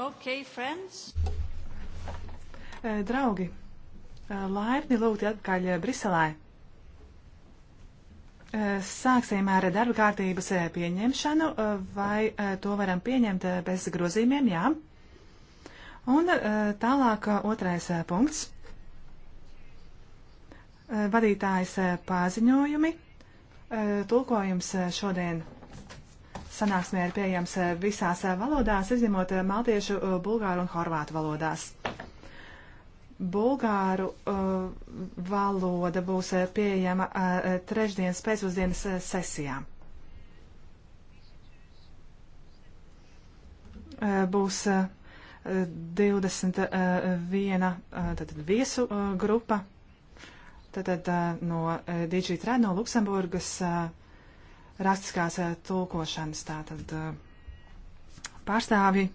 Okay, friends. Eh, draugi, eh, laipni lūgti atpakaļ eh, Briselē. Sāksim ar darba kārtības pieņemšanu, vai to varam pieņemt bez grozījumiem, jā. Un tālāk otrais punkts. Vadītājs paziņojumi. Tulkojums šodien sanāksmē ir pieejams eh, visās eh, valodās, izņemot eh, maltiešu, bulgāru un horvātu valodās. Bulgāru valoda būs pieejama trešdienas pēcpusdienas sesijā. Būs 21 tad, viesu grupa tātad, no DigiTrend no Luksemburgas rastiskās eh, tulkošanas tātad eh, pārstāvi.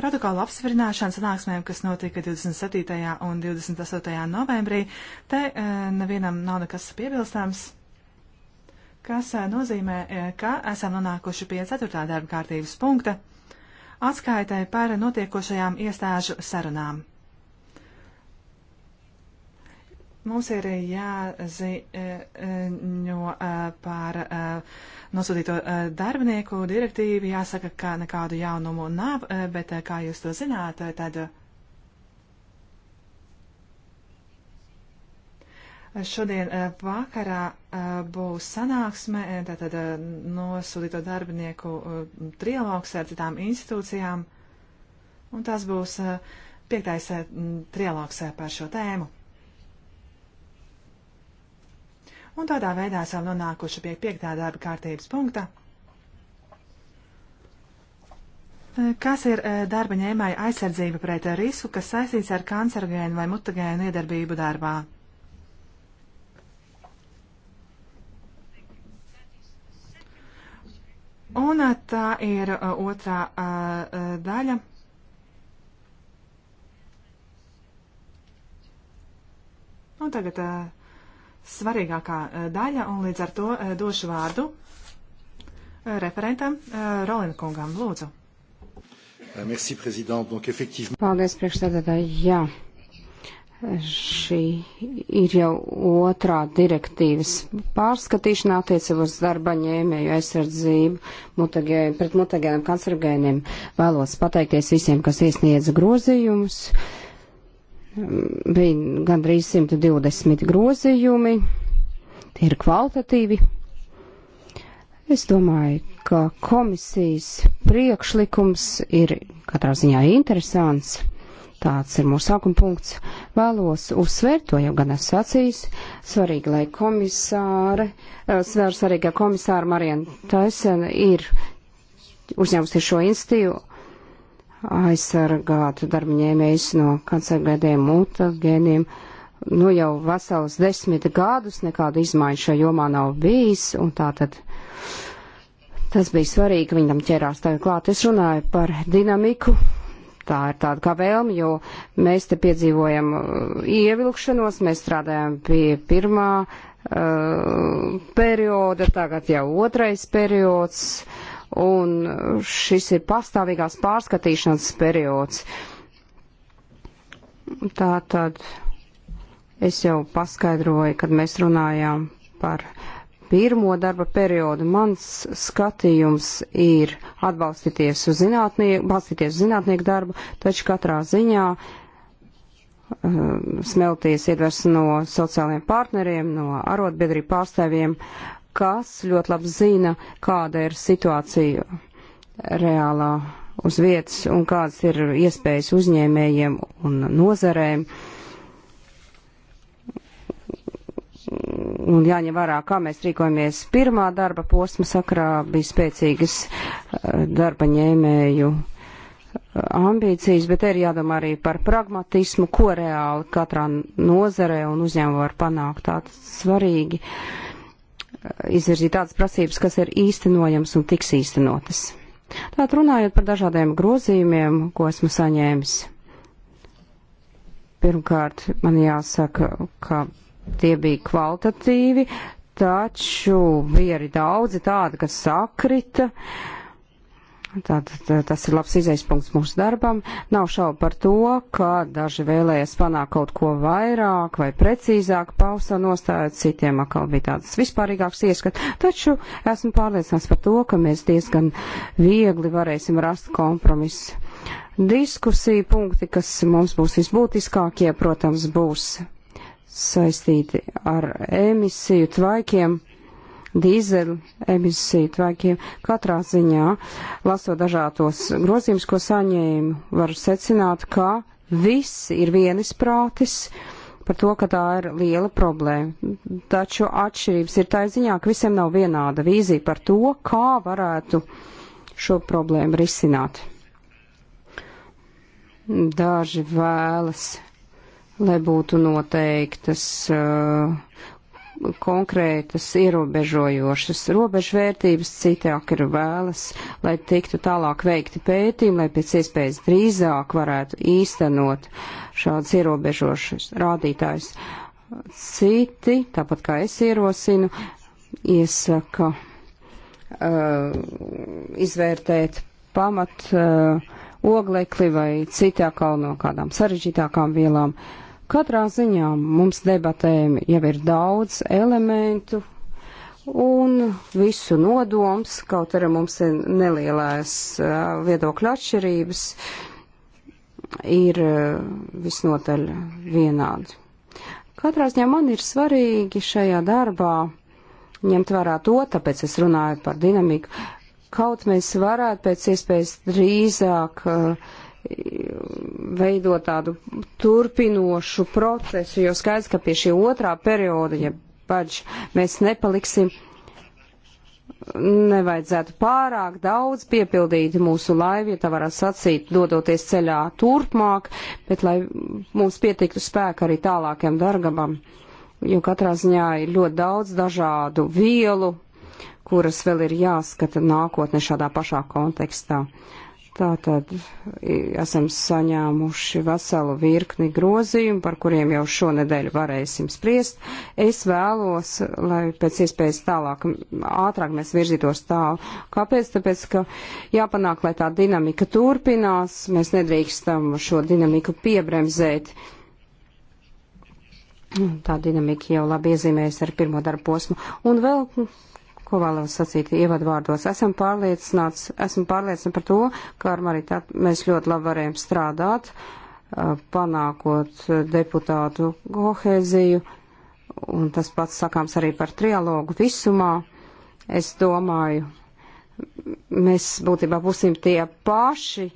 Protokola apsvirināšana sanāksmēm, kas notika 27. un 28. novembrī, te eh, nevienam nav nekas piebilstams, kas nozīmē, ka esam nonākuši pie 4. darba kārtības punkta atskaitai par notiekošajām iestāžu sarunām. Mums ir jāziņo eh, par eh, nosūtīto eh, darbinieku direktīvu. Jāsaka, ka nekādu jaunumu nav, bet kā jūs to zināt, tad šodien vakarā būs sanāksme, tātad nosūtīto darbinieku trialogs ar citām institūcijām, un tas būs piektais trialogs par šo tēmu. Un tādā veidā esam nonākuši pie piektā darba kārtības punkta. E, kas ir e, darba ņēmēja aizsardzība pret risku, kas saistīts ar kancerogēnu vai mutagēnu iedarbību darbā? Un e, tā ir otrā daļa. Un tagad svarīgākā eh, daļa, un līdz ar to eh, došu vārdu eh, referentam Rolina kungam. Lūdzu. Euh, merci, Donc, effectivement... Paldies, priekšstādātāji. Jā, šī ir jau otrā direktīvas pārskatīšana attiecībā uz darba ņēmēju aizsardzību mutagē, pret mutagēniem kancerogēniem. Vēlos pateikties visiem, kas iesniedz grozījumus. Uh, Bija gandrīz 120 grozījumi, tie ir kvalitatīvi. Es domāju, ka komisijas priekšlikums ir katrā ziņā interesants. Tāds ir mūsu sākuma punkts. Vēlos uzsvērt, to jau gan es sacījis, svarīgi, lai komisāre, svar eh, svarīgi, ka komisāra Mariana Taisena ir uzņēmusi šo institīvu aizsargātu darbņēmējus no kancergādiem mutagēniem. Nu jau vesels desmit gadus nekādu izmaiņu šajā jomā nav bijis, un tā tad tas bija svarīgi, viņam ķerās tagad klāt. Es runāju par dinamiku, tā ir tāda kā vēlme, jo mēs te piedzīvojam uh, ievilkšanos, mēs strādājam pie pirmā uh, perioda, tagad jau otrais periods. Uh, un šis ir pastāvīgās pārskatīšanas periods. Tā tad es jau paskaidroju, kad mēs runājām par pirmo darba periodu. Mans skatījums ir atbalstīties uz zinātnieku, balstīties uz zinātnieku darbu, taču katrā ziņā um, smelties iedvers no sociālajiem partneriem, no arotbiedrību pārstāvjiem, kas ļoti labi zina, kāda ir situācija reālā uz vietas un kādas ir iespējas uzņēmējiem un nozarēm. Un jāņem vērā, kā mēs rīkojamies pirmā darba posma sakrā, bija spēcīgas eh, darba ņēmēju eh, ambīcijas, bet ir jādomā arī par pragmatismu, ko reāli katrā nozarē un uzņēmumā var panākt. Tā svarīgi. Uh, izvirzīt tādas prasības, kas ir īstenojams un tiks īstenotas. Tātad runājot par dažādiem grozījumiem, ko esmu saņēmis. Pirmkārt, man jāsaka, ka tie bija kvalitatīvi, taču bija arī daudzi tādi, kas sakrita. Uh, Tātad tas ir labs izaisa punkts mūsu darbam. Nav šaubu par to, ka daži vēlējas panākt kaut ko vairāk vai precīzāk pausa nostājot, citiem atkal bija tāds vispārīgāks ieskats. Taču esmu pārliecināts par to, ka mēs diezgan viegli varēsim rast kompromisu. Diskusija punkti, kas mums būs visbūtiskākie, protams, būs saistīti ar emisiju tvaikiem dīzeļu emisiju tvēkiem. Katrā ziņā, lasot dažādos grozījumus, ko saņēmu, var secināt, ka visi ir vienisprātis par to, ka tā ir liela problēma. Taču atšķirības ir tā ziņā, ka visiem nav vienāda vīzija par to, kā varētu šo problēmu risināt. Daži vēlas, lai būtu noteiktas uh, konkrētas ierobežojošas robežvērtības, citāk ir vēlas, lai tiktu tālāk veikti pētījumi, lai pēc iespējas drīzāk varētu īstenot šādas ierobežošas rādītājus. Citi, tāpat kā es ierosinu, iesaka uh, izvērtēt pamat uh, oglekli vai citā kalno kādām sarežģītākām vielām. Uh, Katrā ziņā mums debatēm jau ir daudz elementu, un visu nodoms, kaut arī mums ir nelielās viedokļa atšķirības, ir visnotaļ vienādi. Katrā ziņā man ir svarīgi šajā darbā ņemt vērā to, tāpēc es runāju par dinamiku, kaut mēs varētu pēc iespējas drīzāk uh, veidot tādu turpinošu procesu, jo skaidrs, ka pie šī otrā perioda, ja paģi, mēs nepaliksim, nevajadzētu pārāk daudz piepildīt mūsu laivu, ja tā varētu sacīt, dodoties ceļā turpmāk, bet lai mums pietiktu spēku arī tālākiem dargabam, jo katrā ziņā ir ļoti daudz dažādu vielu, kuras vēl ir jāskata nākotnē šādā pašā kontekstā. Uh, Tātad esam saņēmuši veselu virkni grozījumu, par kuriem jau šonedēļ varēsim spriest. Es vēlos, lai pēc iespējas tālāk, ātrāk mēs virzītos tālu. Kāpēc? Tāpēc, ka jāpanāk, lai tā dinamika turpinās, mēs nedrīkstam šo dinamiku piebremzēt. Tā dinamika jau labi iezīmējas ar pirmo darbu posmu. Un vēl ko vēlos sacīt ievadvārdos. Esam pārliecināts, esam pārliecināti par to, ka ar Maritu mēs ļoti labi varējām strādāt, panākot deputātu kohēziju, un tas pats sakāms arī par trialogu visumā. Es domāju, mēs būtībā būsim tie paši,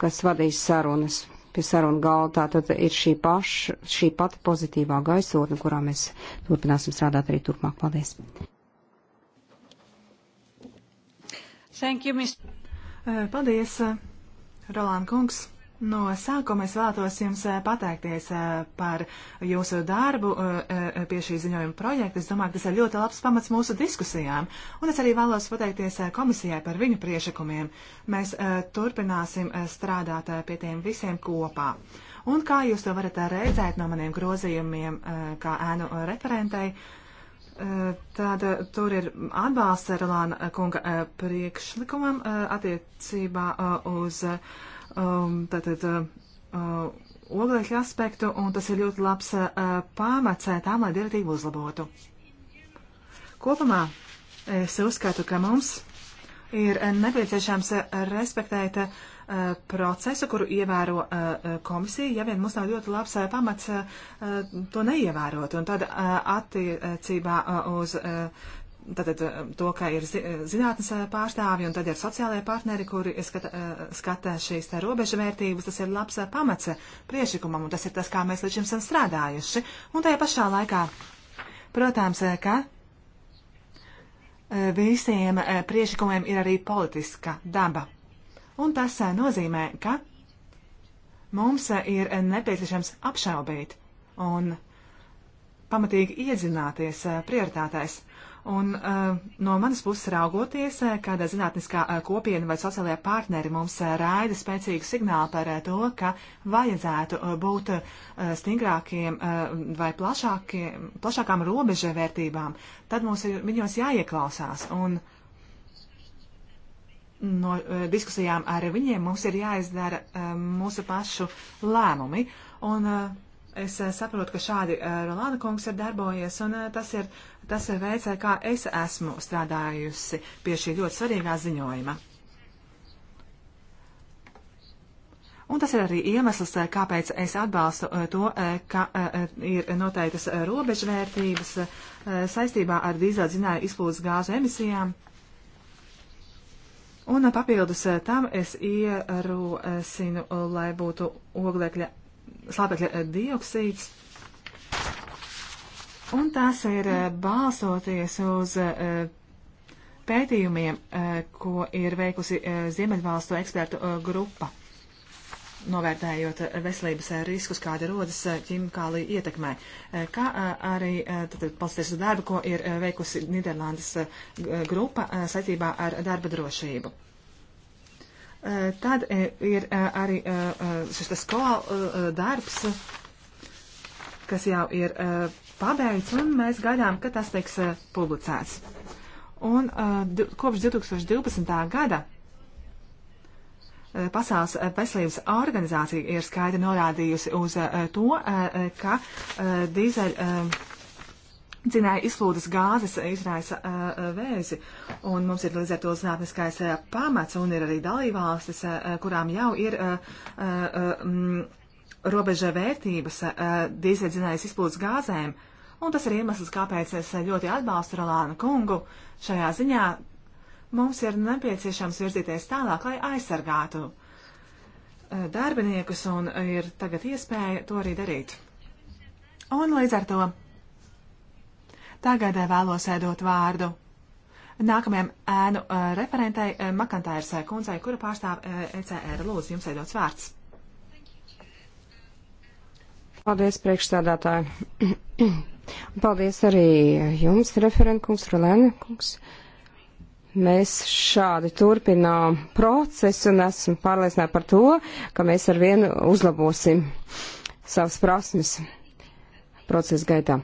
kas vadīs sarunas pie sarunu galda. Tā tad ir šī, paša, šī pati pozitīvā gaisotne, kurā mēs turpināsim strādāt arī turpmāk. Paldies! Thank you, Mr. Paldies, Roland Kungs. No sākuma es vēlētos jums pateikties par jūsu darbu pie šī ziņojuma projekta. Es domāju, ka tas ir ļoti labs pamats mūsu diskusijām. Un es arī vēlos pateikties komisijai par viņu priešakumiem. Mēs turpināsim strādāt pie tiem visiem kopā. Un kā jūs to varat redzēt no maniem grozījumiem, kā ēnu referentei, Eh, Tad tur ir atbalsts Rolāna eh, kunga eh, priekšlikumam attiecībā uz um, tātad, oglekļa aspektu, un tas ir ļoti labs pamats tām, lai direktīvu uzlabotu. Kopumā es uzskatu, ka mums ir nepieciešams respektēt uh, Eh, procesu, kuru ievēro eh, eh, komisija, ja vien mums nav ļoti labs pamats to neievērot. Un tad attiecībā uz tātad, to, ka ir zinātnes pārstāvi un tad ir sociālajie partneri, kuri skata, skata šīs robežvērtības, tas ir labs pamats priešlikumam, un tas ir tas, kā mēs līdz šim esam strādājuši. Un tajā pašā laikā, protams, ka visiem priešlikumiem ir arī politiska daba. Un tas eh, nozīmē, ka mums eh, ir eh, nepieciešams apšaubīt un pamatīgi iedzināties prioritātēs. Un no manas puses raugoties, kāda zinātniskā kopiena vai sociālajā partneri mums raida spēcīgu signālu par to, ka vajadzētu būt stingrākiem vai plašākiem, plašākām robežvērtībām, tad mums ir viņos jāieklausās. Un, uh, no e, diskusijām ar viņiem mums ir jāizdara e, mūsu pašu lēmumi. Un e, es saprotu, ka šādi Rolanda kungs ir darbojies, un tas ir, tas ir veids, kā es esmu strādājusi pie šī ļoti svarīgā ziņojuma. Un tas ir arī iemesls, kāpēc es atbalstu to, ka ir noteiktas robežvērtības saistībā ar dīzeļdzinēju izplūdes gāzu emisijām. Un papildus eh, tam es ierosinu, eh, lai būtu oglekļa, slāpekļa eh, dioksīds. Un tas ir balstoties uz pētījumiem, ko ir veikusi Ziemeļvalstu ekspertu grupa novērtējot veselības riskus, kādi rodas eh, ķimikālī ietekmē, eh, kā eh, arī palsties uz darbu, ko ir veikusi Niderlandes grupa saistībā ar darba drošību. Tad ir arī šis skolu darbs, kas jau ir pabeigts, un mēs gaidām, ka tas tiks publicēts. Un kopš 2012. gada Eh, Pasaules eh, veselības organizācija ir skaidri norādījusi uz eh, to, ka dīzeļa dzinēja izslūdes gāzes izraisa vēzi, un mums ir līdz ar to zinātniskais pamats, un ir arī dalībvalstis, kurām jau ir mm, robeža vērtības dīzeļa dzinējas izplūdes gāzēm. Un tas ir iemesls, kāpēc es ļoti atbalstu Rolānu kungu šajā ziņā, Mums ir nepieciešams virzīties tālāk, lai aizsargātu e, darbiniekus, un ir tagad iespēja to arī darīt. Un līdz ar to tagad e, vēlos ēdot e, vārdu nākamajam ēnu referentai Makantārsai kundzei, kura pārstāv ECR. Lūdzu, jums ēdots vārds. Paldies, priekšstādātāji. Paldies arī jums, referentkungs, Rulēna kungs. kungs Mēs šādi turpinām procesu un esmu pārliecināta par to, ka mēs ar vienu uzlabosim savas prasmes procesa gaitā.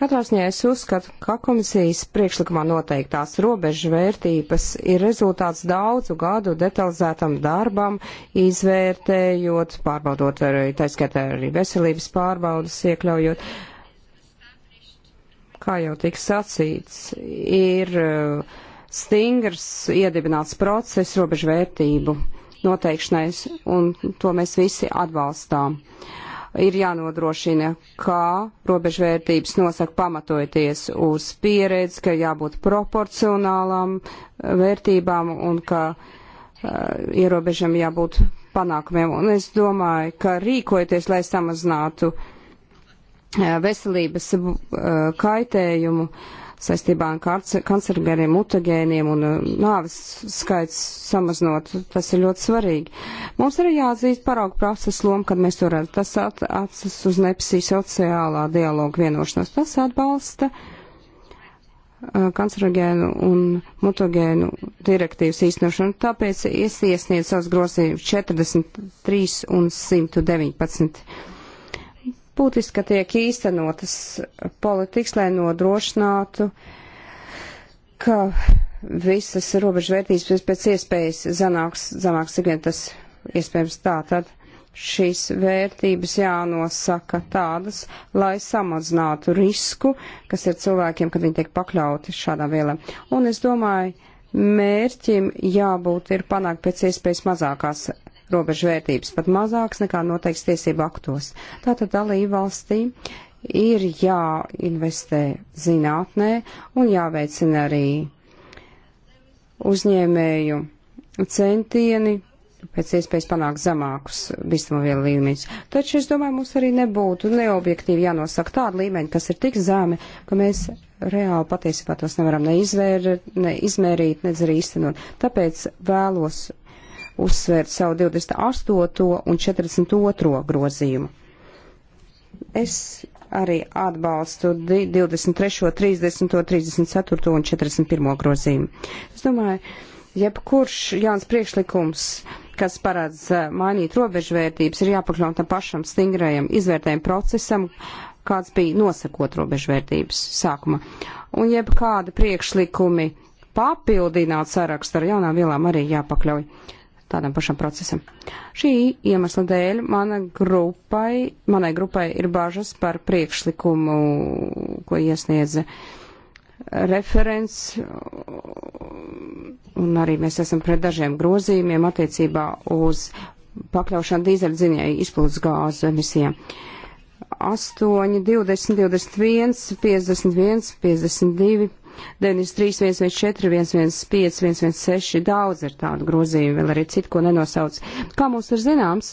Katrā ziņā es uzskatu, ka komisijas priekšlikumā noteiktās robežu vērtības ir rezultāts daudzu gadu detalizētam darbam, izvērtējot, pārbaudot arī, taiskatā arī veselības pārbaudas iekļaujot. Kā jau tika sacīts, ir uh, stingrs, iedibināts process robežu vērtību noteikšanais, un to mēs visi atbalstām. Ir jānodrošina, kā robežvērtības nosaka pamatojoties uz pieredzi, ka jābūt proporcionālām eh, vērtībām un ka uh, ierobežam jābūt panākumiem. Un es domāju, ka rīkojoties, lai samazinātu uh, veselības uh, kaitējumu, uh, saistībā ar kancerogēniem, mutagēniem un uh, nāves skaits samazinot. Tas ir ļoti svarīgi. Mums arī jāatzīst paraugu prakses lomu, kad mēs to redzam. Tas at, atsas uz nepsī sociālā dialoga vienošanos. Tas atbalsta uh, kancerogēnu un mutagēnu direktīvas īstenošanu. Tāpēc es iesniedzu savus grozījumus 43 un 119 Būtiski, ka tiek īstenotas politikas, lai nodrošinātu, ka visas robežvērtības pēc iespējas zanāks, zanāks cik vien tas iespējams tā tad. Šīs vērtības jānosaka tādas, lai samazinātu risku, kas ir cilvēkiem, kad viņi tiek pakļauti šādām vielām. Un es domāju, mērķim jābūt ir panākt pēc iespējas mazākās robežvērtības, pat mazāks nekā noteikts tiesību aktos. Tātad dalība valstī ir jāinvestē zinātnē un jāveicina arī uzņēmēju centieni pēc iespējas panākt zemākus bīstamo vielu līmeņus. Taču es domāju, mums arī nebūtu neobjektīvi jānosaka tāda līmeņa, kas ir tik zemi, ka mēs reāli patiesībā tos nevaram neizvēr, neizmērīt, nedz arī īstenot. Tāpēc vēlos uzsvērt savu 28. un 42. grozījumu. Es arī atbalstu 23., 30., 34. un 41. grozījumu. Es domāju, jebkurš jauns priekšlikums, kas paredz eh, mainīt robežvērtības, ir jāpakļaut tam pašam stingrajam izvērtējumu procesam, kāds bija nosakot robežvērtības sākuma. Un jebkādi priekšlikumi papildināt sarakstu ar jaunām vielām arī jāpakļauj tādam pašam procesam. Šī iemesla dēļ mana grupai, manai grupai ir bažas par priekšlikumu, ko iesniedza referents, un arī mēs esam pret dažiem grozījumiem attiecībā uz pakļaušanu dīzeļdzinēju izplūdes gāzu emisijām. 8, 20, 21, 51, 52 93, 114, 115, 116, daudz ir tādu grozījumu, vēl arī citu, ko nenosauc. Kā mums ir zināms,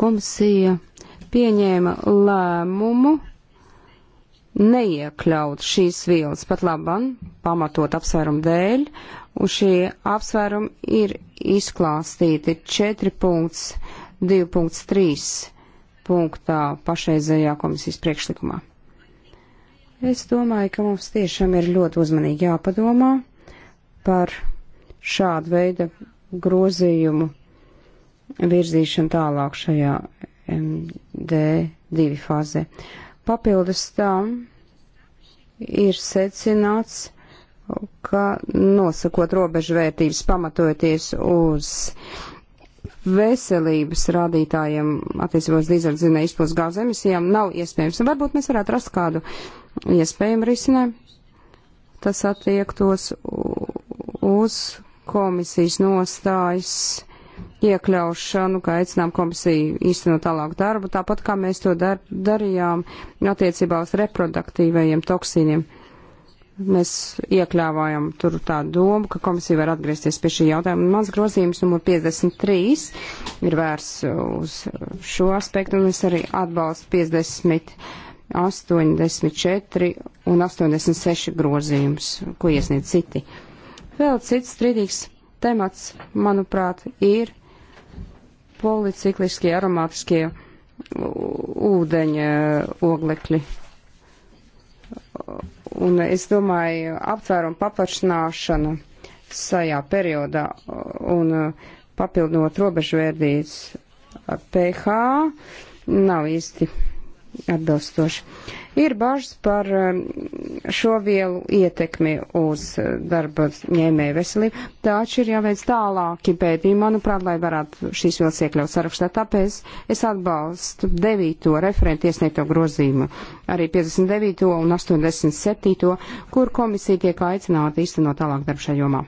komisija pieņēma lēmumu neiekļaut šīs vielas pat labam, pamatot apsvērumu dēļ, un šie apsvērumi ir izklāstīti 4.2.3 punktā pašreizējā komisijas priekšlikumā. Es domāju, ka mums tiešām ir ļoti uzmanīgi jāpadomā par šādu veidu grozījumu virzīšanu tālāk šajā MD2 fāzē. Papildus tam ir secināts, ka nosakot robežu vērtības pamatojoties uz veselības rādītājiem attiecībos dīzeļdzinēja izpildus gāzes emisijām nav iespējams. Un varbūt mēs varētu rast kādu uh, iespējami risinājumi. Tas attiektos uz komisijas nostājas iekļaušanu, ka aicinām komisiju īstenot tālāk darbu, tāpat kā mēs to dar darījām attiecībā uz reproduktīvajiem toksīniem. Mēs iekļāvājam tur tādu domu, ka komisija var atgriezties pie šī jautājuma. Mans grozījums numur 53 ir vērs uz šo aspektu, un es arī atbalstu 50. 84 un 86 grozījums, ko iesniedz citi. Vēl cits strīdīgs temats, manuprāt, ir policikliskie aromātiskie ūdeņa oglekļi. Un es domāju, aptvērumu paplašināšana sajā periodā un papildinot robežvērdīts pH nav īsti atbilstoši. Ir bažas par um, šo vielu ietekmi uz uh, darba ņēmēju veselību, taču ir jāveic tālāki pētījumi, manuprāt, lai varētu šīs vielas iekļaut sarakstā. Tāpēc es atbalstu 9. referentu iesniegto grozījumu, arī 59. un 87. kur komisija tiek aicināta īstenot tālāk darbu šajā jomā.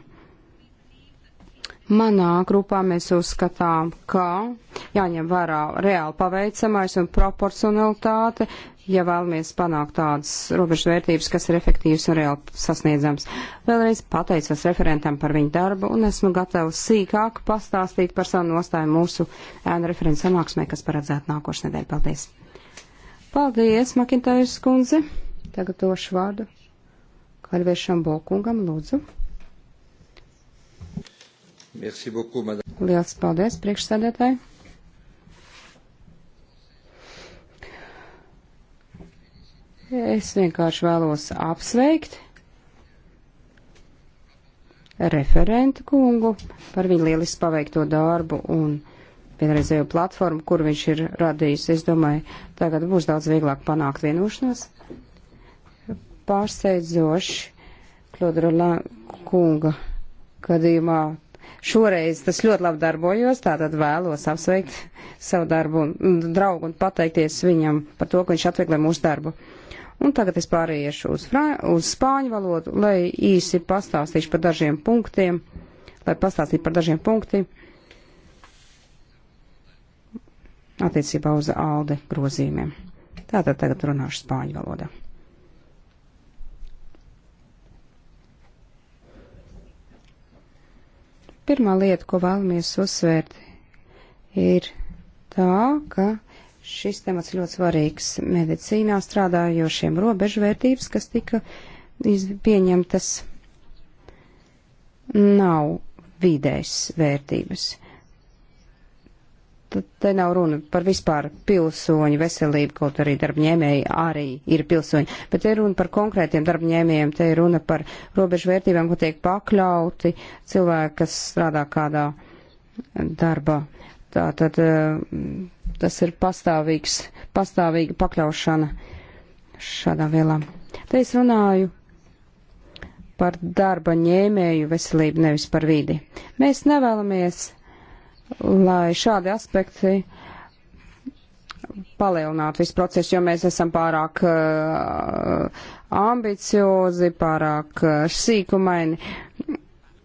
Manā grupā mēs uzskatām, ka jāņem vērā reāli paveicamais un proporcionalitāte, ja vēlamies panākt tādas robežvērtības, kas ir efektīvas un reāli sasniedzams. Vēlreiz pateicos referentam par viņu darbu un esmu gatavs sīkāk pastāstīt par savu nostāju mūsu ēnu referents sanāksmē, kas paredzēta nākošais nedēļa. Paldies! Paldies, Makintājas kundze! Tagad došu vārdu Kalviešam Bokungam, lūdzu. Merci beaucoup, madame. Liels paldies, priekšsēdētāji. Es vienkārši vēlos apsveikt referentu kungu par viņu lielisku paveikto darbu un vienreizējo platformu, kur viņš ir radījis. Es domāju, tagad būs daudz vieglāk panākt vienošanos. Pārsteidzoši Klodra Lankunga gadījumā Šoreiz tas ļoti labi darbojos, tātad vēlos apsveikt savu darbu un draugu un pateikties viņam par to, ka viņš atviegla mūsu darbu. Un tagad es pāriešu uz, frā, uz spāņu valodu, lai īsi pastāstīšu par dažiem punktiem, lai pastāstītu par dažiem punktiem attiecībā uz alde grozīmiem. Tātad tagad runāšu spāņu valodā. Pirmā lieta, ko vēlamies uzsvērt, ir tā, ka šis temats ļoti svarīgs medicīnā strādājošiem robežvērtības, kas tika pieņemtas, nav vidējas vērtības. Tad te nav runa par vispār pilsoņu veselību, kaut arī darbņēmēji arī ir pilsoņi, bet te ir runa par konkrētiem darbņēmējiem, te ir runa par robežu vērtībām, ko tiek pakļauti cilvēki, kas strādā kādā darbā. Tā tad eh, tas ir pastāvīgs, pastāvīga pakļaušana šādām vielām. Te es runāju par darba ņēmēju veselību, nevis par vidi. Mēs nevēlamies lai šādi aspekti palielinātu visu procesu, jo mēs esam pārāk uh, ambiciozi, pārāk uh, sīkumaini.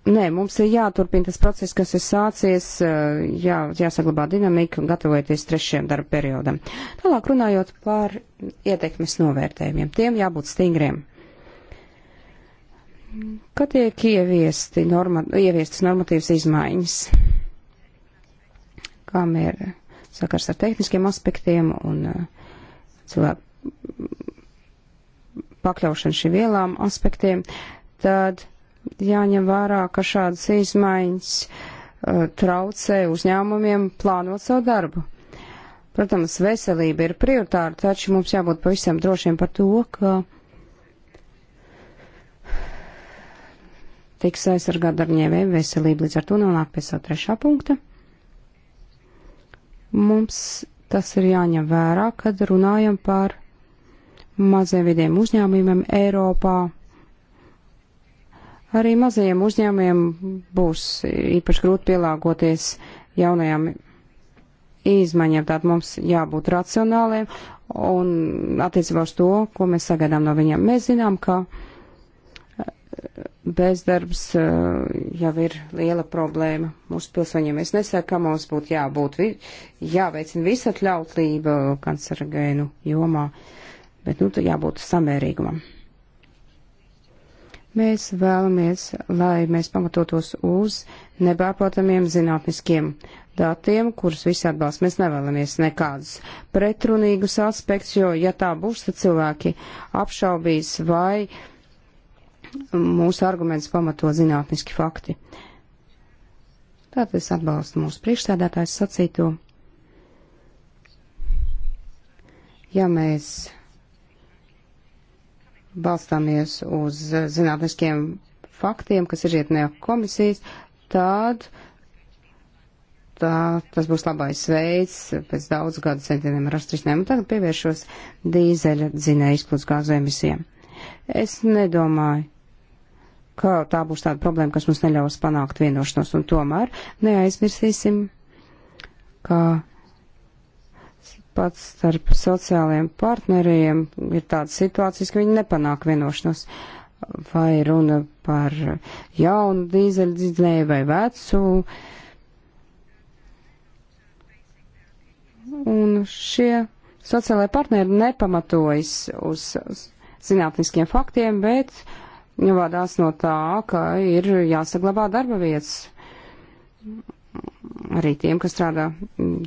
Nē, mums ir jāturpina tas process, kas ir sācies, uh, jā, jāsaglabā dinamika un gatavoties trešajam darba periodam. Tālāk runājot par ietekmes novērtējumiem, tiem jābūt stingriem. Kad tiek ieviesti norma, ieviestas normatīvas izmaiņas? kam ir sakars ar tehniskiem aspektiem un eh, cilvēku pakļaušanu šī vielām aspektiem, tad jāņem vērā, ka šādas izmaiņas uh, traucē uzņēmumiem plānot savu darbu. Protams, veselība ir prioritāra, taču mums jābūt pavisam drošiem par to, ka tiks aizsargāt darbņēmēju veselību, līdz ar to nonāk pie savu trešā punkta. Mums tas ir jāņem vērā, kad runājam par maziem vidiem uzņēmumiem Eiropā. Arī mazajiem uzņēmumiem būs īpaši grūti pielāgoties jaunajām izmaiņām. Tātad mums jābūt racionāliem un attiecībā uz to, ko mēs sagaidām no viņiem. Mēs zinām, ka bezdarbs eh, jau ir liela problēma mūsu pilsoņiem. Es nesaku, ka mums būtu jābūt, jāveicina visatļautlība kancerogēnu jomā, bet nu, jābūt samērīgumam. Mēs vēlamies, lai mēs pamatotos uz nebārprotamiem zinātniskiem datiem, kurus visi atbalsta. Mēs nevēlamies nekādus pretrunīgus aspektus, jo, ja tā būs, tad cilvēki apšaubīs vai uh, mūsu arguments pamato zinātniski fakti. Tātad es atbalstu mūsu priekšsēdētājs sacīto. Ja mēs balstāmies uz zinātniskiem faktiem, kas ir ietnē komisijas, tad tā, tas būs labais veids pēc daudz gadu centieniem ar astrisinēm. Un tagad pievēršos dīzeļa dzinēja izplūst gāzu emisijām. Es nedomāju, ka tā būs tāda problēma, kas mums neļaus panākt vienošanos, un tomēr neaizmirsīsim, ka pats starp sociālajiem partneriem ir tādas situācijas, ka viņi nepanāk vienošanos. Vai runa par jaunu dīzeļu dzinēju vai vecu. Un šie sociālai partneri nepamatojas uz zinātniskiem faktiem, bet uh, vadās no tā, ka ir jāsaglabā darba vietas arī tiem, kas strādā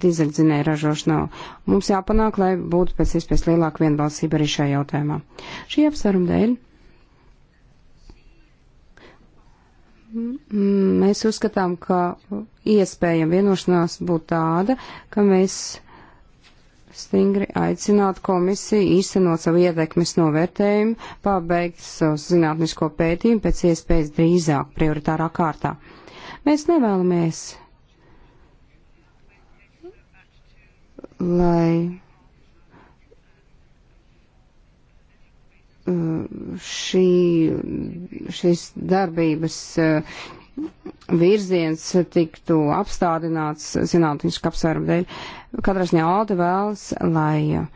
dizeļdzinēja ražošanā. Mums jāpanāk, lai būtu pēc iespējas lielāka vienbalsība arī šajā jautājumā. Šī apsvēruma dēļ mēs uzskatām, ka iespējama vienošanās būtu tāda, ka mēs stingri aicināt komisiju īstenot savu ietekmes novērtējumu, pabeigt savu zinātnisko pētījumu pēc iespējas drīzāk prioritārā kārtā. Mēs nevēlamies, lai uh, šī, šīs darbības uh, virziens tiktu apstādināts zinātnisku apsvērumu dēļ. Katrā ziņā Alde vēlas, lai uh,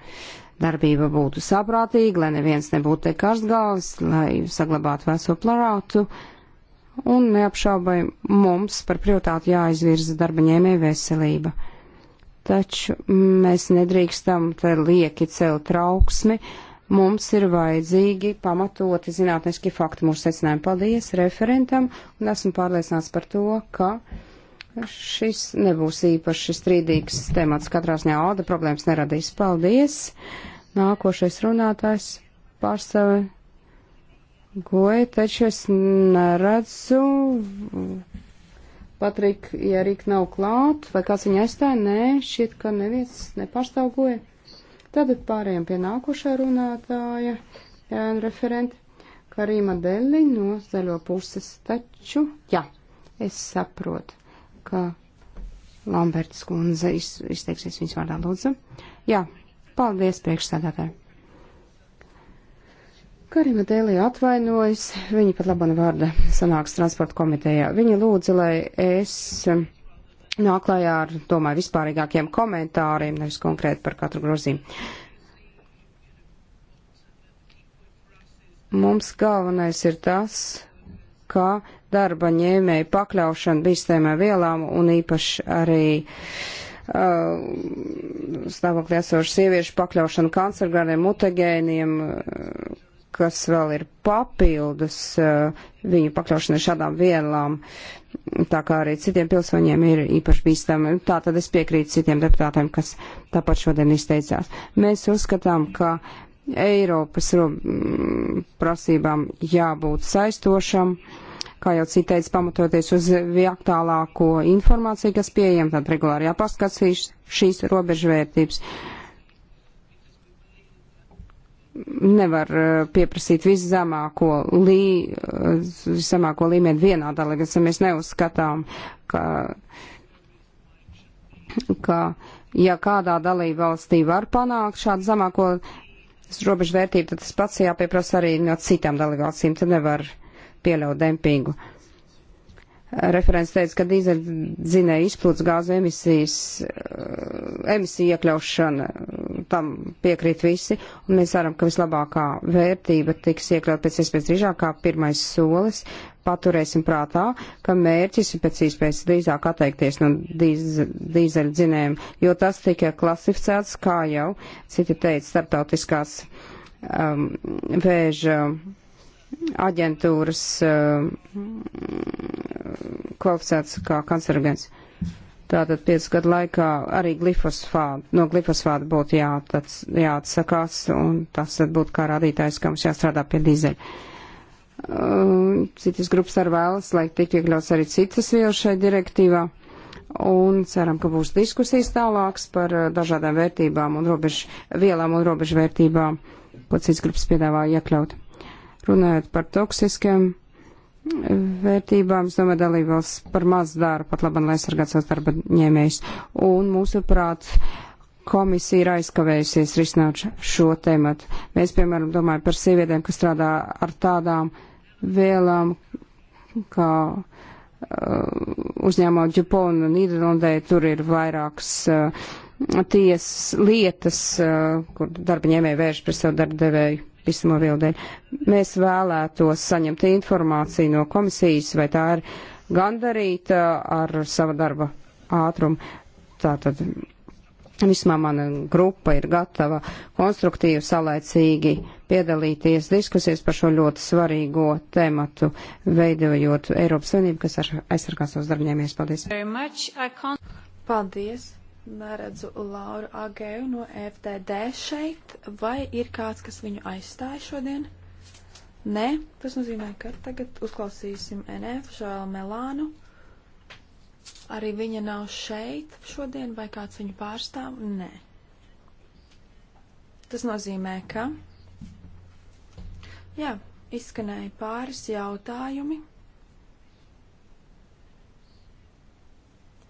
darbība būtu saprātīga, lai neviens nebūtu te karstgāvis, lai saglabātu veco plārātu. Un neapšaubai mums par prioritāti jāizvirza darba ņēmēja veselība. Taču mēs nedrīkstam te lieki celt trauksmi, uh, mums ir vajadzīgi pamatoti zinātniski fakti mūsu secinājumi. Paldies referentam un esmu pārliecināts par to, ka šis nebūs īpaši strīdīgs temats. Katrā ziņā Alda problēmas neradīs. Paldies! Nākošais runātājs pārstāvē. Goja, taču es neredzu. Patrika, ja Rīka nav klāt, vai kāds viņa aizstāja? Nē, šķiet, ka neviens nepārstāv goja. Tad pārējām pie nākošā runātāja, Jāna referente, Karīma Delli no zaļo puses. Taču, jā, es saprotu, ka Lamberts kundze iz, izteiksies viņas vārdā lūdzu. Jā, paldies priekšsēdētāji. Karima Dēlī atvainojas, viņa pat labana vārda sanāks transporta komitejā. Viņa lūdza, lai es. Um, nāk klajā ar, domāju, vispārīgākiem komentāriem, nevis konkrēti par katru grozīmu. Mums galvenais ir tas, ka darba ņēmēju pakļaušana bīstamai vielām un īpaši arī uh, stāvoklī esošu sieviešu pakļaušana kancergāriem, mutagēniem, uh, kas vēl ir papildus uh, viņu pakļaušana šādām vielām, tā kā arī citiem pilsoņiem ir īpaši bīstami. Tā tad es piekrītu citiem deputātiem, kas tāpat šodien izteicās. Mēs uzskatām, ka Eiropas prasībām jābūt saistošam, kā jau citēts, pamatoties uz viaktālāko informāciju, kas pieejam, tad regulāri jāpaskatīs šīs robežvērtības. Uh, nevar eh, pieprasīt viszemāko, lī, eh, viszemāko līmeni vienā delegācijā. Mēs neuzskatām, ka, ka ja kādā dalība valstī var panākt šādu zemāko robežu vērtību, tad tas pats jāpieprasa arī no citām delegācijām. Tad nevar pieļaut dempingu. Uh, Referents teica, ka dīzeļdzinēja izplūdes gāzu emisijas, eh, emisija iekļaušana, tam piekrīt visi, un mēs ceram, ka vislabākā vērtība tiks iekļaut pēc iespējas drīzāk kā pirmais solis. Paturēsim prātā, ka mērķis ir pēc iespējas drīzāk atteikties no dīzeļdzinējiem, jo tas tika klasificēts, kā jau citi teica, starptautiskās um, vēža. Um, aģentūras eh, kvalificēts kā kancerogēns. Tātad piecu gadu laikā arī glifosfādu, no glifosfāda būtu jātac, jāatsakās, un tas būtu kā rādītājs, ka mums jāstrādā pie dīzeļa. Eh, citas grupas ar vēlas, lai tik iekļauts arī citas vielas šai direktīvā, un ceram, ka būs diskusijas tālāks par eh, dažādām vērtībām un robežu, vielām un robežu vērtībām, ko citas grupas piedāvā iekļaut runājot par toksiskiem eh, vērtībām, es domāju, dalībvalsts par maz dara, pat labam, lai sargātu savus darba ņēmējus. Un mūsuprāt, komisija ir aizkavējusies risināt šo tematu. Mēs, piemēram, domājam par sievietēm, kas strādā ar tādām vēlām, kā uh, eh, uzņēmot Japonu un Nīderlandē, tur ir vairākas uh, eh, tiesas lietas, uh, kur darba ņēmēji vērš pret savu darba devēju pismo vildei. Mēs vēlētos saņemt informāciju no komisijas, vai tā ir gandarīta ar sava darba ātrumu. Tātad vismā mana grupa ir gatava konstruktīvi, salaicīgi piedalīties diskusijas par šo ļoti svarīgo tematu, veidojot Eiropas Savienību, kas aizsargās savus darbņēmies. Paldies! Paldies! neredzu Lauru Agēju no FDD šeit. Vai ir kāds, kas viņu aizstāja šodien? Nē, tas nozīmē, ka tagad uzklausīsim NF Žēlu Melānu. Arī viņa nav šeit šodien, vai kāds viņu pārstāv? Nē. Tas nozīmē, ka. Jā, izskanēja pāris jautājumi.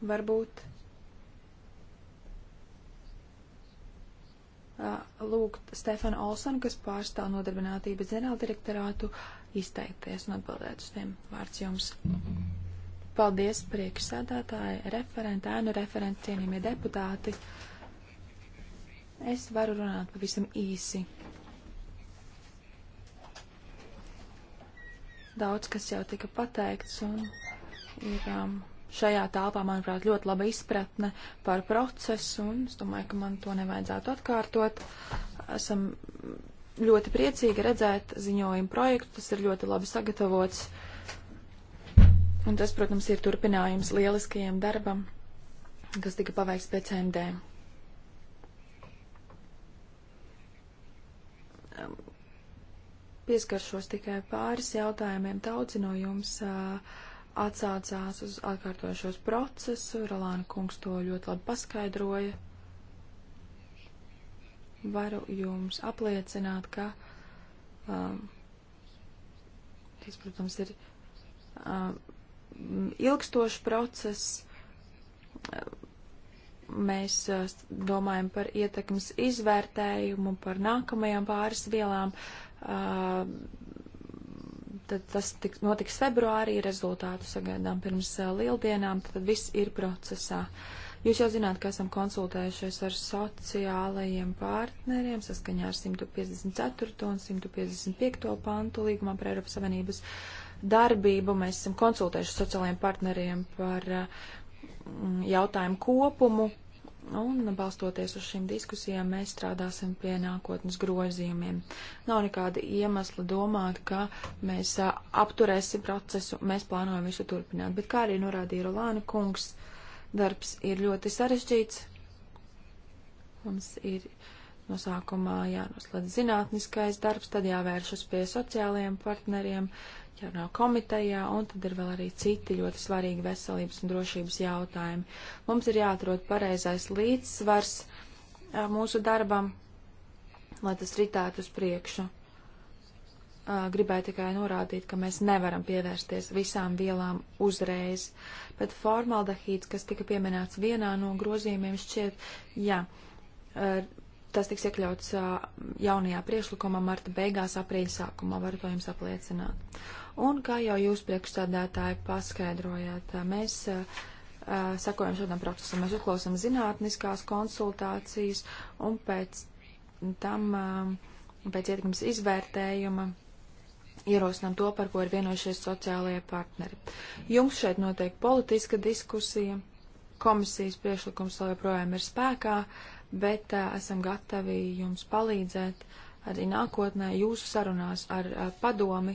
Varbūt lūgt Stefanu Olsonu, kas pārstāv nodarbinātības ģenerāldirektorātu, izteikties un atbildēt uz tiem vārds jums. Paldies priekšsēdētāji, referenti, ēnu referenti, cienījamie deputāti. Es varu runāt pavisam īsi. Daudz kas jau tika pateikts un ir um, šajā tālpā, manuprāt, ļoti laba izpratne par procesu, un es domāju, ka man to nevajadzētu atkārtot. Esam ļoti priecīgi redzēt ziņojumu projektu, tas ir ļoti labi sagatavots, un tas, protams, ir turpinājums lieliskajiem darbam, kas tika paveikts pēc MD. Pieskaršos tikai pāris jautājumiem daudzi no jums. Uh, atsācās uz atkārtojušos procesu, Rolāna kungs to ļoti labi paskaidroja. Varu jums apliecināt, ka um, tas, protams, ir um, ilgstošs process. Mēs uh, domājam par ietekmes izvērtējumu, par nākamajām pāris vielām. Uh, Tad tas tiks, notiks februārī, rezultātu sagaidām pirms uh, lieldienām, tad viss ir procesā. Jūs jau zināt, ka esam konsultējušies ar sociālajiem partneriem saskaņā ar 154. un 155. pantu līgumā par Eiropas Savienības darbību. Mēs esam konsultējuši sociālajiem partneriem par uh, jautājumu kopumu, un balstoties uz šīm diskusijām mēs strādāsim pie nākotnes grozījumiem. Nav nekāda iemesla domāt, ka mēs apturēsim procesu, mēs plānojam visu turpināt, bet kā arī norādīja Rolāna kungs, darbs ir ļoti sarežģīts. Mums ir no sākumā jānoslēdz zinātniskais darbs, tad jāvēršas pie sociālajiem partneriem, uh, jaunā komitejā, un tad ir vēl arī citi ļoti svarīgi veselības un drošības jautājumi. Mums ir jāatrod pareizais līdzsvars mūsu darbam, lai tas ritētu uz priekšu. Gribēju tikai norādīt, ka mēs nevaram pievērsties visām vielām uzreiz, bet formaldehīds, kas tika pieminēts vienā no grozījumiem, šķiet, jā, tas tiks iekļauts jaunajā priekšlikumā marta beigās, aprīļa sākumā, varu to jums apliecināt. Un kā jau jūs priekšstādētāji paskaidrojāt, mēs sakojam šādam procesam, mēs uzklausam zinātniskās konsultācijas un pēc tam, pēc ietekmes izvērtējuma, ierosinām to, par ko ir vienojušies sociālajie partneri. Jums šeit notiek politiska diskusija, komisijas priešlikums vēl joprojām ir spēkā. Uh, bet uh, esam gatavi jums palīdzēt arī nākotnē jūsu sarunās ar uh, padomi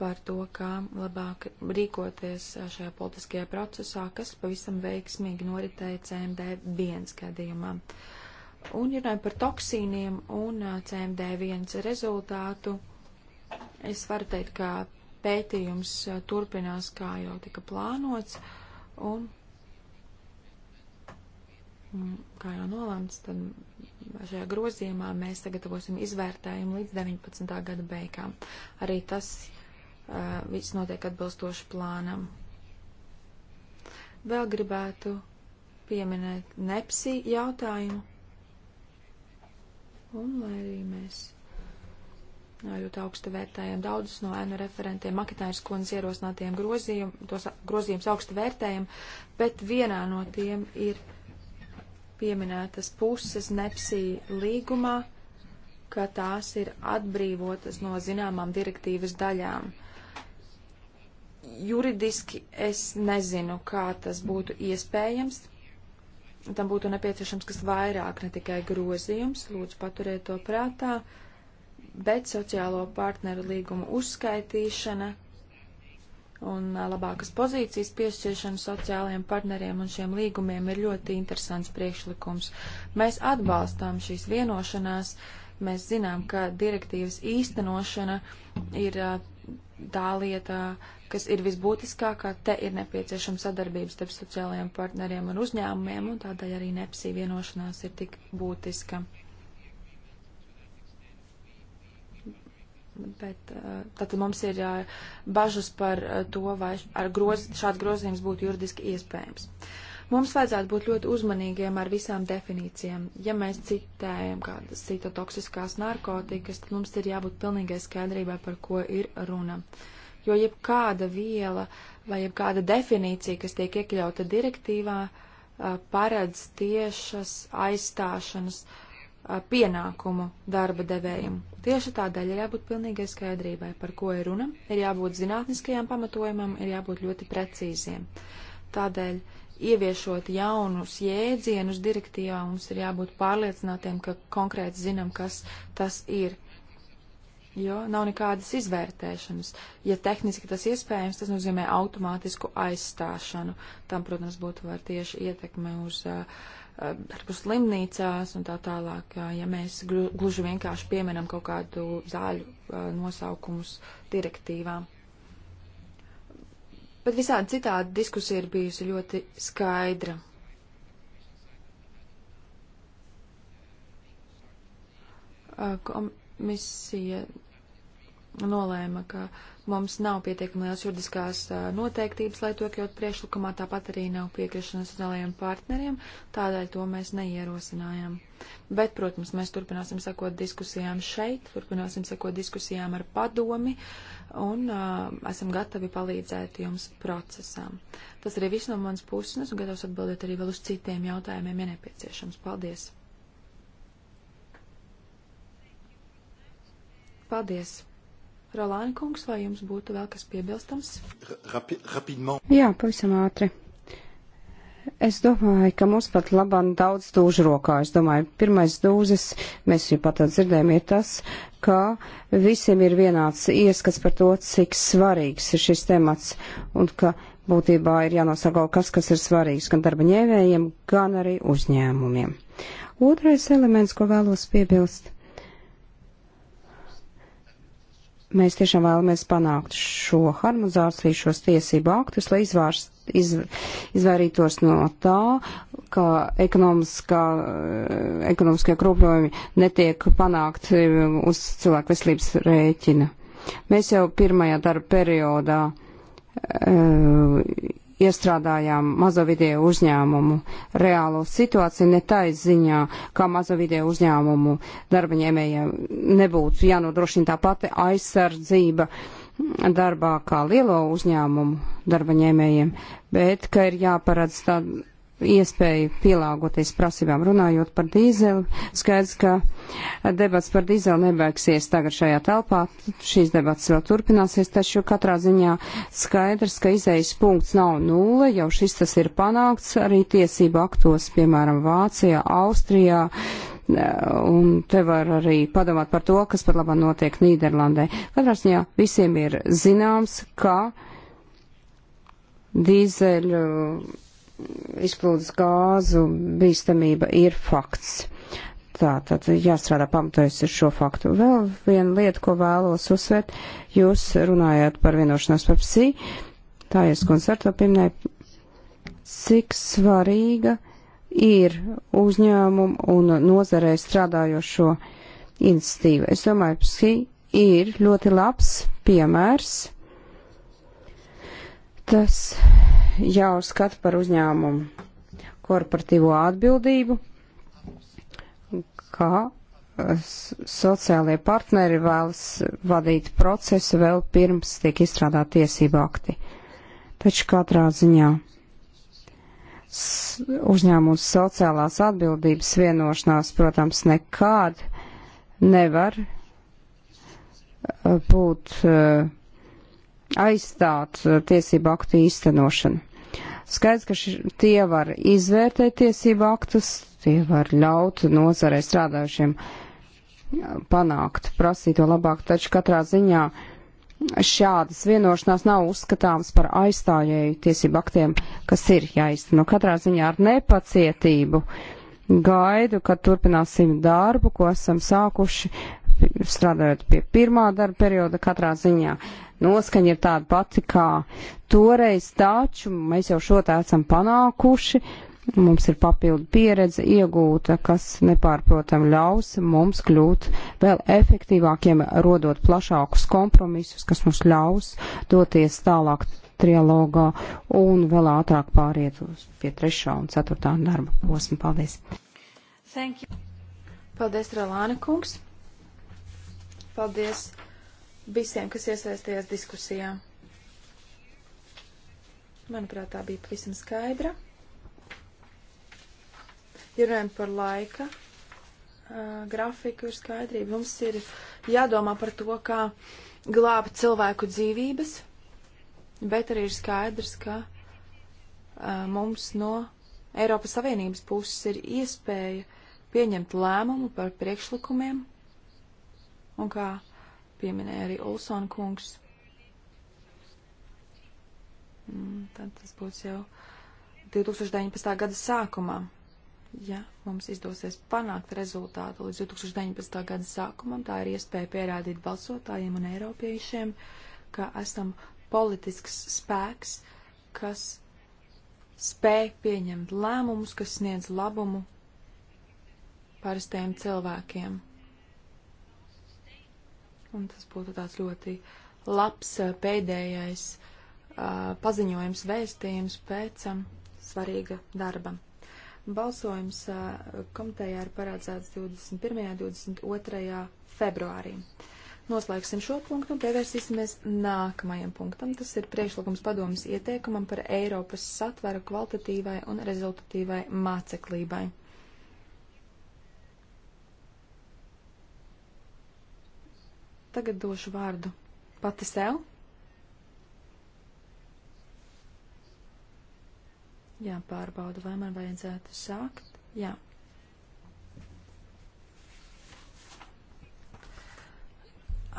par to, kā labāk rīkoties uh, šajā politiskajā procesā, kas pavisam veiksmīgi noritēja CMD1 gadījumā. Un runājot par toksīniem un uh, CMD1 rezultātu, es varu teikt, ka pētījums uh, turpinās, kā jau tika plānots, un kā jau nolēmts, tad šajā grozījumā mēs sagatavosim izvērtējumu līdz 19. gada beigām. Arī tas uh, viss notiek atbilstoši plānam. Vēl gribētu pieminēt nepsī jautājumu. Un lai arī mēs ļoti augstu vērtējam daudzus no ēnu referentiem, maketājus kundas ierosinātiem grozījumus, tos grozījumus augstu vērtējam, bet vienā no tiem ir pieminētas puses nepsī līgumā, ka tās ir atbrīvotas no zināmām direktīvas daļām. Juridiski es nezinu, kā tas būtu iespējams. Tam būtu nepieciešams kas vairāk, ne tikai grozījums, lūdzu paturiet to prātā, bet sociālo partneru līgumu uzskaitīšana un labākas pozīcijas piešķiršanu sociālajiem partneriem un šiem līgumiem ir ļoti interesants priekšlikums. Mēs atbalstām šīs vienošanās, mēs zinām, ka direktīvas īstenošana ir tā lieta, kas ir visbūtiskākā, te ir nepieciešama sadarbības starp sociālajiem partneriem un uzņēmumiem, un tādēļ arī nepsī vienošanās ir tik būtiska. Bet tātad eh, mums ir eh, bažas par eh, to, vai groz, šāds grozījums būtu juridiski iespējams. Mums vajadzētu būt ļoti uzmanīgiem ar visām definīcijām. Ja mēs citējam kādas citotoksiskās narkotikas, tad mums ir jābūt pilnīgai skaidrībai, par ko ir runa. Jo jebkāda viela vai jebkāda definīcija, kas tiek iekļauta direktīvā, paredz tiešas aizstāšanas uh, pienākumu darba devējiem. Tieši tādēļ ir jābūt pilnīgai skaidrībai, par ko ir runa, ir jābūt zinātniskajam pamatojumam, ir jābūt ļoti precīziem. Tādēļ, ieviešot jaunus jēdzienus direktīvā, mums ir jābūt pārliecinātiem, ka konkrēti zinām, kas tas ir. Jo nav nekādas izvērtēšanas. Ja tehniski tas iespējams, tas nozīmē automātisku aizstāšanu. Tam, protams, būtu var tieši ietekme uz uh, darbu slimnīcās un tā tālāk. Ja mēs gluži vienkārši pieminam kaut kādu zāļu nosaukumus direktīvā. Bet visādi citādi diskusija ir bijusi ļoti skaidra. Komisija nolēma, ka uh, Mums nav pietiekami liels juridiskās noteiktības, lai to iekļaut priekšlikumā, tāpat arī nav piekrišanas sociālajiem partneriem, tādēļ to mēs neierosinājām. Bet, protams, mēs turpināsim sekot diskusijām šeit, turpināsim sekot diskusijām ar padomi un uh, esam gatavi palīdzēt jums procesām. Tas arī viss no manas puses, un esmu gatavs atbildēt arī vēl uz citiem jautājumiem, ja nepieciešams. Paldies! Paldies! Rolāni kungs, vai jums būtu vēl kas piebilstams? Rapi, Jā, pavisam ātri. Es domāju, ka mums pat labāk daudz dūžu rokā. Es domāju, pirmais dūzis, mēs jau pat dzirdējām, ir tas, ka visiem ir vienāds ieskats par to, cik svarīgs ir šis temats un ka būtībā ir jānosaka kaut kas, kas ir svarīgs gan darba ņēmējiem, gan arī uzņēmumiem. Otrais elements, ko vēlos piebilst, Mēs tiešām vēlamies panākt šo harmonizāciju, šos tiesību aktus, lai izvārst, iz, izvairītos no tā, ka ekonomiskie kropļojumi netiek panākt e, uz cilvēku veselības rēķina. Mēs jau pirmajā darba periodā uh, iestrādājām mazovidēju uzņēmumu reālo situāciju, ne tā ziņā, kā mazovidēju uzņēmumu darba ņēmējiem nebūtu jānodrošina tā pati aizsardzība darbā kā lielo uzņēmumu darba ņēmējiem, bet ka ir jāparedz tāda iespēju pielāgoties prasībām runājot par dīzeli. Skaidrs, ka debats par dīzeli nebeigsies tagad šajā telpā. Šīs debats vēl turpināsies, taču katrā ziņā skaidrs, ka izējas punkts nav nulle, jau šis tas ir panākts arī tiesību aktos, piemēram, Vācijā, Austrijā. Un te var arī padomāt par to, kas pat labā notiek Nīderlandē. Katrā ziņā visiem ir zināms, ka dīzeļu izplūdes gāzu bīstamība ir fakts. Tā tad jāstrādā pamatojas uz šo faktu. Vēl viena lieta, ko vēlos uzsvērt, jūs runājāt par vienošanos par psi, tā es koncerto pieminēju, cik svarīga ir uzņēmumu un nozarē strādājošo institīva. Es domāju, psi ir ļoti labs piemērs. Tas jāuzskata par uzņēmumu korporatīvo atbildību, kā sociālie partneri vēlas vadīt procesu vēl pirms tiek izstrādā tiesību akti. Taču katrā ziņā uzņēmums sociālās atbildības vienošanās, protams, nekād nevar būt uh, aizstāt eh, tiesību aktu īstenošanu. Skaidrs, ka ši, tie var izvērtēt tiesību aktus, tie var ļaut nozarē strādājušiem eh, panākt, prasīt to labāk, taču katrā ziņā šādas vienošanās nav uzskatāmas par aizstājēju tiesību aktiem, kas ir jāizteno. Katrā ziņā ar nepacietību gaidu, kad turpināsim darbu, ko esam sākuši strādājot pie pirmā darba perioda katrā ziņā. Uh, noskaņa ir tāda pati kā toreiz, taču mēs jau šo tā esam panākuši. Mums ir papildu pieredze iegūta, kas nepārprotam ļaus mums kļūt vēl efektīvākiem, rodot plašākus kompromisus, kas mums ļaus doties tālāk trialogā un vēl ātrāk pāriet uz pie trešā un ceturtā darba posma. Paldies! Thank you. Paldies, Rolāna kungs! Paldies visiem, kas iesaistījās diskusijā. Manuprāt, tā bija pavisam skaidra. Ja runājam par laika uh, grafiku, ir skaidrība. Mums ir jādomā par to, kā glābt cilvēku dzīvības, bet arī ir skaidrs, ka uh, mums no Eiropas Savienības puses ir iespēja pieņemt lēmumu par priekšlikumiem un kā pieminēja arī Olsona kungs. Mm, tad tas būs jau 2019. gada sākumā. Ja mums izdosies panākt rezultātu līdz 2019. gada sākumam, tā ir iespēja pierādīt balsotājiem un eiropiešiem, ka esam politisks spēks, kas spēj pieņemt lēmumus, kas sniedz labumu parastajiem cilvēkiem un tas būtu tāds ļoti labs eh, pēdējais uh, paziņojums, vēstījums pēc um, svarīga darba. Balsojums uh, komitejā ir paredzēts 21. un 22. februārī. Noslēgsim šo punktu un pievērsīsimies nākamajam punktam. Tas ir priekšlikums padomas ieteikumam par Eiropas satvera kvalitatīvai un rezultatīvai māceklībai. Tagad došu vārdu pati sev. Jā, pārbaudu, vai man vajadzētu sākt. Jā.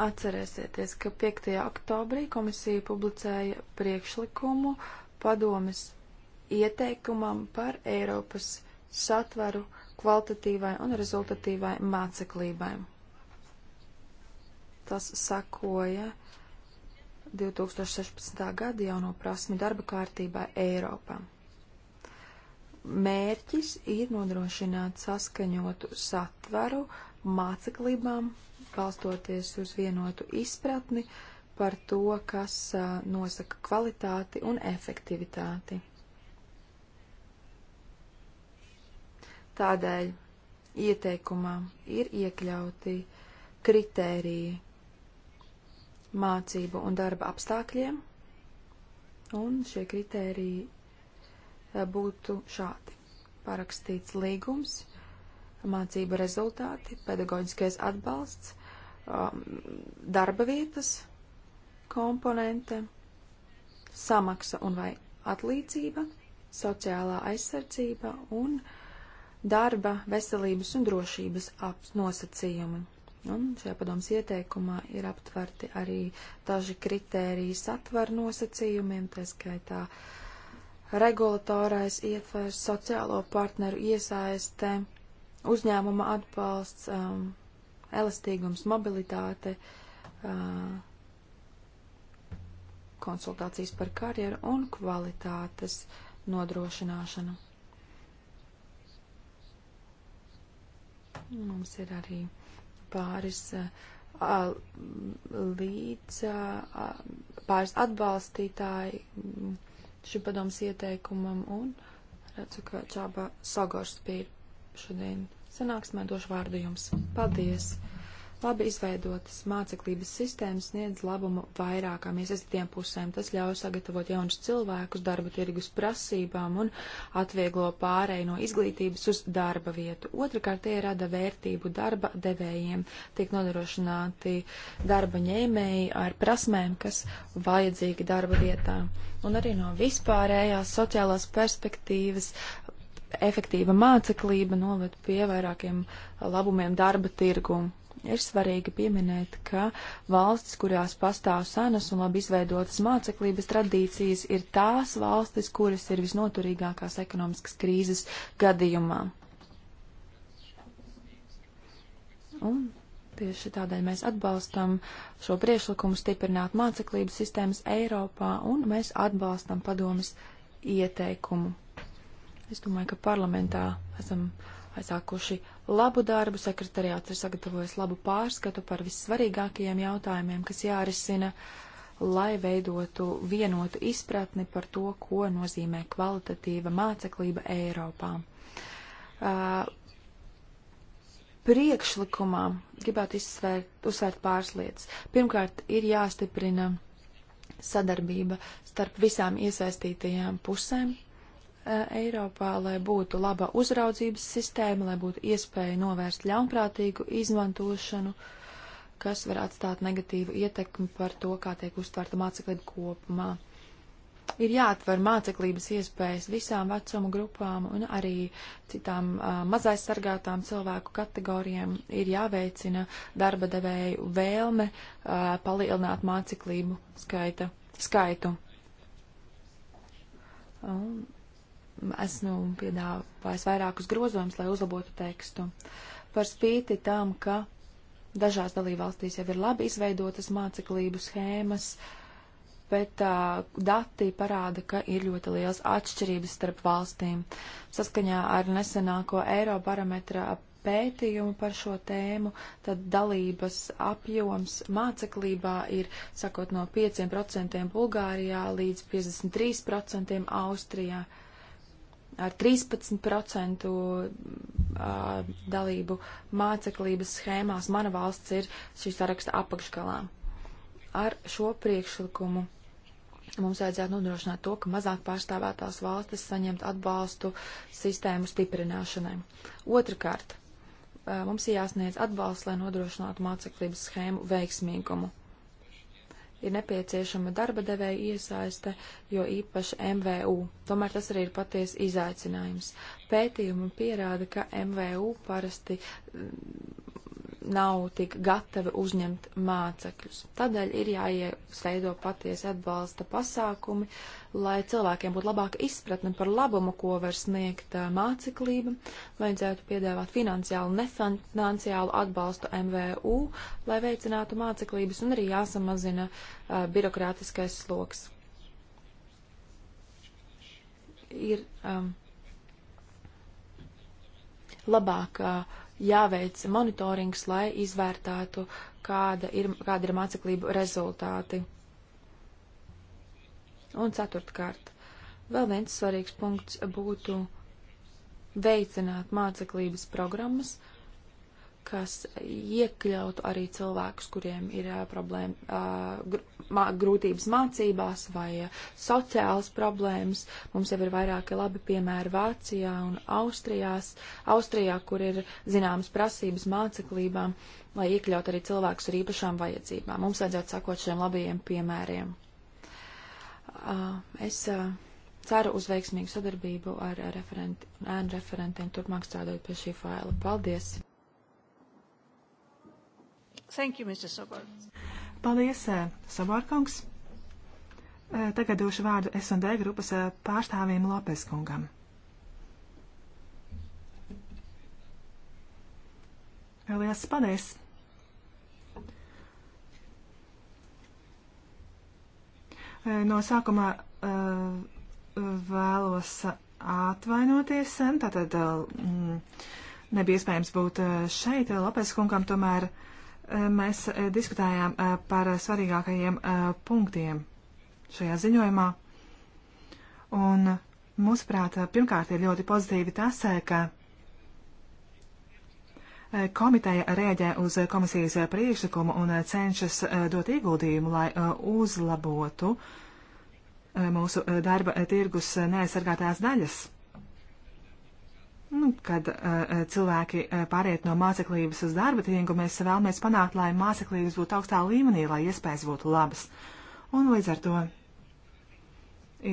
Atcerēsieties, ka 5. oktobrī komisija publicēja priekšlikumu padomis ieteikumam par Eiropas satvaru kvalitatīvai un rezultatīvai māceklībai. Tas sakoja 2016. gada jauno prasmi darba kārtībā Eiropā. Mērķis ir nodrošināt saskaņotu satvaru māceklībām, balstoties uz vienotu izpratni par to, kas nosaka kvalitāti un efektivitāti. Tādēļ ieteikumā ir iekļauti kritēriji mācību un darba apstākļiem, un šie kritēriji eh, būtu šādi. Parakstīts līgums, mācību rezultāti, pedagoģiskais atbalsts, um, darba vietas komponente, samaksa un vai atlīdzība, sociālā aizsardzība un darba, veselības un drošības nosacījumi. Un nu, šajā padomas ieteikumā ir aptverti arī daži kritēriji satvaru nosacījumiem, tā skaitā regulatorais ietvers, sociālo partneru iesaiste, uzņēmuma atbalsts, um, elastīgums, mobilitāte, uh, konsultācijas par karjeru un kvalitātes nodrošināšanu. Mums ir arī pāris līdz pāris atbalstītāji šim padoms ieteikumam un redzu, ka Čāba Sagors bija šodien sanāksmē, došu vārdu jums. Paldies! Labi izveidotas māceklības sistēmas sniedz labumu vairākām iesaistītiem pusēm. Tas ļauj sagatavot jaunus cilvēkus darba tirgus prasībām un atvieglo pārēju no izglītības uz darba vietu. Otrakārt, tie rada vērtību darba devējiem. Tiek nodrošināti darba ņēmēji ar prasmēm, kas vajadzīgi darba vietā. Un arī no vispārējās sociālās perspektīvas efektīva māceklība noved pie vairākiem labumiem darba tirgumu Ir svarīgi pieminēt, ka valstis, kurās pastāv sanas un labi izveidotas māceklības tradīcijas, ir tās valstis, kuras ir visnoturīgākās ekonomiskas krīzes gadījumā. Un tieši tādēļ mēs atbalstam šo priešlikumu stiprināt māceklības sistēmas Eiropā un mēs atbalstam padomas ieteikumu. Es domāju, ka parlamentā esam uh, sākuši labu darbu, sekretariāts ir sagatavojis labu pārskatu par vissvarīgākajiem jautājumiem, kas jārisina, lai veidotu vienotu izpratni par to, ko nozīmē kvalitatīva māceklība Eiropā. Uh, priekšlikumā gribētu izsvērt, uzsvērt pāris lietas. Pirmkārt, ir jāstiprina sadarbība starp visām iesaistītajām pusēm, Eiropā, lai būtu laba uzraudzības sistēma, lai būtu iespēja novērst ļaunprātīgu izmantošanu, kas var atstāt negatīvu ietekmi par to, kā tiek uztverta māceklība kopumā. Ir jāatver māceklības iespējas visām vecuma grupām un arī citām mazais sargātām cilvēku kategorijām. Ir jāveicina darba devēju vēlme a, palielināt māceklību skaita, skaitu. Un, esmu piedāvājis vairākus grozojumus, lai uzlabotu tekstu. Par spīti tam, ka dažās dalībvalstīs jau ir labi izveidotas māceklību schēmas, bet uh, dati parāda, ka ir ļoti liels atšķirības starp valstīm. Saskaņā ar nesenāko Eirobarometra pētījumu par šo tēmu, tad dalības apjoms māceklībā ir, sakot, no 5% Bulgārijā līdz 53% Austrijā. Uh, ar 13% dalību māceklības schēmās. Mana valsts ir šī saraksta apakšgalā. Ar šo priekšlikumu mums vajadzētu nodrošināt to, ka mazāk pārstāvētās valstis saņemt atbalstu sistēmu stiprināšanai. Otrakārt, mums ir jāsniedz atbalsts, lai nodrošinātu māceklības schēmu veiksmīgumu ir nepieciešama darba devēja iesaiste, jo īpaši MVU. Tomēr tas arī ir patiesi izaicinājums. Pētījumi pierāda, ka MVU parasti nav tik gatavi uzņemt mācekļus. Tādēļ ir jāiesaido patiesi atbalsta pasākumi, lai cilvēkiem būtu labāka izpratne par labumu, ko var sniegt māceklība. Vajadzētu piedāvāt finansiālu, nefinanciālu atbalstu MVU, lai veicinātu māceklības un arī jāsamazina uh, birokrātiskais sloks. Ir um, labāk uh, jāveic monitorings, lai izvērtātu, kāda ir, kāda ir māceklību rezultāti. Un ceturtkārt, vēl viens svarīgs punkts būtu veicināt māceklības programmas, kas iekļautu arī cilvēkus, kuriem ir problēma, mā, grūtības mācībās vai eh, sociālas problēmas. Mums jau ir vairāki labi piemēri Vācijā un Austrijās, Austrijā, kur ir zināmas prasības māceklībām, lai iekļaut arī cilvēkus ar īpašām vajadzībām. Mums vajadzētu sakot šiem labajiem piemēriem. Ah, es eh, ceru uz veiksmīgu sadarbību ar referenti, referentiem turpmāk strādājot pie šī faila. Paldies! Thank you, Mr. Sobol. Paldies, eh, Savārkungs. Eh, tagad došu vārdu S&D grupas eh, pārstāvim Lopes kungam. Liels paldies! No sākumā vēlos atvainoties. Tātad mm, nebija iespējams būt šeit. Lopes kungam tomēr Mēs eh, diskutējām eh, par svarīgākajiem eh, punktiem šajā ziņojumā. Un, mūsuprāt, pirmkārt ir ļoti pozitīvi tas, ka Komiteja rēģē uz komisijas priekšlikumu un cenšas dot ieguldījumu, lai uzlabotu mūsu darba tirgus neaizsargātās daļas. Nu, kad uh, cilvēki uh, pāriet no māceklības uz darba tirgu, mēs vēlamies panākt, lai māceklības būtu augstā līmenī, lai iespējas būtu labas. Un līdz ar to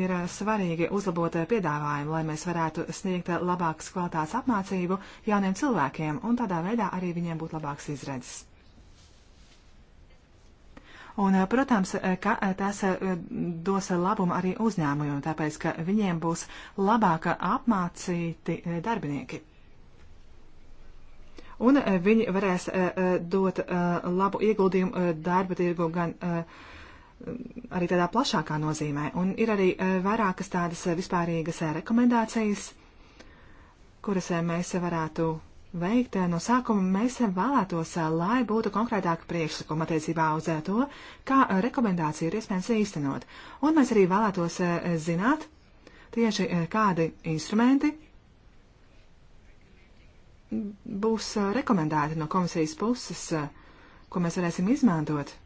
ir uh, svarīgi uzlabot uh, piedāvājumu, lai mēs varētu sniegt uh, labākas kvalitātes apmācību jauniem cilvēkiem, un tādā veidā arī viņiem būtu labāks izredzes. Un, eh, protams, eh, ka eh, tas dos labumu arī uzņēmumiem, tāpēc, ka viņiem būs labāk apmācīti darbinieki. Un viņi varēs dot labu ieguldījumu darba tirgu gan arī tādā plašākā nozīmē. Un ir arī vairākas tādas vispārīgas rekomendācijas, kuras mēs varētu veikt eh, no sākuma, mēs vēlētos, eh, lai būtu konkrētāka priekšlikuma attiecībā uz eh, to, kā rekomendācija ir iespējams īstenot. Un mēs arī vēlētos zināt tieši kādi instrumenti būs rekomendēti no komisijas puses, ko mēs varēsim izmantot.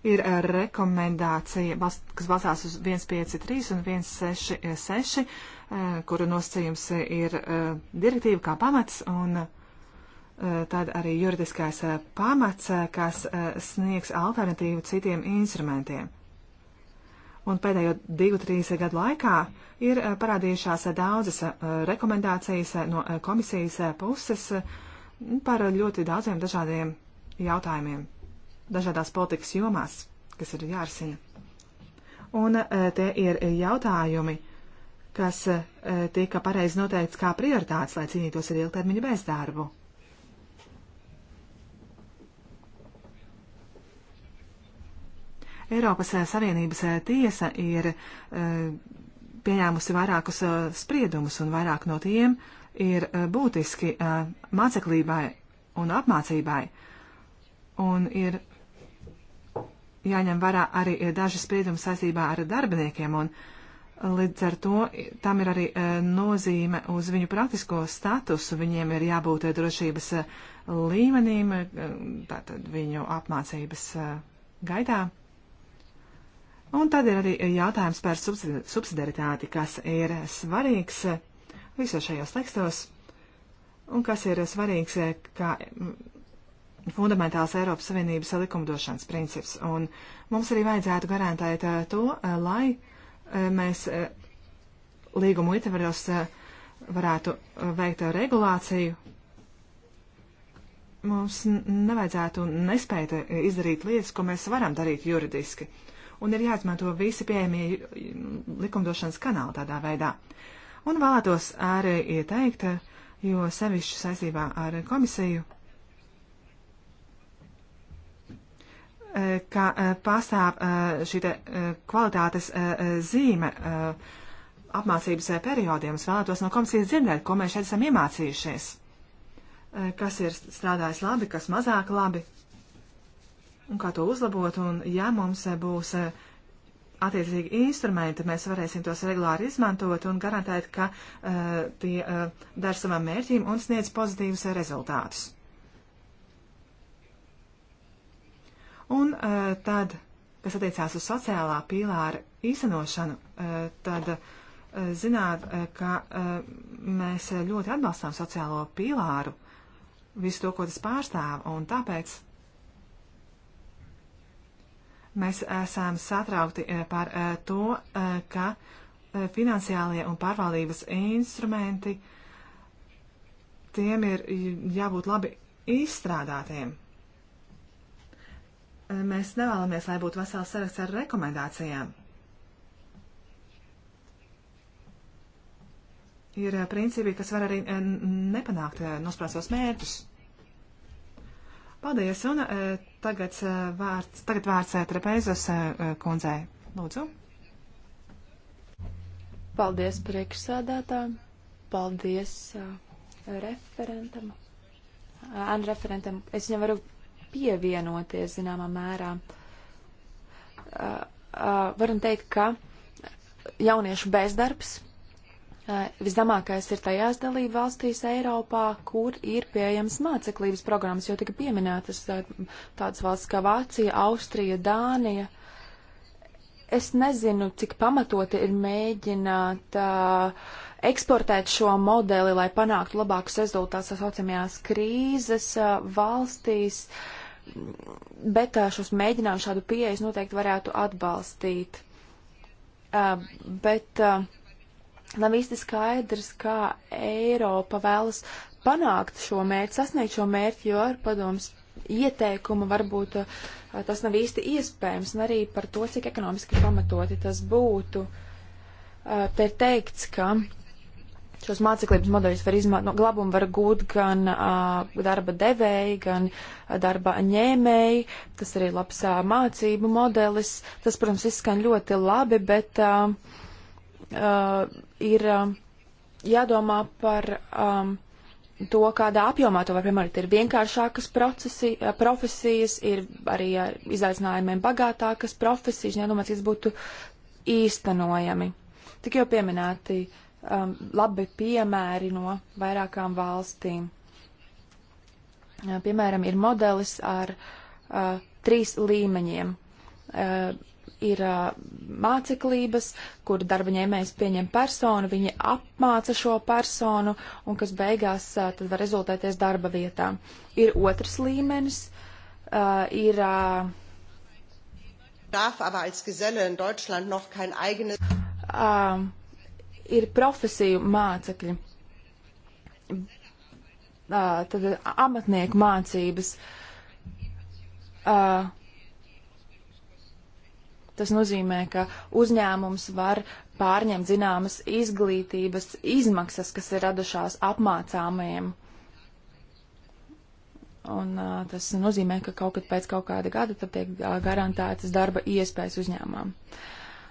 ir rekomendācija, kas balstās uz 153 un 166 Eh, kuru nosacījums ir eh, direktīva kā pamats un eh, tad arī juridiskais pamats, kas sniegs alternatīvu citiem instrumentiem. Un pēdējo divu, trīs gadu laikā ir parādījušās daudzas rekomendācijas no komisijas puses mm, par ļoti daudziem dažādiem jautājumiem, dažādās politikas jomās, kas ir jārisina. Un tie ir jautājumi, kas e, tika pareizi noteikts kā prioritāts, lai cīnītos ar ilgtermiņu bezdarbu. Eiropas e, Savienības e, tiesa ir pieņēmusi vairākus spriedumus, un vairāk no tiem ir būtiski māceklībai un apmācībai. Un ir jāņem vērā arī daži spriedumi saistībā ar darbiniekiem un darbiniekiem Līdz ar to tam ir arī e, nozīme uz viņu praktisko statusu. Viņiem ir jābūt e, drošības e, līmenim, tātad viņu apmācības gaidā. Un tad ir arī jautājums par subsidiaritāti, kas ir svarīgs visos šajos tekstos un kas ir svarīgs kā fundamentāls Eiropas Savienības likumdošanas princips. Un mums arī vajadzētu garantēt to, lai Eh, mēs eh, līgumu ietveros eh, varētu veikt regulāciju. Mums nevajadzētu nespēt izdarīt lietas, ko mēs varam darīt juridiski. Un ir jāizmanto visi pieejamie mm, likumdošanas kanāli tādā veidā. Un vēlētos arī ieteikt, jo sevišķi saistībā ar komisiju Eh, ka eh, pastāv eh, šī kvalitātes zīme apmācības periodiem. Es vēlētos no komisijas dzirdēt, ko mēs šeit esam iemācījušies. Kas ir strādājis labi, kas mazāk labi, un kā to uzlabot. Un, ja mums būs attiecīgi instrumenti, mēs varēsim tos regulāri izmantot un garantēt, ka tie dar savam mērķim un sniedz pozitīvus rezultātus. Un eh, tad, kas attiecās uz sociālā pīlāra īstenošanu, eh, tad eh, zināt, ka mēs ļoti atbalstām sociālo pīlāru, visu to, ko tas pārstāv, un tāpēc mēs esam satraukti par to, ka finansiālie un pārvaldības instrumenti, tiem ir jābūt labi izstrādātiem mēs nevēlamies, lai būtu vesels saraksts ar rekomendācijām. Ir eh, principi, kas var arī eh, nepanākt eh, nosprāstos mērķus. Paldies, un tagad vārds, tagad vārds Trepēzos kundzei. Lūdzu. Paldies priekšsādātājiem, paldies referentam. Ān referentam, es viņam varu pievienoties zināmā mērā. Uh, uh, varam teikt, ka jauniešu bezdarbs uh, visdamākais ir tajās dalību valstīs Eiropā, kur ir pieejams māceklības programmas, jo tika pieminētas tādas valsts kā Vācija, Austrija, Dānija. Es nezinu, cik pamatoti ir mēģināt uh, eksportēt šo modeli, lai panāktu labākus rezultātus asociamajās krīzes uh, valstīs. Uh, bet šos mēģinājumus šādu pieejas noteikti varētu atbalstīt. Bet nav īsti skaidrs, kā Eiropa vēlas panākt šo mērķi, sasniegt šo mērķi, jo ar padomus ieteikumu varbūt tas nav īsti iespējams, un arī par to, cik ekonomiski pamatoti tas būtu. Te ir teikts, ka Šos māceklības modeļus var izmantot, no labumu var gūt gan uh, darba devēji, gan uh, darba ņēmēji. Tas arī labs uh, mācību modelis. Tas, protams, izskan ļoti labi, bet uh, uh, ir uh, jādomā par um, to, kādā apjomā to var, piemēram, ir vienkāršākas procesi, profesijas, ir arī ar izaicinājumiem bagātākas profesijas, nedomāts, tas būtu īstenojami. Tik jau pieminēti uh, um, labi piemēri no vairākām valstīm. Uh, piemēram, ir modelis ar uh, trīs līmeņiem. Uh, ir uh, māceklības, kur darba ņēmējs pieņem personu, viņi apmāca šo personu un kas beigās uh, tad var rezultēties darba vietā. Ir otrs līmenis, uh, ir. Uh, darf aber als Geselle in Deutschland noch kein eigenes. Uh, ir profesiju mācekļi, tad amatnieku mācības. Tas nozīmē, ka uzņēmums var pārņemt zināmas izglītības izmaksas, kas ir radušās apmācāmajiem. Un, uh, tas nozīmē, ka kaut kad pēc kaut kāda gada tiek garantētas darba iespējas uzņēmumam. Uh,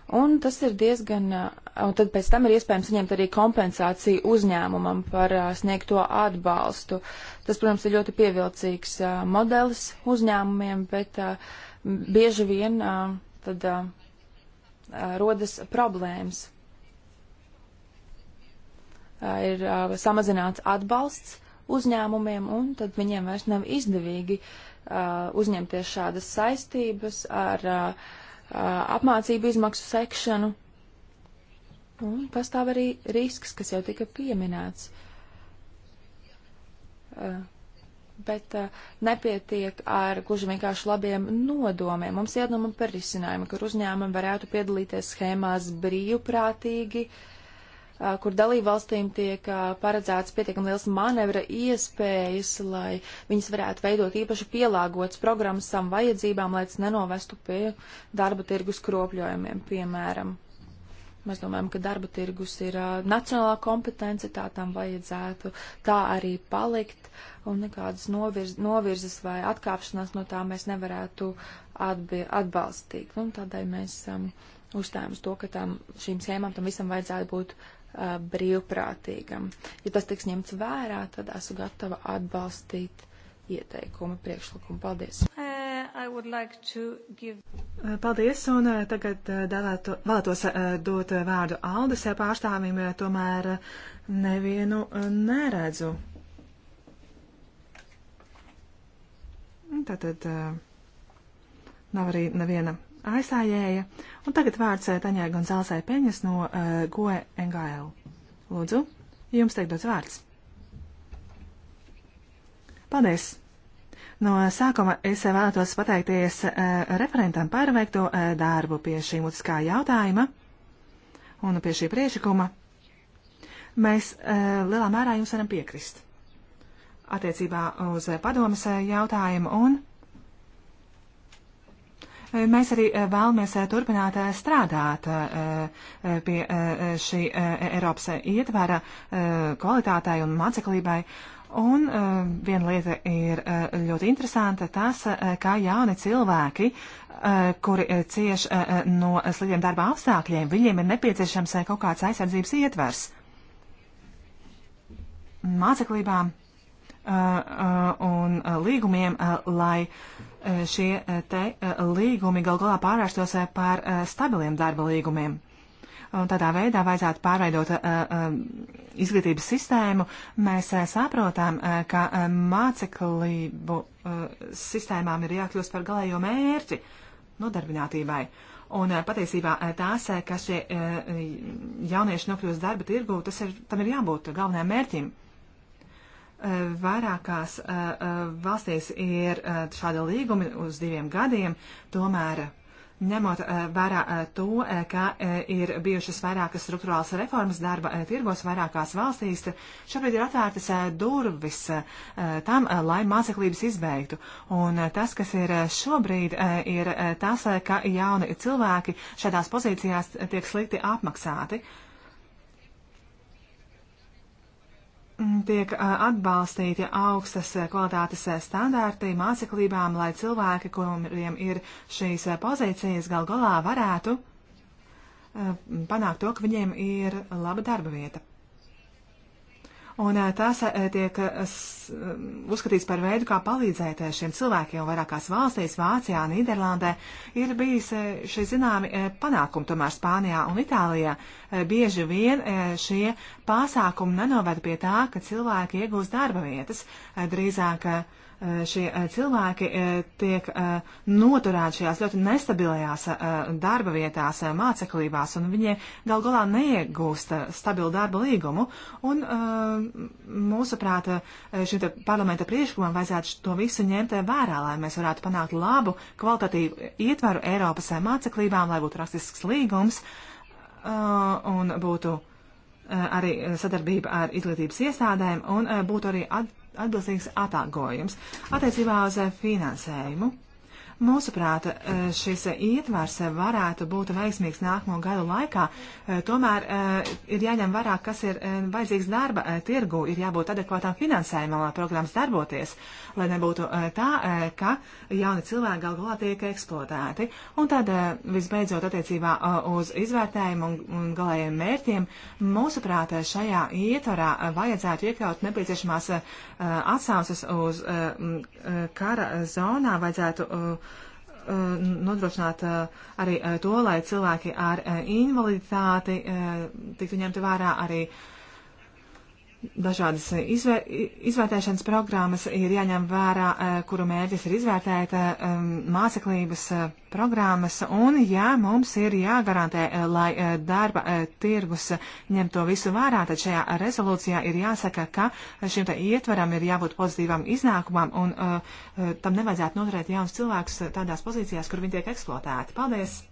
Un tas ir diezgan, un tad pēc tam ir iespējams saņemt arī kompensāciju uzņēmumam par uh, sniegto atbalstu. Tas, protams, ir ļoti pievilcīgs uh, modelis uzņēmumiem, bet uh, bieži vien tad rodas problēmas. Ir samazināts atbalsts uzņēmumiem, un tad viņiem vairs nav izdevīgi uzņemties šādas saistības ar uh, apmācību izmaksu sekšanu. Un pastāv arī risks, kas jau tika pieminēts. Uh, bet uh, nepietiek ar gluži vienkārši labiem nodomiem. Mums jādomā par risinājumu, kur uzņēmumi varētu piedalīties schēmās brīvprātīgi, uh, kur dalībvalstīm tiek paredzēts pietiekami liels manevra iespējas, lai viņas varētu veidot īpaši pielāgotas programmas savam vajadzībām, lai tas nenovestu pie darba tirgus kropļojumiem, piemēram. Mēs domājam, ka darba tirgus ir uh, nacionālā kompetence, tā tam vajadzētu tā arī palikt, un nekādas novirz, novirzes vai atkāpšanās no tā mēs nevarētu atbi, atbalstīt. Un tādēļ mēs um, uzstājam uz to, ka tam, šīm schēmām tam visam vajadzētu būt uh, brīvprātīgam. Ja tas tiks ņemts vērā, tad esmu gatava atbalstīt ieteikumu priekšlikumu. Paldies! Like give... Paldies, un tagad dalētu, vēlētos dot vārdu Aldas pārstāvim, tomēr nevienu neredzu. Tātad nav arī neviena aizstājēja. Un tagad vārds eh, Taņai Gonzālesai Peņas no uh, eh, GOE NGL. Lūdzu, jums tiek dots vārds. Paldies! No sākuma es eh, vēlētos pateikties uh, referentam par veikto uh, darbu pie šī mutiskā jautājuma un pie šī priešakuma. Mēs uh, lielā mērā jums varam piekrist attiecībā uz padomas jautājumu un Eh, mēs arī vēlamies turpināt strādāt pie šī Eiropas ietvara kvalitātei un māceklībai. Un eh, viena lieta ir eh, ļoti interesanta - tas, kā jauni cilvēki, kuri cieš no sliktiem darba apstākļiem, viņiem ir nepieciešams kaut kāds aizsardzības ietvers. Māceklībām un līgumiem, lai E, šie e, te e, līgumi gal galā pārvērstos par stabiliem darba līgumiem. Un tādā veidā vajadzētu pārveidot izglītības sistēmu. Mēs saprotam, ka māceklību sistēmām ir jākļūst par galējo mērķi nodarbinātībai. Un patiesībā tās, ka šie jaunieši nokļūst darba tirgū, tas ir, tam ir jābūt galvenajam mērķim. Eh, vairākās eh, eh, valstīs ir šādi līgumi uz diviem gadiem, tomēr ņemot vērā to, ka ir bijušas vairākas struktūrālas reformas darba tirgos vairākās valstīs, šobrīd ir atvērtas durvis tam, lai māceklības izbeigtu. Un tas, kas ir šobrīd, ir tas, ka jauni cilvēki šādās pozīcijās tiek slikti apmaksāti. tiek atbalstīti augstas kvalitātes standārti māceklībām, lai cilvēki, kuriem ir šīs pozīcijas, gal galā varētu panākt to, ka viņiem ir laba darba vieta. Un eh, tās eh, tiek eh, uzskatīts par veidu, kā palīdzēt šiem cilvēkiem vairākās valstīs, Vācijā, Nīderlandē. Ir bijis šie zināmi panākumi tomēr Spānijā un Itālijā. Bieži vien šie pasākumi nenoved pie tā, ka cilvēki iegūst darba vietas. Drīzāk Eh, šie eh, cilvēki eh, tiek noturēti šajās ļoti nestabilajās darba vietās, māceklībās, un viņi gal galā neiegūst stabilu darba līgumu. Un mūsuprāt, šim parlamenta priekšlikumam vajadzētu to visu ņemt vērā, lai mēs varētu panākt labu kvalitatīvu ietvaru Eiropas māceklībām, lai būtu rakstisks līgums un būtu arī sadarbība ar izglītības iestādēm un būtu arī at atbilstīgs atāgojums attiecībā uz eh, finansējumu. Mūsuprāt, eh, šis ietvars varētu būt veiksmīgs nākamo gadu laikā, eh, tomēr eh, ir jāņem vērā, kas ir vajadzīgs darba tirgu, ir jābūt adekvātām finansējumam, lai programmas darboties, lai nebūtu tā, ka jauni cilvēki gal galā tiek eksploatēti. Un tad visbeidzot attiecībā uz izvērtējumu un galējiem mērķiem, mūsuprāt, šajā ietvarā vajadzētu iekļaut nepieciešamās atsauces uz kara zonā, vajadzētu Uh, nodrošināt uh, arī uh, to, lai cilvēki ar invaliditāti tiktu ņemti vērā arī dažādas izvē, izvērtēšanas programmas ir jāņem vērā, eh, kuru mērķis ir izvērtēt eh, māceklības eh, programmas, un jā, mums ir jāgarantē, lai darba tirgus ņem to visu vērā, tad šajā rezolūcijā ir jāsaka, ka šim te ietveram ir jābūt pozitīvam iznākumam, un tam nevajadzētu noturēt jaunus cilvēkus tādās pozīcijās, kur viņi tiek eksploatēti. Paldies!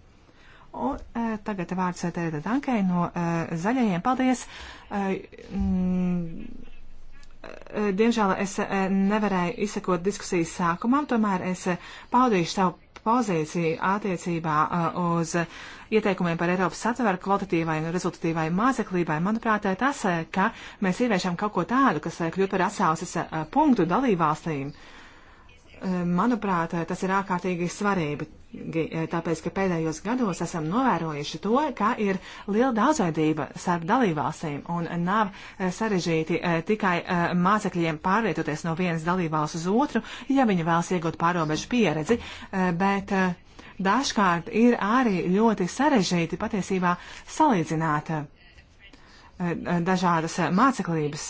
Un e, tagad vārds e, Tērēta Dankai no e, Zaļajiem. Paldies! E, m, mm, e, diemžēl es e, nevarēju izsekot diskusijas sākumam, tomēr es e, paudīšu savu pozīciju attiecībā e, uz ieteikumiem par Eiropas satveru kvalitatīvai un rezultatīvai māceklībai. Manuprāt, e, tas, e, ka mēs ieviešam kaut ko tādu, kas e, kļūtu par atsauces e, punktu dalībvalstīm. E, Eh, manuprāt, eh, tas ir ārkārtīgi svarīgi, eh, tāpēc, ka pēdējos gados esam novērojuši to, ka ir liela daudzveidība starp dalībvalstīm un nav sarežģīti tikai mācekļiem pārvietoties no vienas dalībvalsts uz otru, ja viņi vēlas iegūt pārobežu pieredzi, bet dažkārt ir arī ļoti sarežģīti patiesībā salīdzināt dažādas māceklības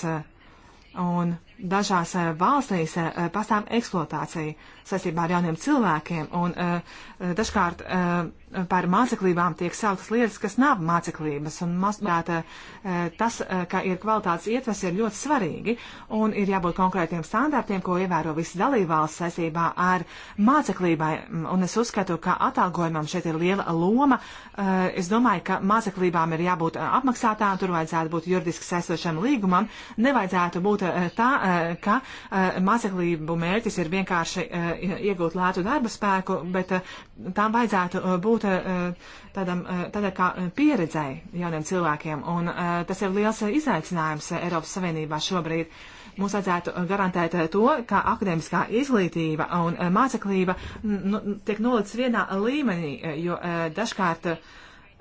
un dažās eh, valstīs eh, eh, pastāv eksploatācija saistībā ar jauniem cilvēkiem, un dažkārt par māceklībām tiek sauktas lietas, kas nav māceklības. Un, manuprāt, eh, tas, eh, ka ir kvalitātes ietvers, ir ļoti svarīgi. Un ir jābūt konkrētiem standartiem, ko ievēro visas dalībvalsts saistībā ar māceklībai. Un es uzskatu, ka atalgojumam šeit ir liela loma. Eh, es domāju, ka māceklībām ir jābūt apmaksātām, tur vajadzētu būt juridiski saistošam līgumam. Nevajadzētu būt tā, ka māceklību mērķis ir vienkārši iegūt lētu darba spēku, bet tām vajadzētu būt būt eh, tādam, eh, tādai kā eh, pieredzēji jauniem cilvēkiem, un tas ir liels izaicinājums Eiropas Savienībā šobrīd. Mums vajadzētu garantēt to, ka akadēmiskā izglītība un māceklība nu, tiek nolicis vienā līmenī, jo dažkārt uh,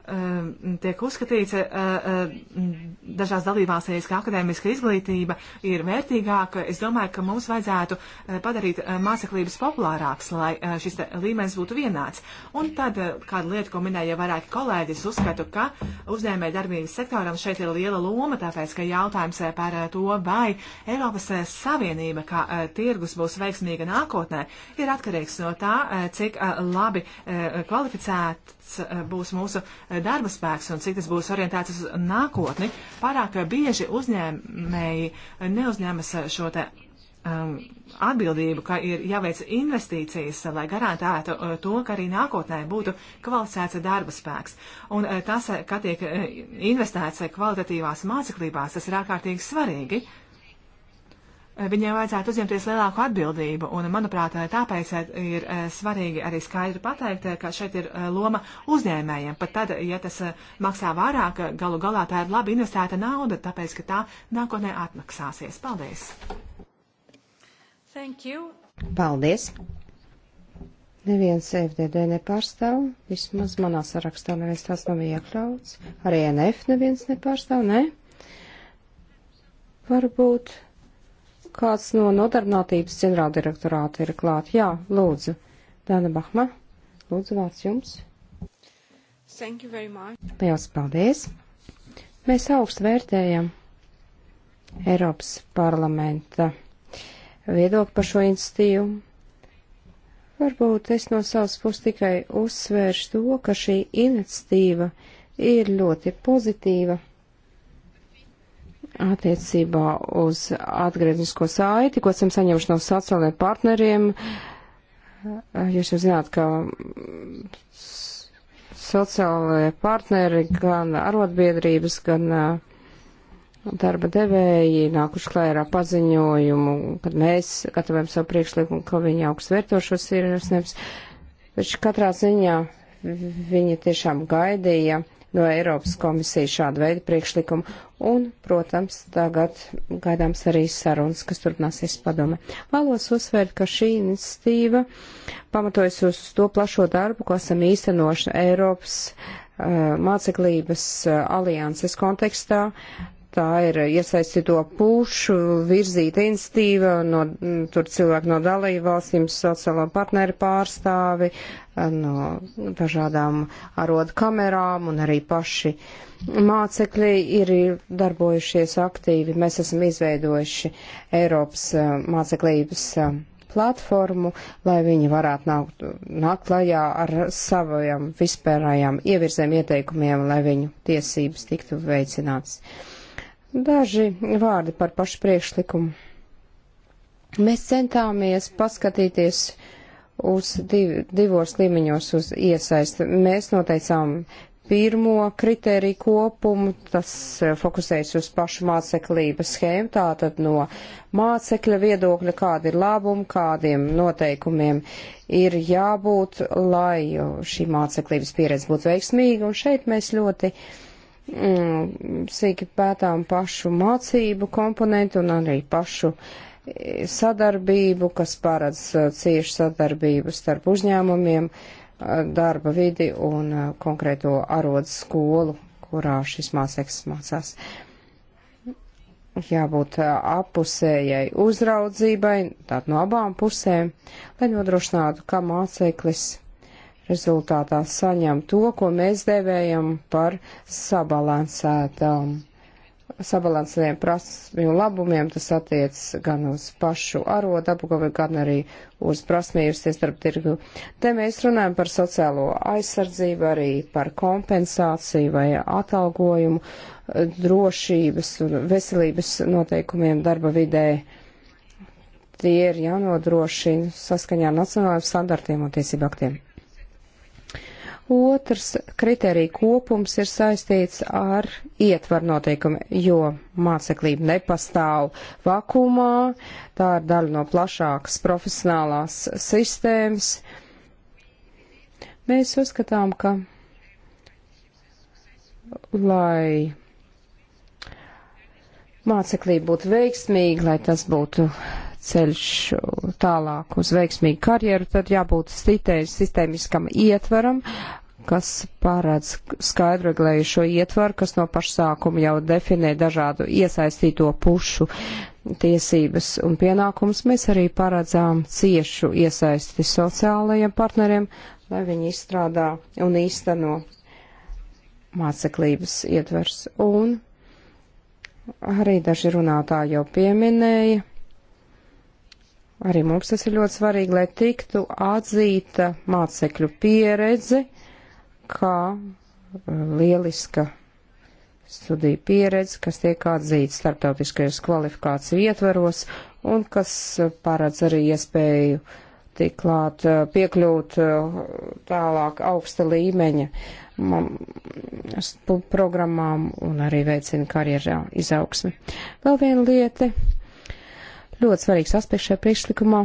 Um, tiek uzskatīts uh, uh, dažās dalībvalstīs, ka akadēmiska izglītība ir vērtīgāka. Es domāju, ka mums vajadzētu uh, padarīt māceklības populārāks, lai šis līmenis būtu vienāds. Un tad kāda lieta, ko minēja vairāki kolēģi, es uzskatu, ka uzņēmē darbības sektoram šeit ir liela loma, tāpēc, ka jautājums par to, vai Eiropas Savienība kā tirgus būs veiksmīga nākotnē, ir atkarīgs no tā, cik labi kvalificēti kāds eh, būs mūsu eh, darba spēks un cik tas būs orientēts uz nākotni, pārāk bieži uzņēmēji eh, neuzņemas šo te um, atbildību, ka ir jāveic investīcijas, lai garantētu to, ka arī nākotnē būtu kvalificēts darba spēks. Un tas, ka tiek investēts kvalitatīvās māceklībās, tas ir ārkārtīgi svarīgi. Uh, viņai vajadzētu uzņemties lielāku atbildību, un, manuprāt, tāpēc eh, ir eh, svarīgi arī skaidri pateikt, eh, ka šeit ir loma uzņēmējiem. Pat tad, ja tas maksā vairāk, galu galā tā ir labi investēta nauda, tāpēc, ka tā nākotnē atmaksāsies. Paldies! Thank you! Paldies! Neviens FDD nepārstāv, vismaz manā sarakstā neviens tās nav iekļauts, arī NF neviens nepārstāv, ne? Varbūt kāds no nodarbinātības ģenerāldirektorāta ir klāt. Jā, lūdzu. Dāna Bahma, lūdzu vārds jums. Thank you very much. Lielas paldies. Mēs augstu vērtējam Eiropas parlamenta viedokli par šo institīvu. Varbūt es no savas puses tikai uzsvēršu to, ka šī iniciatīva ir ļoti pozitīva attiecībā uz atgrieznisko saiti, ko esam saņēmuši no sociālajiem partneriem. Jūs jau zināt, ka sociālajie partneri, gan arotbiedrības, gan uh, darba devēji nākuši klērā paziņojumu, kad mēs gatavojam savu priekšlikumu, ka viņi augsts vērtošos ir, es nevis, bet katrā ziņā viņi tiešām gaidīja no Eiropas komisijas šādu veidu priekšlikumu. Un, protams, tagad gaidāms arī sarunas, kas turpināsies padome. Vēlos uzsvērt, ka šī iniciatīva pamatojas uz to plašo darbu, ko esam īstenoši Eiropas uh, māceklības uh, alianses kontekstā, Tā ir iesaistīto pušu virzīta institīva, no, tur cilvēki no dalību valstīm, sociālo partneru pārstāvi, no dažādām arodu kamerām un arī paši mācekļi ir darbojušies aktīvi. Mēs esam izveidojuši Eiropas eh, māceklības eh, platformu, lai viņi varētu nākt, nākt klajā ar savajām vispārējām ievirzēm ieteikumiem, lai viņu tiesības tiktu veicināts. Uh, Daži vārdi par pašu priekšlikumu. Mēs centāmies paskatīties uz div, divos līmeņos uz iesaisti. Mēs noteicām pirmo kritēriju kopumu, tas eh, fokusējas uz pašu māceklības schēmu, tātad no mācekļa viedokļa, kāda ir labuma, kādiem noteikumiem ir jābūt, lai šī māceklības pieredze būtu veiksmīga, un šeit mēs ļoti uh, Mm, sīki pētām pašu mācību komponentu un arī pašu eh, sadarbību, kas paredz eh, ciešu sadarbību starp uzņēmumiem, eh, darba vidi un konkrēto arodu skolu, kurā šis māceks mācās. Jābūt apusējai uzraudzībai, tātad no abām pusēm, lai nodrošinātu, ka māceklis rezultātā saņem to, ko mēs devējam par sabalansētām. Sabalansētiem prasmju labumiem tas attiec gan uz pašu arodu apgavu, gan arī uz prasmījumus iestarp tirgu. Te mēs runājam par sociālo aizsardzību, arī par kompensāciju vai atalgojumu, drošības un veselības noteikumiem darba vidē tie ir jānodrošina saskaņā ar nacionālajiem standartiem un tiesību aktiem. Otrs kriterija kopums ir saistīts ar ietvaru noteikumu, jo māceklība nepastāv vakumā, tā ir daļa no plašākas profesionālās sistēmas. Mēs uzskatām, ka lai māceklība būtu veiksmīga, lai tas būtu ceļš tālāk uz veiksmīgu karjeru, tad jābūt sistēmiskam ietveram, kas pārēdz skaidrreglējušo ietvaru, kas no pašsākuma jau definē dažādu iesaistīto pušu tiesības un pienākums. Mēs arī paredzām ciešu iesaisti sociālajiem partneriem, lai viņi izstrādā un īsteno māceklības ietvers. Un arī daži runātāji jau pieminēja Arī mums tas ir ļoti svarīgi, lai tiktu atzīta mācekļu pieredze, kā e, lieliska studiju pieredze, kas tiek atzīta starptautiskajos kvalifikāciju ietvaros un kas e, paredz arī iespēju tiklāt e, piekļūt tālāk augsta līmeņa programmām un arī veicina karjerā izaugsmi. Vēl viena lieta Ļoti svarīgs aspekts šajā priekšlikumā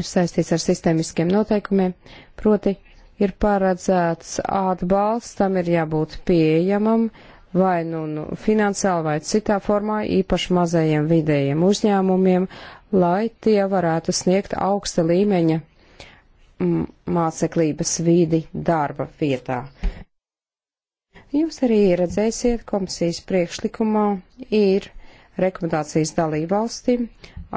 ir saistīts ar sistēmiskiem noteikumiem, proti ir paredzēts atbalstam ir jābūt pieejamam vai nu, nu finansiāli vai citā formā īpaši mazajiem vidējiem uzņēmumiem, lai tie varētu sniegt augsta līmeņa mm, māceklības vidi darba vietā. Jūs arī redzēsiet, komisijas priekšlikumā ir rekomendācijas dalībvalstīm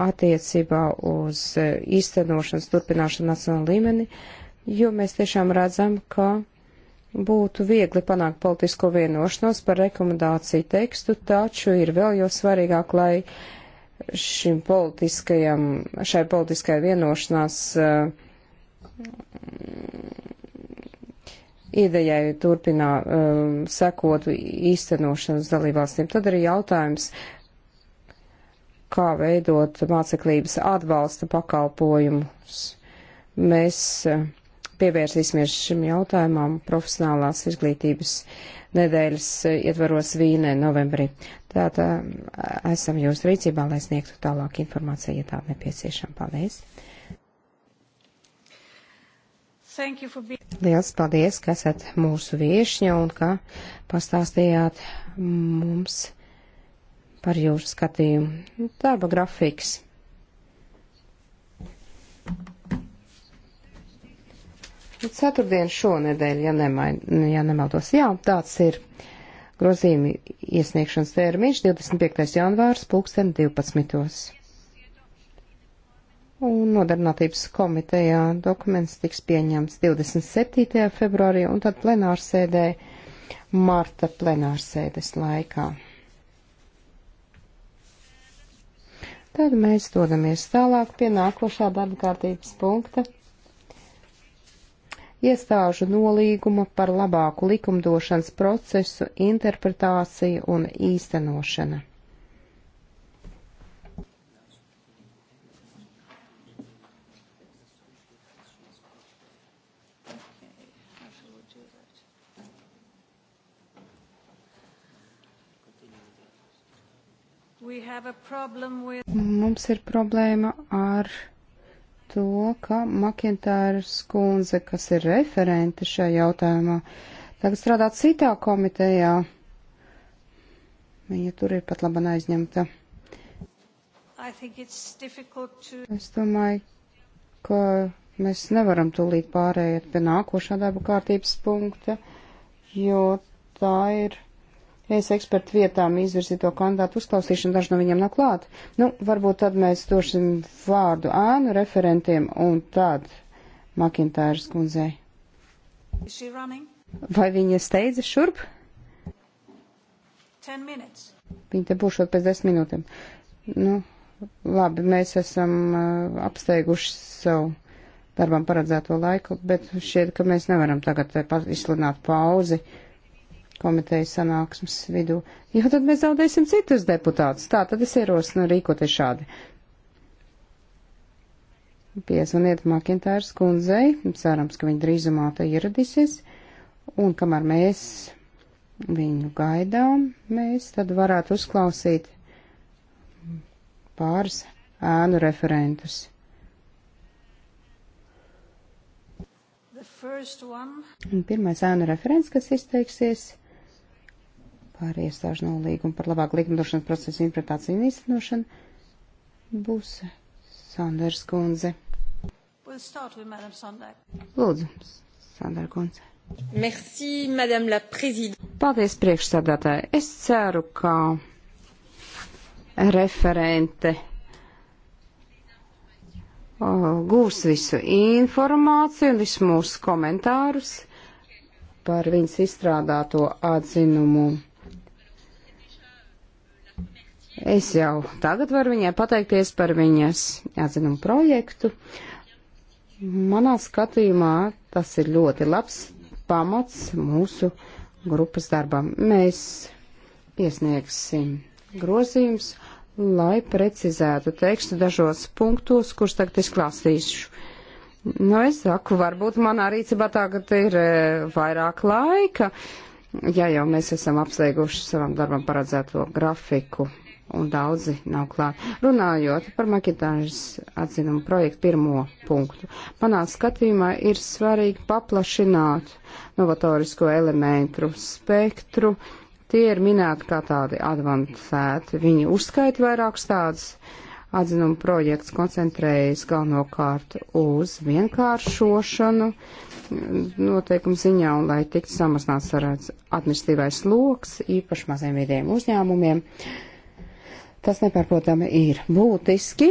attiecībā uz e, īstenošanas turpināšanu nacionāla līmenī, jo mēs tiešām redzam, ka būtu viegli panākt politisko vienošanos par rekomendāciju tekstu, taču ir vēl jau svarīgāk, lai šim politiskajam, šai politiskajai vienošanās uh, idejai turpinā um, sekot īstenošanas dalībvalstīm. Tad arī jautājums, uh, kā veidot māceklības atbalsta pakalpojumus. Mēs eh, pievērsīsimies šim jautājumam profesionālās izglītības nedēļas eh, ietvaros Vīnē novembrī. Tātad eh, esam jūs rīcībā, lai sniegtu tālāk informāciju, ja tā nepieciešama. Paldies! Liels paldies, ka esat mūsu viešņa un ka pastāstījāt mums par jūsu skatījumu. Darba grafiks. Ceturtdien šonedēļ, ja, nemain, ja nemaldos, jā, tāds ir grozījumi iesniegšanas termiņš 25. janvārs pulksten 12. Un nodarbinātības komitejā dokuments tiks pieņemts 27. februārī un tad plenārsēdē marta plenārsēdes laikā. Tad mēs dodamies tālāk pie nākošā darba kārtības punkta. Iestāžu nolīguma par labāku likumdošanas procesu interpretāciju un īstenošanu. With... Mums ir problēma ar to, ka Makintāras kundze, kas ir referente šajā jautājumā, tagad strādā citā komitejā. Viņa tur ir pat laban aizņemta. To... Es domāju, ka mēs nevaram tūlīt pārējāt pie nākošā darba kārtības punkta, jo tā ir es ekspertu vietām izvirzīto kandidātu uzklausīšanu, daži no viņiem nav klāt. Nu, varbūt tad mēs dosim vārdu ēnu referentiem un tad Makintāras kundzei. Vai viņa steidza šurp? Viņa te būšot pēc desmit minūtēm. Nu, labi, mēs esam uh, apsteiguši savu darbam paredzēto laiku, bet šķiet, ka mēs nevaram tagad eh, izsludināt pauzi. Uh, komitejas sanāksmes vidū, jo ja, tad mēs zaudēsim citus deputātus. Tā tad es ierosinu rīkoties šādi. Piezvaniet Makintārs kundzei, cerams, ka viņa drīzumā te ieradīsies, un kamēr mēs viņu gaidām, mēs tad varētu uzklausīt pāris ēnu referentus. Pirmais ēnu referents, kas izteiksies, ir par iestāžu nolīgumu, par labāku likumdošanas procesu interpretāciju un īstenošanu, būs Sanders Kunze. Lūdzu, Sandra Kunze. Merci, Madame la Présidente. Paldies, priekšsādātāji. Es ceru, ka referente gūs visu informāciju un visus mūsu komentārus par viņas izstrādāto atzinumu Es jau tagad varu viņai pateikties par viņas atzinumu projektu. Manā skatījumā tas ir ļoti labs pamats mūsu grupas darbam. Mēs iesniegsim grozījums, lai precizētu tekstu dažos punktos, kurus tagad izklāstīšu. Nu, es saku, varbūt manā rīcībā tagad ir e, vairāk laika, ja jau mēs esam apsteiguši savam darbam paredzēto grafiku un daudzi nav klāt. Runājot par Makitāžas atzinumu projektu pirmo punktu, manā skatījumā ir svarīgi paplašināt novatorisko elementu spektru. Tie ir minēti kā tādi advancēti. Viņi uzskaita vairākus tādus. Atzinuma projekts koncentrējas galvenokārt uz vienkāršošanu noteikumu ziņā un lai tiktu samazināts ar administratīvais loks, īpaši maziem vidiem uzņēmumiem. Uh, Tas nepārprotami ir būtiski,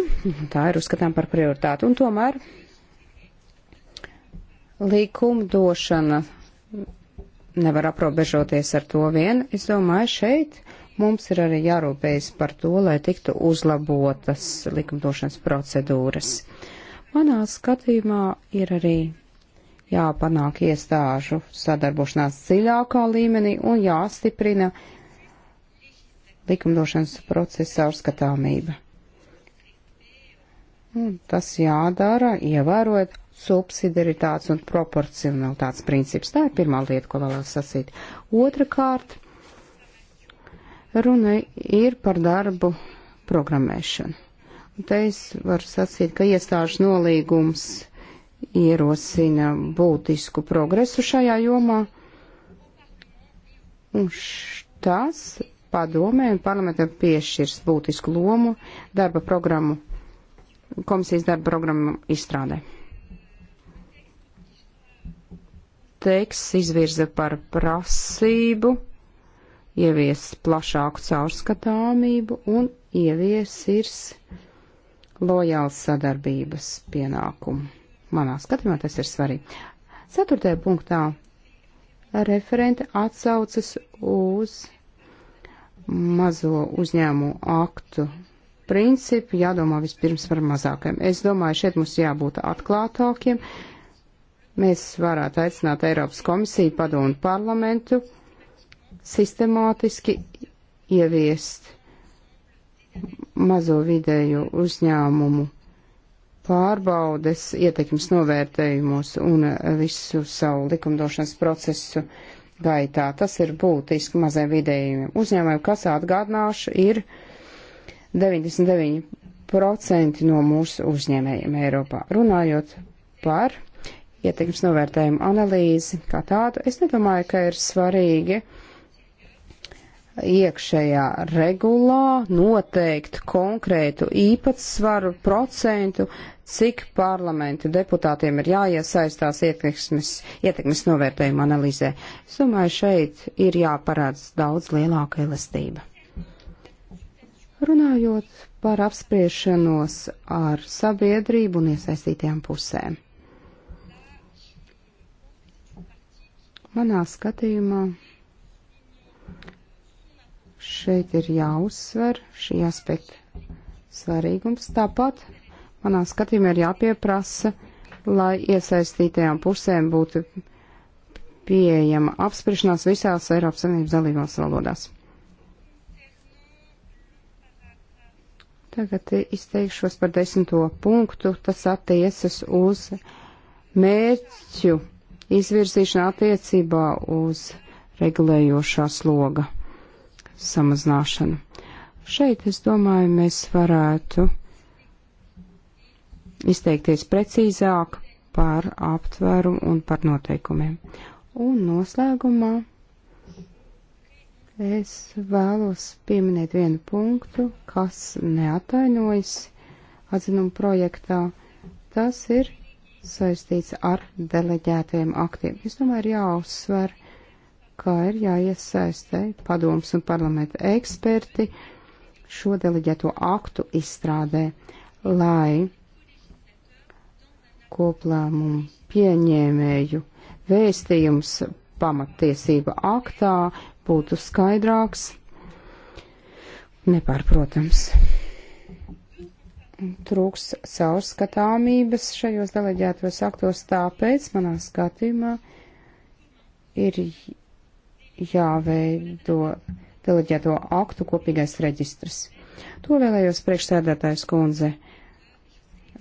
tā ir uzskatām par prioritāti. Un tomēr likumdošana nevar aprobežoties ar to vien. Es domāju, šeit mums ir arī jārūpējas par to, lai tiktu uzlabotas likumdošanas procedūras. Manā skatījumā ir arī jāpanāk iestāžu sadarbošanās dziļākā līmenī un jāstiprina likumdošanas procesa caurskatāmība. Tas jādara, ievērojot subsidiaritātes un proporcionalitātes princips. Tā ir pirmā lieta, ko vēlos sasīt. Otrakārt, runa ir par darbu programmēšanu. Un te es varu sacīt, ka iestāžu nolīgums ierosina būtisku progresu šajā jomā. Un tas padomē un parlamentam piešķirs būtisku lomu darba programmu, komisijas darba programmu izstrādē. Teksts izvirza par prasību ievies plašāku caurskatāmību un ieviesirs lojāls sadarbības pienākumu. Manā skatījumā tas ir svarīgi. Ceturtajā punktā referente atsaucas uz mazo uzņēmumu aktu principu, jādomā vispirms par mazākiem. Es domāju, šeit mums jābūt atklātākiem. Mēs varētu aicināt Eiropas komisiju, padomu parlamentu sistemātiski ieviest mazo vidēju uzņēmumu pārbaudes, ietekmes novērtējumos un visu savu likumdošanas procesu gaitā. Tas ir būtiski maziem vidējiem uzņēmumiem, kas atgādināšu ir 99% no mūsu uzņēmējiem Eiropā. Runājot par ietekmes novērtējumu analīzi kā tādu, es nedomāju, ka ir svarīgi iekšējā regulā noteikt konkrētu īpatsvaru procentu cik parlamentu deputātiem ir jāiesaistās ietekmes, ietekmes novērtējuma analīzē. Es domāju, šeit ir jāparāds daudz lielāka elastība. Runājot par apspriešanos ar sabiedrību un iesaistītajām pusēm. Manā skatījumā šeit ir jāuzsver šī aspekta svarīgums. Tāpat Manā skatījumā ir jāpieprasa, lai iesaistītajām pusēm būtu pieejama apspriešanās visās Eiropas Savienības dalībās valodās. Tagad izteikšos par desmito punktu. Tas attiecas uz mērķu izvirzīšanu attiecībā uz regulējošā sloga samazināšanu. Šeit, es domāju, mēs varētu izteikties precīzāk par aptveru un par noteikumiem. Un noslēgumā es vēlos pieminēt vienu punktu, kas neatainojas atzinuma projektā. Tas ir saistīts ar deleģētajiem aktiem. Es domāju, ir jāuzsver, kā ir jāiesaistē padoms un parlamenta eksperti šo deleģēto aktu izstrādē, lai koplēmumu pieņēmēju vēstījums pamatiesība aktā būtu skaidrāks, nepārprotams. Trūks caurskatāmības šajos deleģētos aktos, tāpēc manā skatījumā ir jāveido deleģēto aktu kopīgais reģistrs. To vēlējos priekšsēdētājs kundze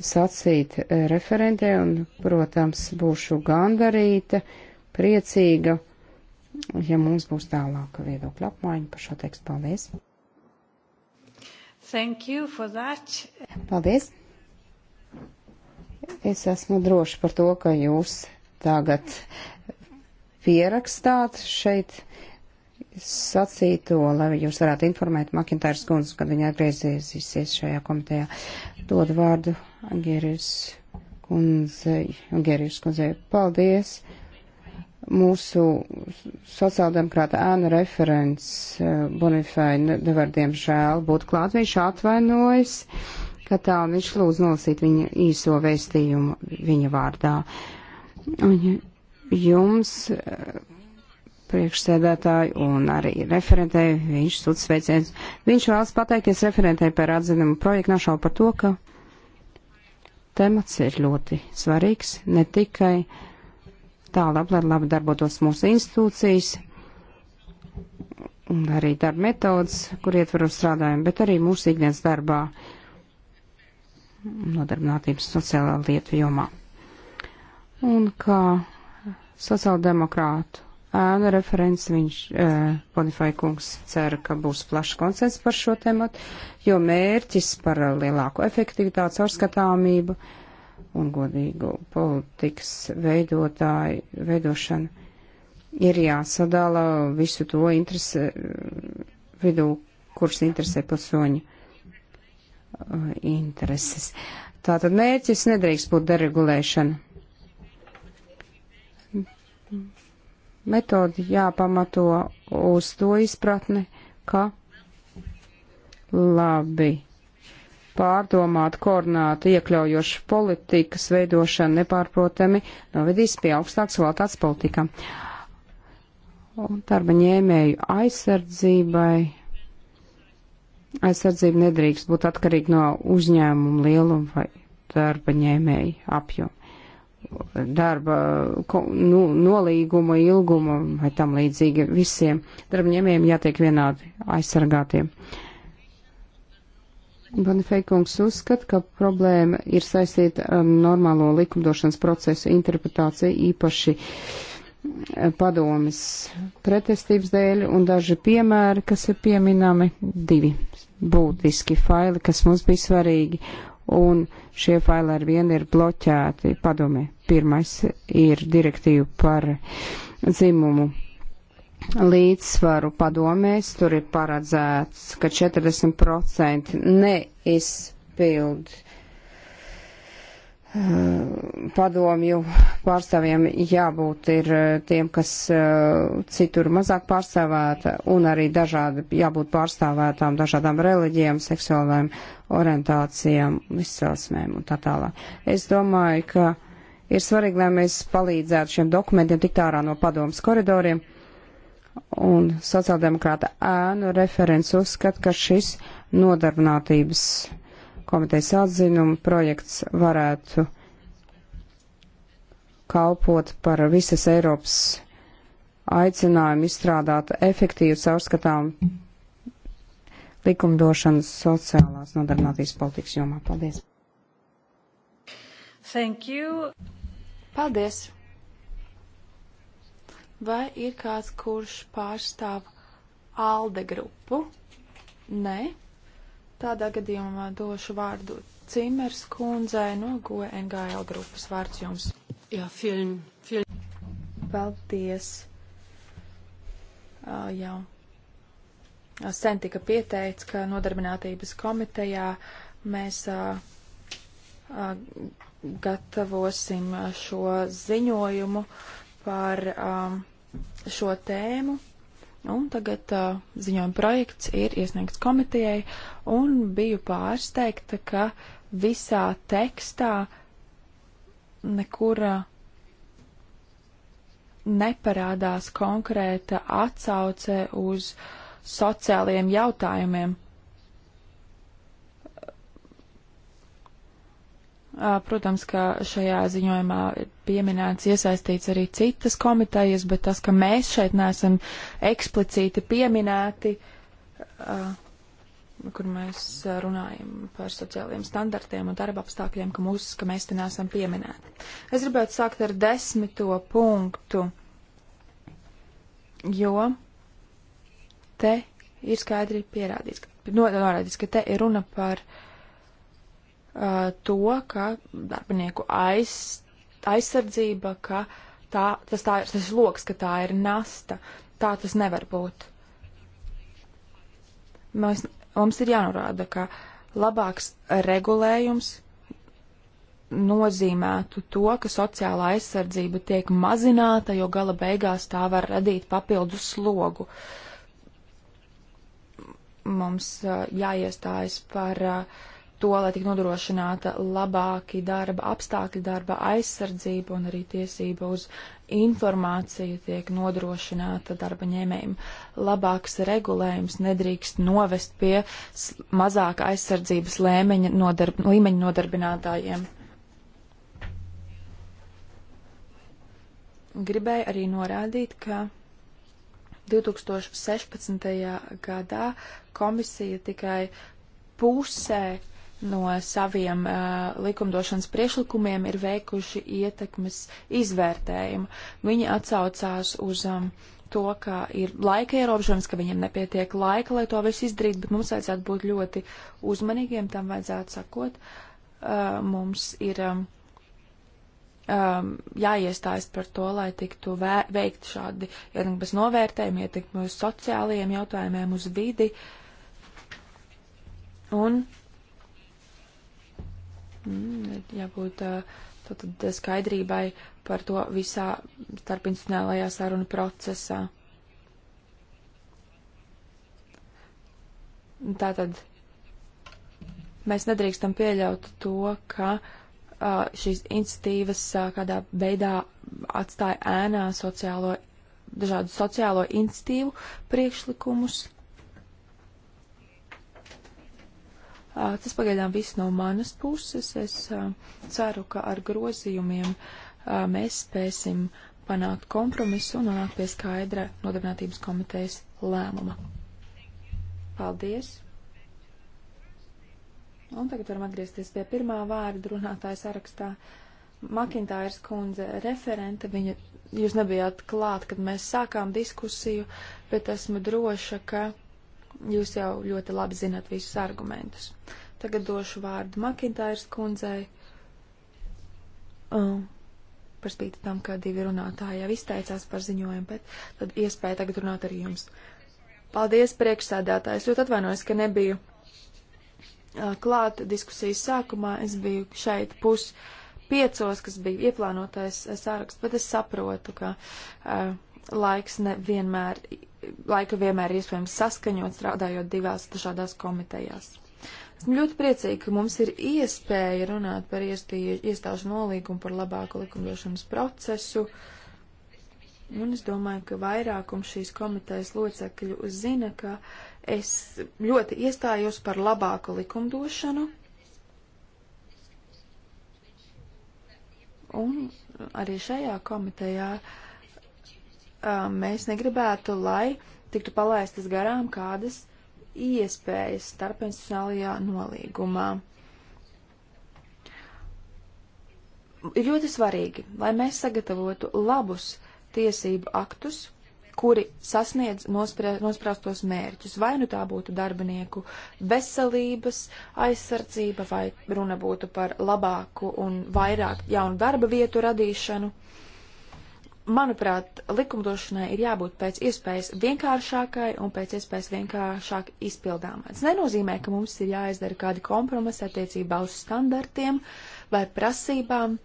sacīt e, referentē un, protams, būšu gandarīta, priecīga, ja mums būs tālāka viedokļa apmaiņa par šo tekstu. Paldies! Thank you for that. Paldies! Es esmu droši par to, ka jūs tagad pierakstāt šeit sacīto, lai jūs varētu informēt Makintāras kundzes, kad viņa atgriezīsies šajā komitejā. Dod vārdu Angerijas kundzei. Angerijas kundzei, paldies! Mūsu sociāldemokrāta ēna referents eh, Bonifai nevar, diemžēl, būt klāt. Viņš atvainojas, ka tā viņš lūdz nolasīt viņa īso vēstījumu viņa vārdā. Un jums eh, priekšsēdētāju un arī referentēju, viņš sūta sveicienus. Viņš vēlas pateikties referentēju par atzinumu projektu, nav šaubu par to, ka temats ir ļoti svarīgs, ne tikai tā labi, lai labi darbotos mūsu institūcijas un arī darba metodas, kur ietveru strādājumu, bet arī mūsu ikdienas darbā nodarbinātības sociālā lietu jomā. Un kā sociāldemokrātu ēnu referents, viņš, eh, Bonifai kungs, cer, ka būs plašs konsens par šo tematu, jo mērķis par lielāku efektivitātes orskatāmību un godīgu politikas veidotāju veidošanu ir jāsadala visu to interese vidū, kurš interesē pilsoņu eh, intereses. Tātad mērķis nedrīkst būt deregulēšana metodi jāpamato uz to izpratni, ka labi pārdomāt, koordinēt iekļaujošu politikas veidošanu nepārprotami novedīs pie augstākas kvalitātes politikām. Un darba ņēmēju aizsardzībai. Aizsardzība nedrīkst būt atkarīga no uzņēmuma lieluma vai darba ņēmēja apjoma darba nu, nolīguma ilguma vai tam līdzīgi visiem darbņēmējiem jātiek vienādi aizsargātiem. Banifeikungs uzskata, ka problēma ir saistīta ar normālo likumdošanas procesu interpretāciju īpaši eh, padomis pretestības dēļ un daži piemēri, kas ir pieminami, divi būtiski faili, kas mums bija svarīgi un šie faili ar vienu ir bloķēti padomē. Pirmais ir direktīva par dzimumu līdzsvaru padomēs. Tur ir paredzēts, ka 40% neizpild uh, padomju pārstāvjiem jābūt ir uh, tiem, kas uh, citur mazāk pārstāvēta, un arī dažādi jābūt pārstāvētām dažādām reliģijām, seksuālām orientācijām, izcelsmēm un tā tālāk. Es domāju, ka ir svarīgi, lai mēs palīdzētu šiem dokumentiem tikt ārā no padomas koridoriem. Un sociāldemokrāta ēnu referents uzskat, ka šis nodarbinātības komitejas atzinuma projekts varētu kalpot par visas Eiropas aicinājumu izstrādāt efektīvu caurskatām likumdošanas sociālās nodarbinātības politikas jomā. Paldies! Thank you! Paldies! Vai ir kāds, kurš pārstāv ALDE grupu? Nē. Tādā gadījumā došu vārdu Cimers kundzei no GNGL grupas vārds jums. Jā, film, film. Paldies. Uh, jā, sen tika pieteikts, ka nodarbinātības komitejā mēs gatavosim šo ziņojumu par šo tēmu. Un tagad uh, ziņojuma projekts ir iesniegts komitejai, un biju pārsteigta, ka visā tekstā nekur neparādās konkrēta atsauce uz uh, sociālajiem jautājumiem. Protams, ka šajā ziņojumā ir pieminēts iesaistīts arī citas komitejas, bet tas, ka mēs šeit neesam eksplicīti pieminēti, kur mēs runājam par sociālajiem standartiem un darba apstākļiem, ka, mūs, ka mēs te neesam pieminēti. Es gribētu sākt ar desmito punktu, jo te ir skaidri pierādīts, norādīts, ka te ir runa par uh, to, ka darbinieku aiz, aizsardzība, ka tā, tas, tā, tas ir loks, ka tā ir nasta. Tā tas nevar būt. Mēs, mums ir jānorāda, ka labāks regulējums nozīmētu to, ka sociālā aizsardzība tiek mazināta, jo gala beigās tā var radīt papildus slogu. Uh, mums jāiestājas par to, lai tik nodrošināta labāki darba apstākļi, darba aizsardzība un arī tiesība uz informāciju tiek nodrošināta darba ņēmējiem. Labāks regulējums nedrīkst novest pie mazāka aizsardzības lēmeņa nodarb līmeņa nodarbinātājiem. Gribēju arī norādīt, ka 2016. gadā komisija tikai pusē no saviem uh, likumdošanas priešlikumiem ir veikuši ietekmes izvērtējumu. Viņi atsaucās uz um, to, ka ir laika ierobežojums, ka viņiem nepietiek laika, lai to visu izdarītu, bet mums vajadzētu būt ļoti uzmanīgiem, tam vajadzētu sakot. Uh, mums ir um, um, jāiestājas par to, lai tiktu vē, veikt šādi ietekmes novērtējumi, ietekmi uz sociālajiem jautājumiem, uz vidi. Un mm, jābūt uh, tātad skaidrībai par to visā starpinstitucionālajā saruna procesā. Tātad mēs nedrīkstam pieļaut to, ka uh, šīs iniciatīvas kādā veidā atstāja ēnā sociālo, dažādu sociālo iniciatīvu priekšlikumus. Tas pagaidām viss no manas puses. Es ceru, ka ar grozījumiem mēs spēsim panākt kompromisu un nonākt pie skaidra nodarbinātības komitejas lēmuma. Paldies! Un tagad varam atgriezties pie pirmā vārda runātāja sarakstā. Makintājas kundze referente, viņa, jūs nebijāt klāt, kad mēs sākām diskusiju, bet esmu droša, ka jūs jau ļoti labi zināt visus argumentus. Tagad došu vārdu Makintājas kundzei. Um, par spīti tam, ka divi runātāji jau izteicās par ziņojumu, bet tad iespēja tagad runāt ar jums. Paldies priekšsēdētājs, ļoti atvainojos, ka nebiju Eh, klāt diskusijas sākumā. Es biju šeit pus piecos, kas bija ieplānotais eh, sāraksts, bet es saprotu, ka uh, laiks nevienmēr, laika vienmēr ir iespējams saskaņot, strādājot divās dažādās komitejās. Esmu ļoti priecīga, ka mums ir iespēja runāt par iestie, iestāžu nolīgumu, par labāku likumdošanas procesu. Un es domāju, ka vairākums šīs komitejas locekļu zina, ka uh, Es ļoti iestājos par labāku likumdošanu un arī šajā komitejā mēs negribētu, lai tiktu palaistas garām kādas iespējas starpinstitucionālajā nolīgumā. Ir ļoti svarīgi, lai mēs sagatavotu labus tiesību aktus, kuri sasniedz nosprē, nosprāstos mērķus. Vai nu tā būtu darbinieku veselības aizsardzība, vai runa būtu par labāku un vairāk jaunu darba vietu radīšanu. Manuprāt, likumdošanai ir jābūt pēc iespējas vienkāršākai un pēc iespējas vienkāršāk izpildāmai. Tas nenozīmē, ka mums ir jāizdara kādi kompromisi attiecībā uz standartiem vai prasībām,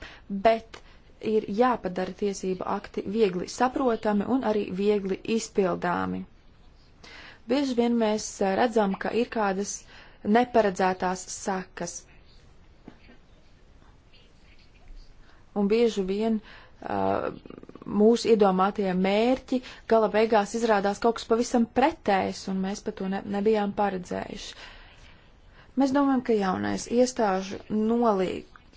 bet ir jāpadara tiesību akti viegli saprotami un arī viegli izpildāmi. Bieži vien mēs eh, redzam, ka ir kādas neparedzētās sakas. Un bieži vien uh, mūsu iedomātie mērķi gala beigās izrādās kaut kas pavisam pretējs, un mēs par to ne, nebijām paredzējuši. Mēs domājam, ka jaunais iestāžu nolī,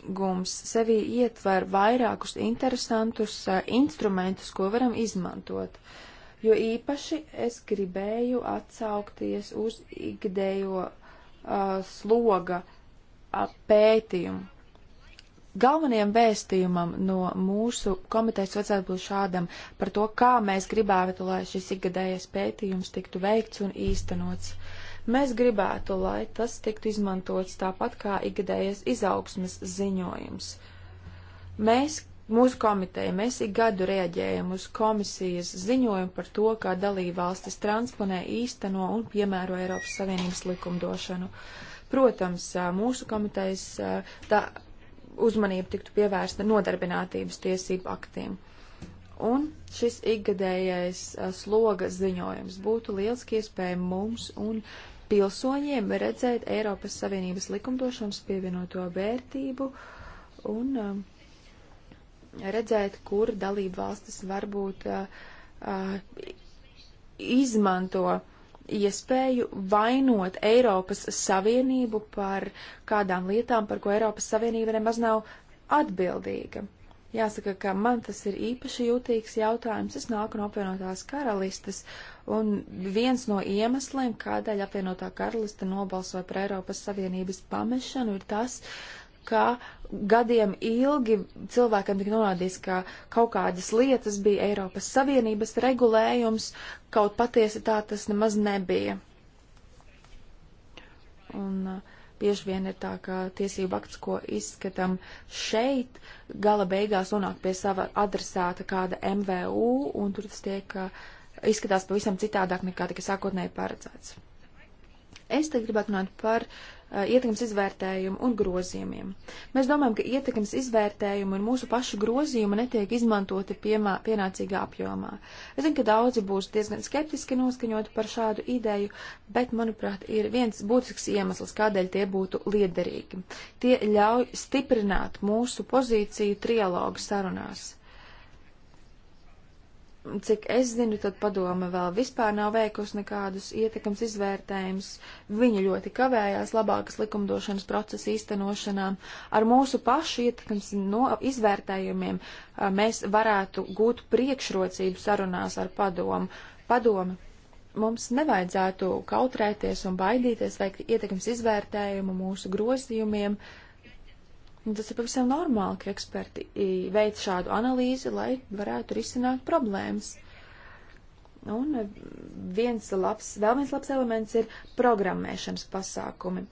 līgums sevī ietver vairākus interesantus uh, instrumentus, ko varam izmantot. Jo īpaši es gribēju atsaukties uz ikdējo uh, sloga uh, pētījumu. Galvenajam vēstījumam no mūsu komitejas vajadzētu būt šādam par to, kā mēs gribētu, lai šis ikgadējais pētījums tiktu veikts un īstenots. Mēs gribētu, lai tas tiktu izmantots tāpat kā ikgadējas izaugsmes ziņojums. Mēs, mūsu komiteja, mēs ik gadu reaģējam uz komisijas ziņojumu par to, kā dalībvalstis transponē, īsteno un piemēro Eiropas Savienības likumdošanu. Protams, mūsu komitejas tā uzmanība tiktu pievērsta nodarbinātības tiesību aktiem. Un šis ikgadējais sloga ziņojums būtu lielski iespēja mums un pilsoņiem redzēt Eiropas Savienības likumdošanas pievienoto vērtību un um, redzēt, kur dalību valstis varbūt uh, uh, izmanto iespēju vainot Eiropas Savienību par kādām lietām, par ko Eiropas Savienība nemaz nav atbildīga. Jāsaka, ka man tas ir īpaši jūtīgs jautājums. Es nāku no apvienotās karalistes, un viens no iemesliem, kādēļ apvienotā karaliste nobalsoja par Eiropas Savienības pamešanu, ir tas, ka gadiem ilgi cilvēkam tika norādīts, ka kaut kādas lietas bija Eiropas Savienības regulējums, kaut patiesi tā tas nemaz nebija. Un, uh, Bieži vien ir tā, ka tiesību akts, ko izskatam šeit, gala beigās nonāk pie sava adresāta kāda MVU, un tur tas tiek izskatās pavisam citādāk nekā tika sākotnēji paredzēts. Es te gribētu runāt par Uh, ietekmes izvērtējumu un grozījumiem. Mēs domājam, ka ietekmes izvērtējumu un mūsu pašu grozījumu netiek izmantoti piemā, pienācīgā apjomā. Es zinu, ka daudzi būs diezgan skeptiski noskaņoti par šādu ideju, bet, manuprāt, ir viens būtisks iemesls, kādēļ tie būtu liederīgi. Tie ļauj stiprināt mūsu pozīciju trialogu sarunās. Cik es zinu, tad padome vēl vispār nav veikusi nekādus ietekams izvērtējums. Viņa ļoti kavējās labākas likumdošanas procesa īstenošanā. Ar mūsu pašu ietekams no izvērtējumiem mēs varētu gūt priekšrocību sarunās ar padomu. Padomi, mums nevajadzētu kautrēties un baidīties veikt ietekams izvērtējumu mūsu grozījumiem. Uh, Un nu, tas ir pavisam normāli, ka eksperti veic šādu analīzi, lai varētu risināt problēmas. Un e, viens labs, vēl viens labs elements ir programmēšanas pasākumi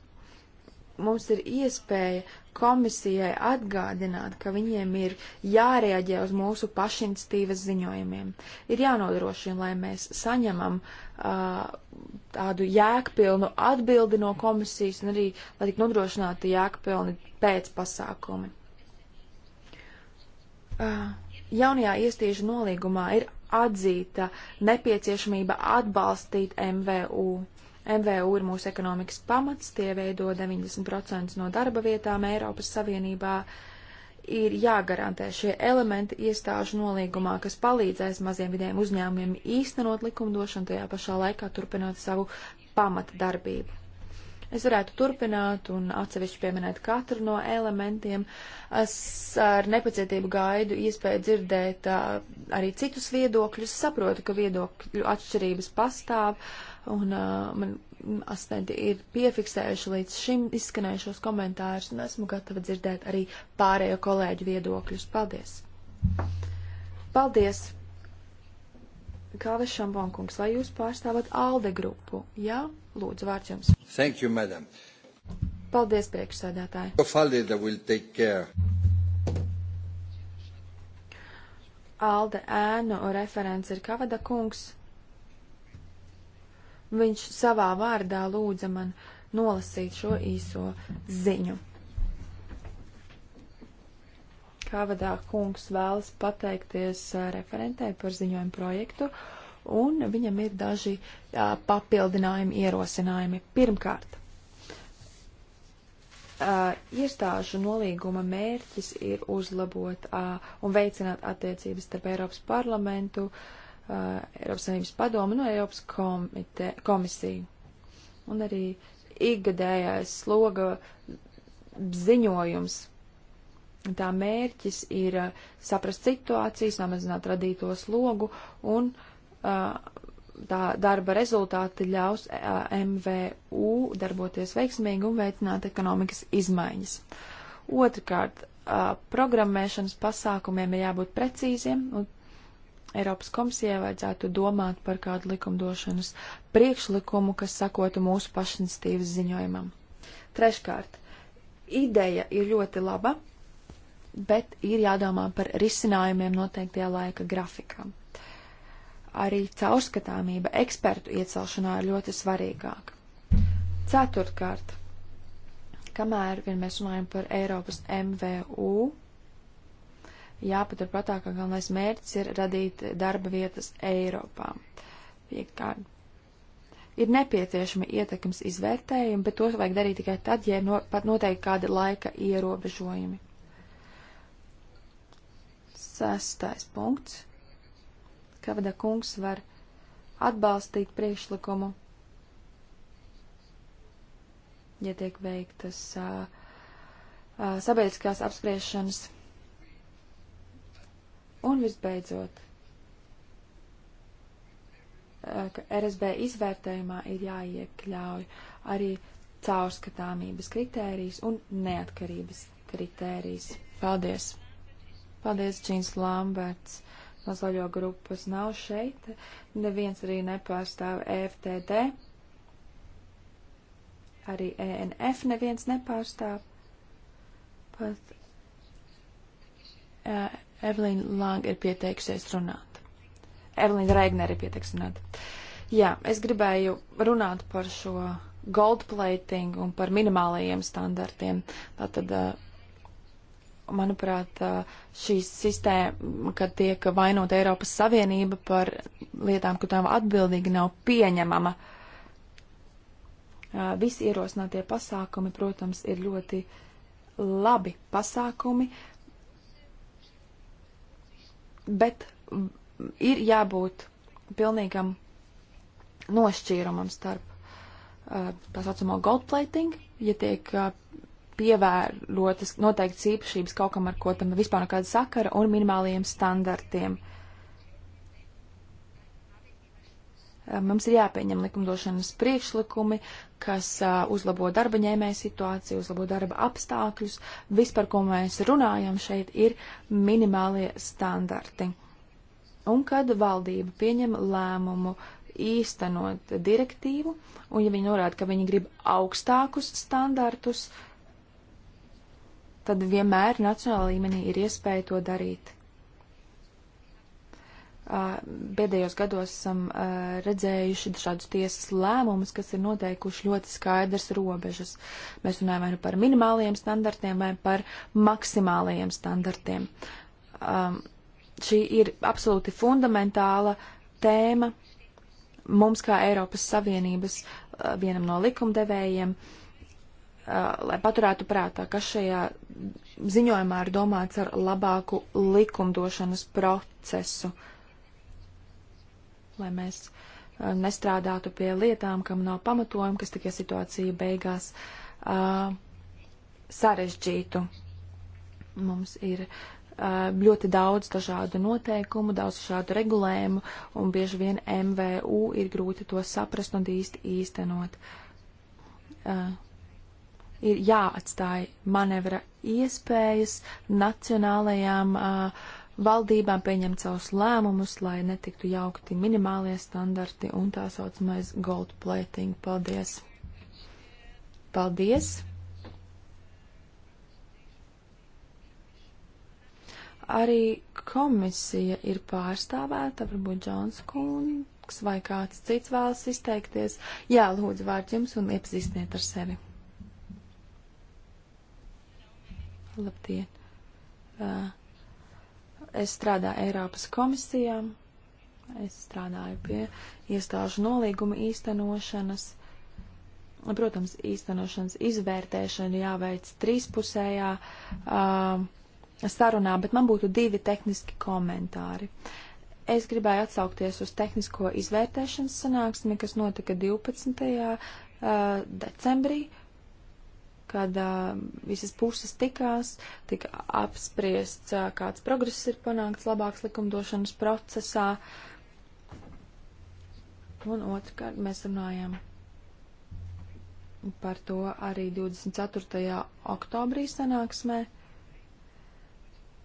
mums ir iespēja komisijai atgādināt, ka viņiem ir jārēģē uz mūsu pašinstīvas ziņojumiem. Ir jānodrošina, lai mēs saņemam uh, tādu jēgpilnu atbildi no komisijas un arī, lai tik nodrošināti jēgpilni pēcpasākumi. Uh, jaunajā iestīžu nolīgumā ir atzīta nepieciešamība atbalstīt MVU. Uh, MVU ir mūsu ekonomikas pamats, tie veido 90% no darba vietām Eiropas Savienībā. Ir jāgarantē šie elementi iestāžu nolīgumā, kas palīdzēs maziem vidējiem uzņēmumiem īstenot likumdošanu, tajā pašā laikā turpinot savu pamata darbību. Es varētu turpināt un atsevišķi pieminēt katru no elementiem. Es ar nepacietību gaidu iespēju dzirdēt uh, arī citus viedokļus. Saprotu, ka viedokļu atšķirības pastāv. Uh, un uh, man asistenti ir piefiksējuši līdz šim izskanējušos komentārus, un esmu gatava dzirdēt arī pārējo kolēģu viedokļus. Paldies! Paldies! Kāves Šambonkungs, vai jūs pārstāvat ALDE grupu? Jā, lūdzu, vārds jums. Thank you, madam. Paldies, priekšsēdētāji. Falida will take care. ALDE ēnu referents ir Kavada kungs. Viņš savā vārdā lūdza man nolasīt šo īso ziņu. Kāvadā kungs vēlas pateikties referentē par ziņojumu projektu, un viņam ir daži jā, papildinājumi, ierosinājumi. Pirmkārt, Uh, iestāžu nolīguma mērķis ir uzlabot uh, un veicināt attiecības starp Eiropas parlamentu, uh, Eiropas Savienības padomu, no Eiropas komite, komisiju. Un arī ikgadējais sloga ziņojums. Tā mērķis ir uh, saprast situācijas, samazināt radīto slogu un uh, tā darba rezultāti ļaus uh, MVU darboties veiksmīgi un veicināt ekonomikas izmaiņas. Otrakārt, uh, programmēšanas pasākumiem ir jābūt precīziem un Eiropas komisijai vajadzētu domāt par kādu likumdošanas priekšlikumu, kas sakotu mūsu pašinstīvas ziņojumam. Treškārt, ideja ir ļoti laba, bet ir jādomā par risinājumiem noteiktajā laika grafikā. Arī caurskatāmība ekspertu iecelšanā ir ļoti svarīgāka. Ceturtkārt, kamēr vien mēs runājam par Eiropas MVU, jāpaturprātā, ka galvenais mērķis ir radīt darba vietas Eiropā. Piekārt. Ir nepieciešami ietekmes izvērtējumi, bet tos vajag darīt tikai tad, ja ir no, pat noteikti kādi laika ierobežojumi. Sestais punkts. Kavada kungs var atbalstīt priekšlikumu, ja tiek veiktas uh, uh, sabiedriskās apspriešanas Un visbeidzot, eh, ka RSB izvērtējumā ir jāiekļauj arī caurskatāmības kritērijas un neatkarības kritērijas. Paldies! Paldies, Čīns Lamberts! No zaļo grupas nav šeit, neviens arī nepārstāv EFTD, arī ENF neviens nepārstāv, pat eh, Evelīna Langa ir pieteikusies runāt. Evelīna Reigner ir pieteikusies runāt. Jā, es gribēju runāt par šo gold plating un par minimālajiem standartiem. Tātad, uh, manuprāt, uh, šī sistēma, kad tiek vainot Eiropas Savienība par lietām, ka tām atbildīgi nav pieņemama. Uh, visi ierosinātie pasākumi, protams, ir ļoti labi pasākumi, bet ir jābūt pilnīgam nošķīrumam starp uh, tā saucamo gold plating, ja tiek uh, eh, pievērotas noteiktas īpašības kaut kam, ar ko tam vispār nekāda no sakara, un minimāliem standartiem. Eh, mums ir jāpieņem likumdošanas priekšlikumi, kas eh, uzlabo darba ņēmēju situāciju, uzlabo darba apstākļus. Viss, par ko mēs runājam šeit, ir minimālie standarti. Un kad valdība pieņem lēmumu īstenot direktīvu, un ja viņi norāda, ka viņi grib augstākus standartus, tad vienmēr nacionālā līmenī ir iespēja to darīt. Pēdējos gados esam redzējuši dažādus tiesas lēmumus, kas ir noteikuši ļoti skaidrs robežas. Mēs runājam vai nu par minimāliem standartiem, vai par maksimālajiem standartiem. Šī ir absolūti fundamentāla tēma mums, kā Eiropas Savienības vienam no likumdevējiem, lai paturētu prātā, kas šajā ziņojumā ir domāts ar labāku likumdošanas procesu. Uh, lai mēs uh, nestrādātu pie lietām, kam nav pamatojuma, kas tikai situācija beigās uh, sarežģītu. Mums ir uh, ļoti daudz dažādu noteikumu, daudz dažādu regulējumu, un bieži vien MVU ir grūti to saprast un īsti īstenot. Uh, ir jāatstāj manevra iespējas nacionālajām uh, valdībām pieņemt savus lēmumus, lai netiktu jaukti minimālie standarti un tā saucamais gold plating. Paldies! Paldies! Arī komisija ir pārstāvēta, varbūt Džons Kungs vai kāds cits vēlas izteikties. Jā, lūdzu, vārds jums un iepazīstiniet ar sevi. Labdien! Uh. Es strādāju Eiropas komisijā, es strādāju pie iestāžu nolīguma īstenošanas. Protams, īstenošanas izvērtēšana jāveic trīspusējā uh, sarunā, bet man būtu divi tehniski komentāri. Es gribēju atsaukties uz tehnisko izvērtēšanas sanāksmi, kas notika 12. Uh, decembrī. Uh, kad uh, visas puses tikās, tika apspriests, uh, kāds progress ir panākts labāks likumdošanas procesā. Un otrkārt mēs runājam par to arī 24. oktobrī sanāksmē.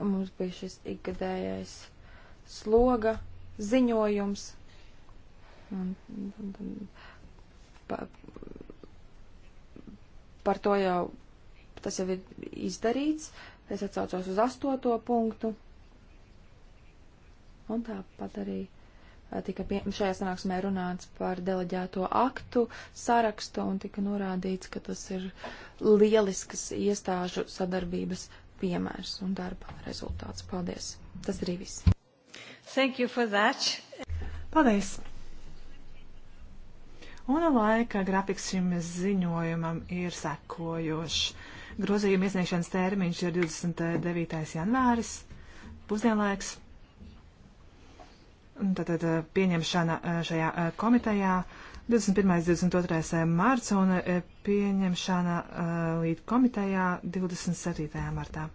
Mums bija šis ikgadējais sloga ziņojums. Un, un, un, pa, par to jau tas jau ir izdarīts. Es atcaucos uz astoto punktu. Un tāpat arī eh, tika pie, šajā sanāksmē runāts par deleģēto aktu sarakstu un tika norādīts, ka tas ir lielisks iestāžu sadarbības piemērs un darba rezultāts. Paldies. Tas arī viss. Thank you for that. Paldies un laika grafiks šim ziņojumam ir sekojošs. Grozījuma iesniegšanas termiņš ir 29. janvāris, pusdienlaiks. Tātad eh, pieņemšana eh, šajā eh, komitejā 21. 22. marts un pieņemšana līdz komitejā 27. martā.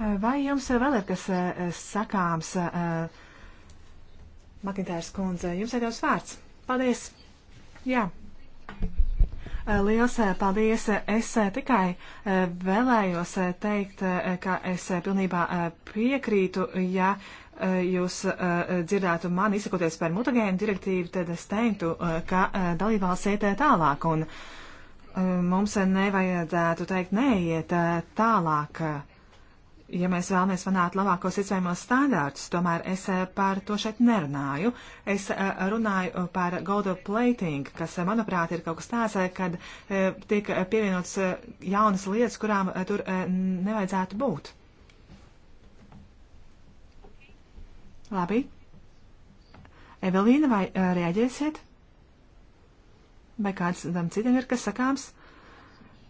Vai jums vēl ir kas eh, sakāms, eh, Makintājas kundze? Jums ir tavs vārds. Paldies! Jā. Eh, liels paldies! Es tikai vēlējos teikt, ka es pilnībā piekrītu, ja jūs dzirdētu mani izsakoties par mutagēnu direktīvu, tad es teiktu, ka dalībvalsts iet tālāk un mums nevajadzētu teikt neiet tālāk ja mēs vēlamies panākt labākos iespējamos standārtus, tomēr es eh, par to šeit nerunāju. Es eh, runāju eh, par gold plating, kas, manuprāt, ir kaut kas tāds, kad tiek pievienotas jaunas lietas, kurām tur nevajadzētu būt. Labi. Evelīna, vai reaģēsiet? Vai kāds tam citam ir kas sakāms?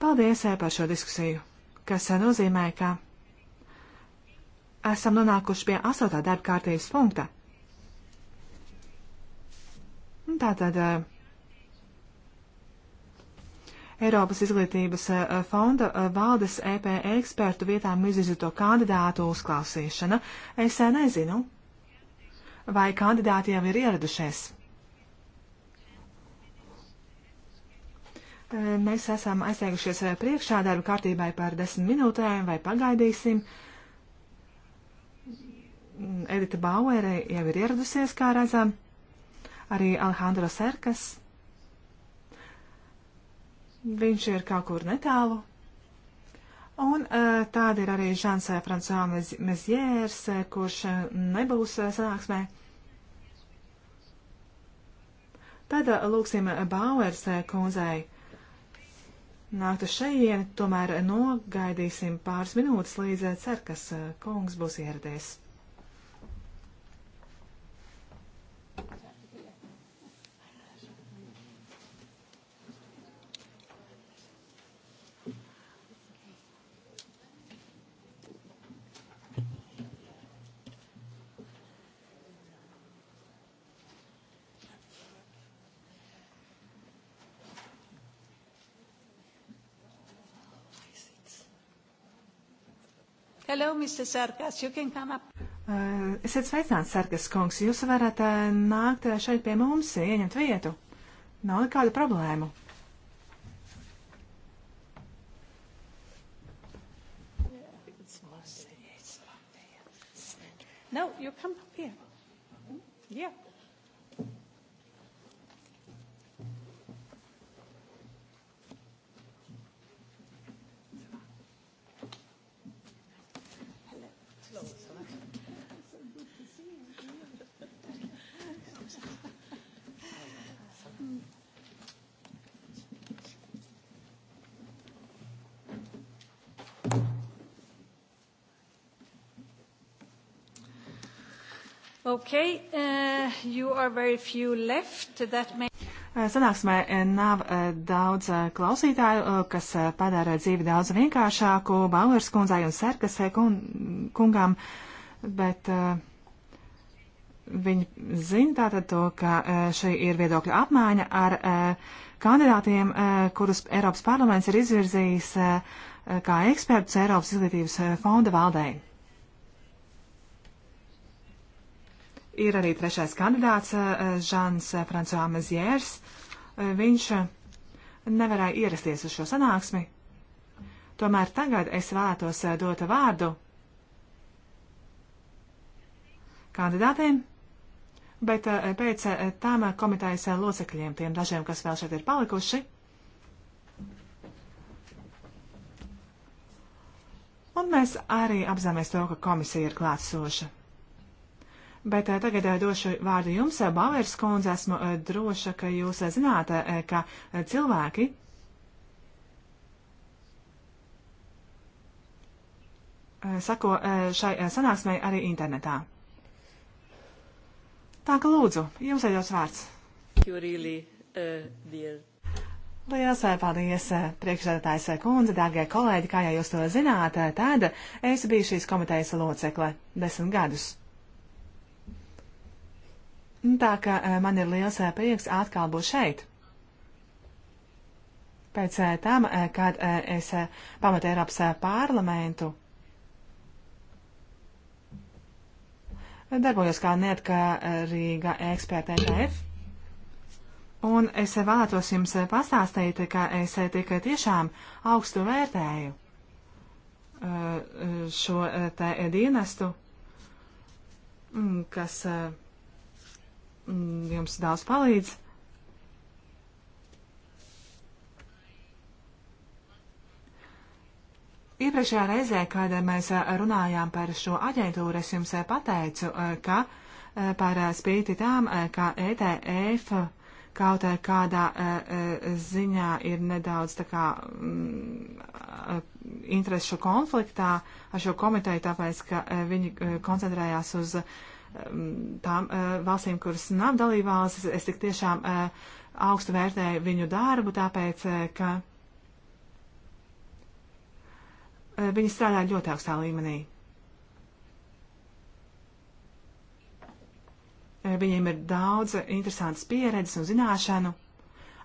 Paldies par šo diskusiju, kas nozīmē, ka esam nonākuši pie astotā darba kārtības punkta. Tātad eh, Eiropas izglītības eh, fonda eh, valdes EP ekspertu vietām izvirzīto kandidātu uzklausīšana. Es nezinu, vai kandidāti jau ir ieradušies. Mēs esam aizteikušies priekšā darba kārtībai par desmit minūtēm vai pagaidīsim. Uh, Edita Bauerē jau ir ieradusies, kā redzam, arī Alejandro Serkas. Viņš ir kaut kur netālu. Un eh, tāda ir arī Žans Francois Mezjērs, eh, kurš eh, nebūs sanāksmē. Tad lūksim Bauers kundzei nākt uz šejieni, tomēr nogaidīsim pāris minūtes, līdz cerkas kungs būs ieradies. Hello, Mr. Sarkas, you can come up. Uh, esiet sveicināts, Sarkas kungs. Jūs varat uh, nākt eh, šeit pie mums, ieņemt vietu. Nav nekādu problēmu. Okay, uh, you are very few left. That may... Uh, sanāksmē uh, nav uh, daudz klausītāju, kas padara dzīvi daudz vienkāršāku Bauers kundzai un Serkas kungām, bet viņi zina tātad to, ka šī ir viedokļa apmaiņa ar kandidātiem, kurus Eiropas parlaments ir izvirzījis kā ekspertus Eiropas izglītības fonda valdei. ir arī trešais kandidāts, Žans eh, Francois Meziers. Eh, viņš eh, nevarēja ierasties uz šo sanāksmi. Tomēr tagad es vēlētos dot vārdu kandidātiem, bet pēc tam komitejas locekļiem, tiem dažiem, kas vēl šeit ir palikuši. Un mēs arī apzināmies to, ka komisija ir klātsoša. Bet eh, tagad eh, došu vārdu jums, eh, Bauers kundze. Esmu droša, ka jūs zināt, ka cilvēki. Sako šai sanāksmei arī internetā. Tā ka lūdzu, jums ir jūsu vārds. Really, uh, Lielas paldies, priekšsēdētājs kundze, dārgie kolēģi, kā jau jūs to zināt, tad es biju šīs komitejas locekle desmit gadus. Nu, tā kā eh, man ir liels eh, prieks atkal būt šeit. Pēc eh, tam, kad es pamatu Eiropas parlamentu, darbojos kā neatkarīga eksperta ETF. Un es vēlētos jums pastāstīt, ka es tik tiešām augstu vērtēju šo te dienestu, mm, kas Mm, jums daudz palīdz. Iepriekšējā reizē, kad mēs runājām par šo aģentūru, es jums pateicu, ka par spīti tām, ka ETF kaut arī eh, kādā eh, eh, ziņā ir nedaudz tā kā mm, interešu konfliktā ar šo komiteju, tāpēc, ka viņi koncentrējās uz mm, tām valstīm, kuras nav dalībvalstis. Es tik tiešām augstu vērtēju viņu darbu, tāpēc, ka viņi strādā ļoti augstā līmenī. Eh, viņiem ir daudz interesantas pieredzes un zināšanu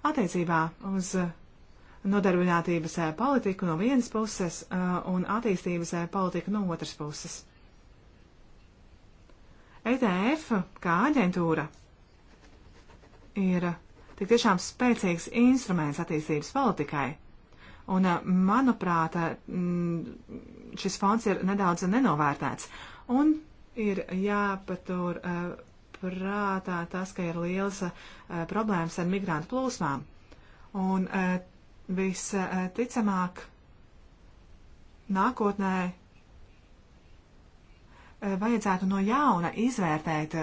attiecībā uz nodarbinātības eh, politiku no vienas puses eh, un attīstības politiku no otras puses. ETF kā aģentūra ir tik tiešām spēcīgs instruments attīstības politikai. Un, manuprāt, mm, šis fonds ir nedaudz nenovērtēts un ir jāpatur prātā tas, ka ir liels uh, problēmas ar migrantu plūsmām. Un uh, visticamāk nākotnē uh, vajadzētu no jauna izvērtēt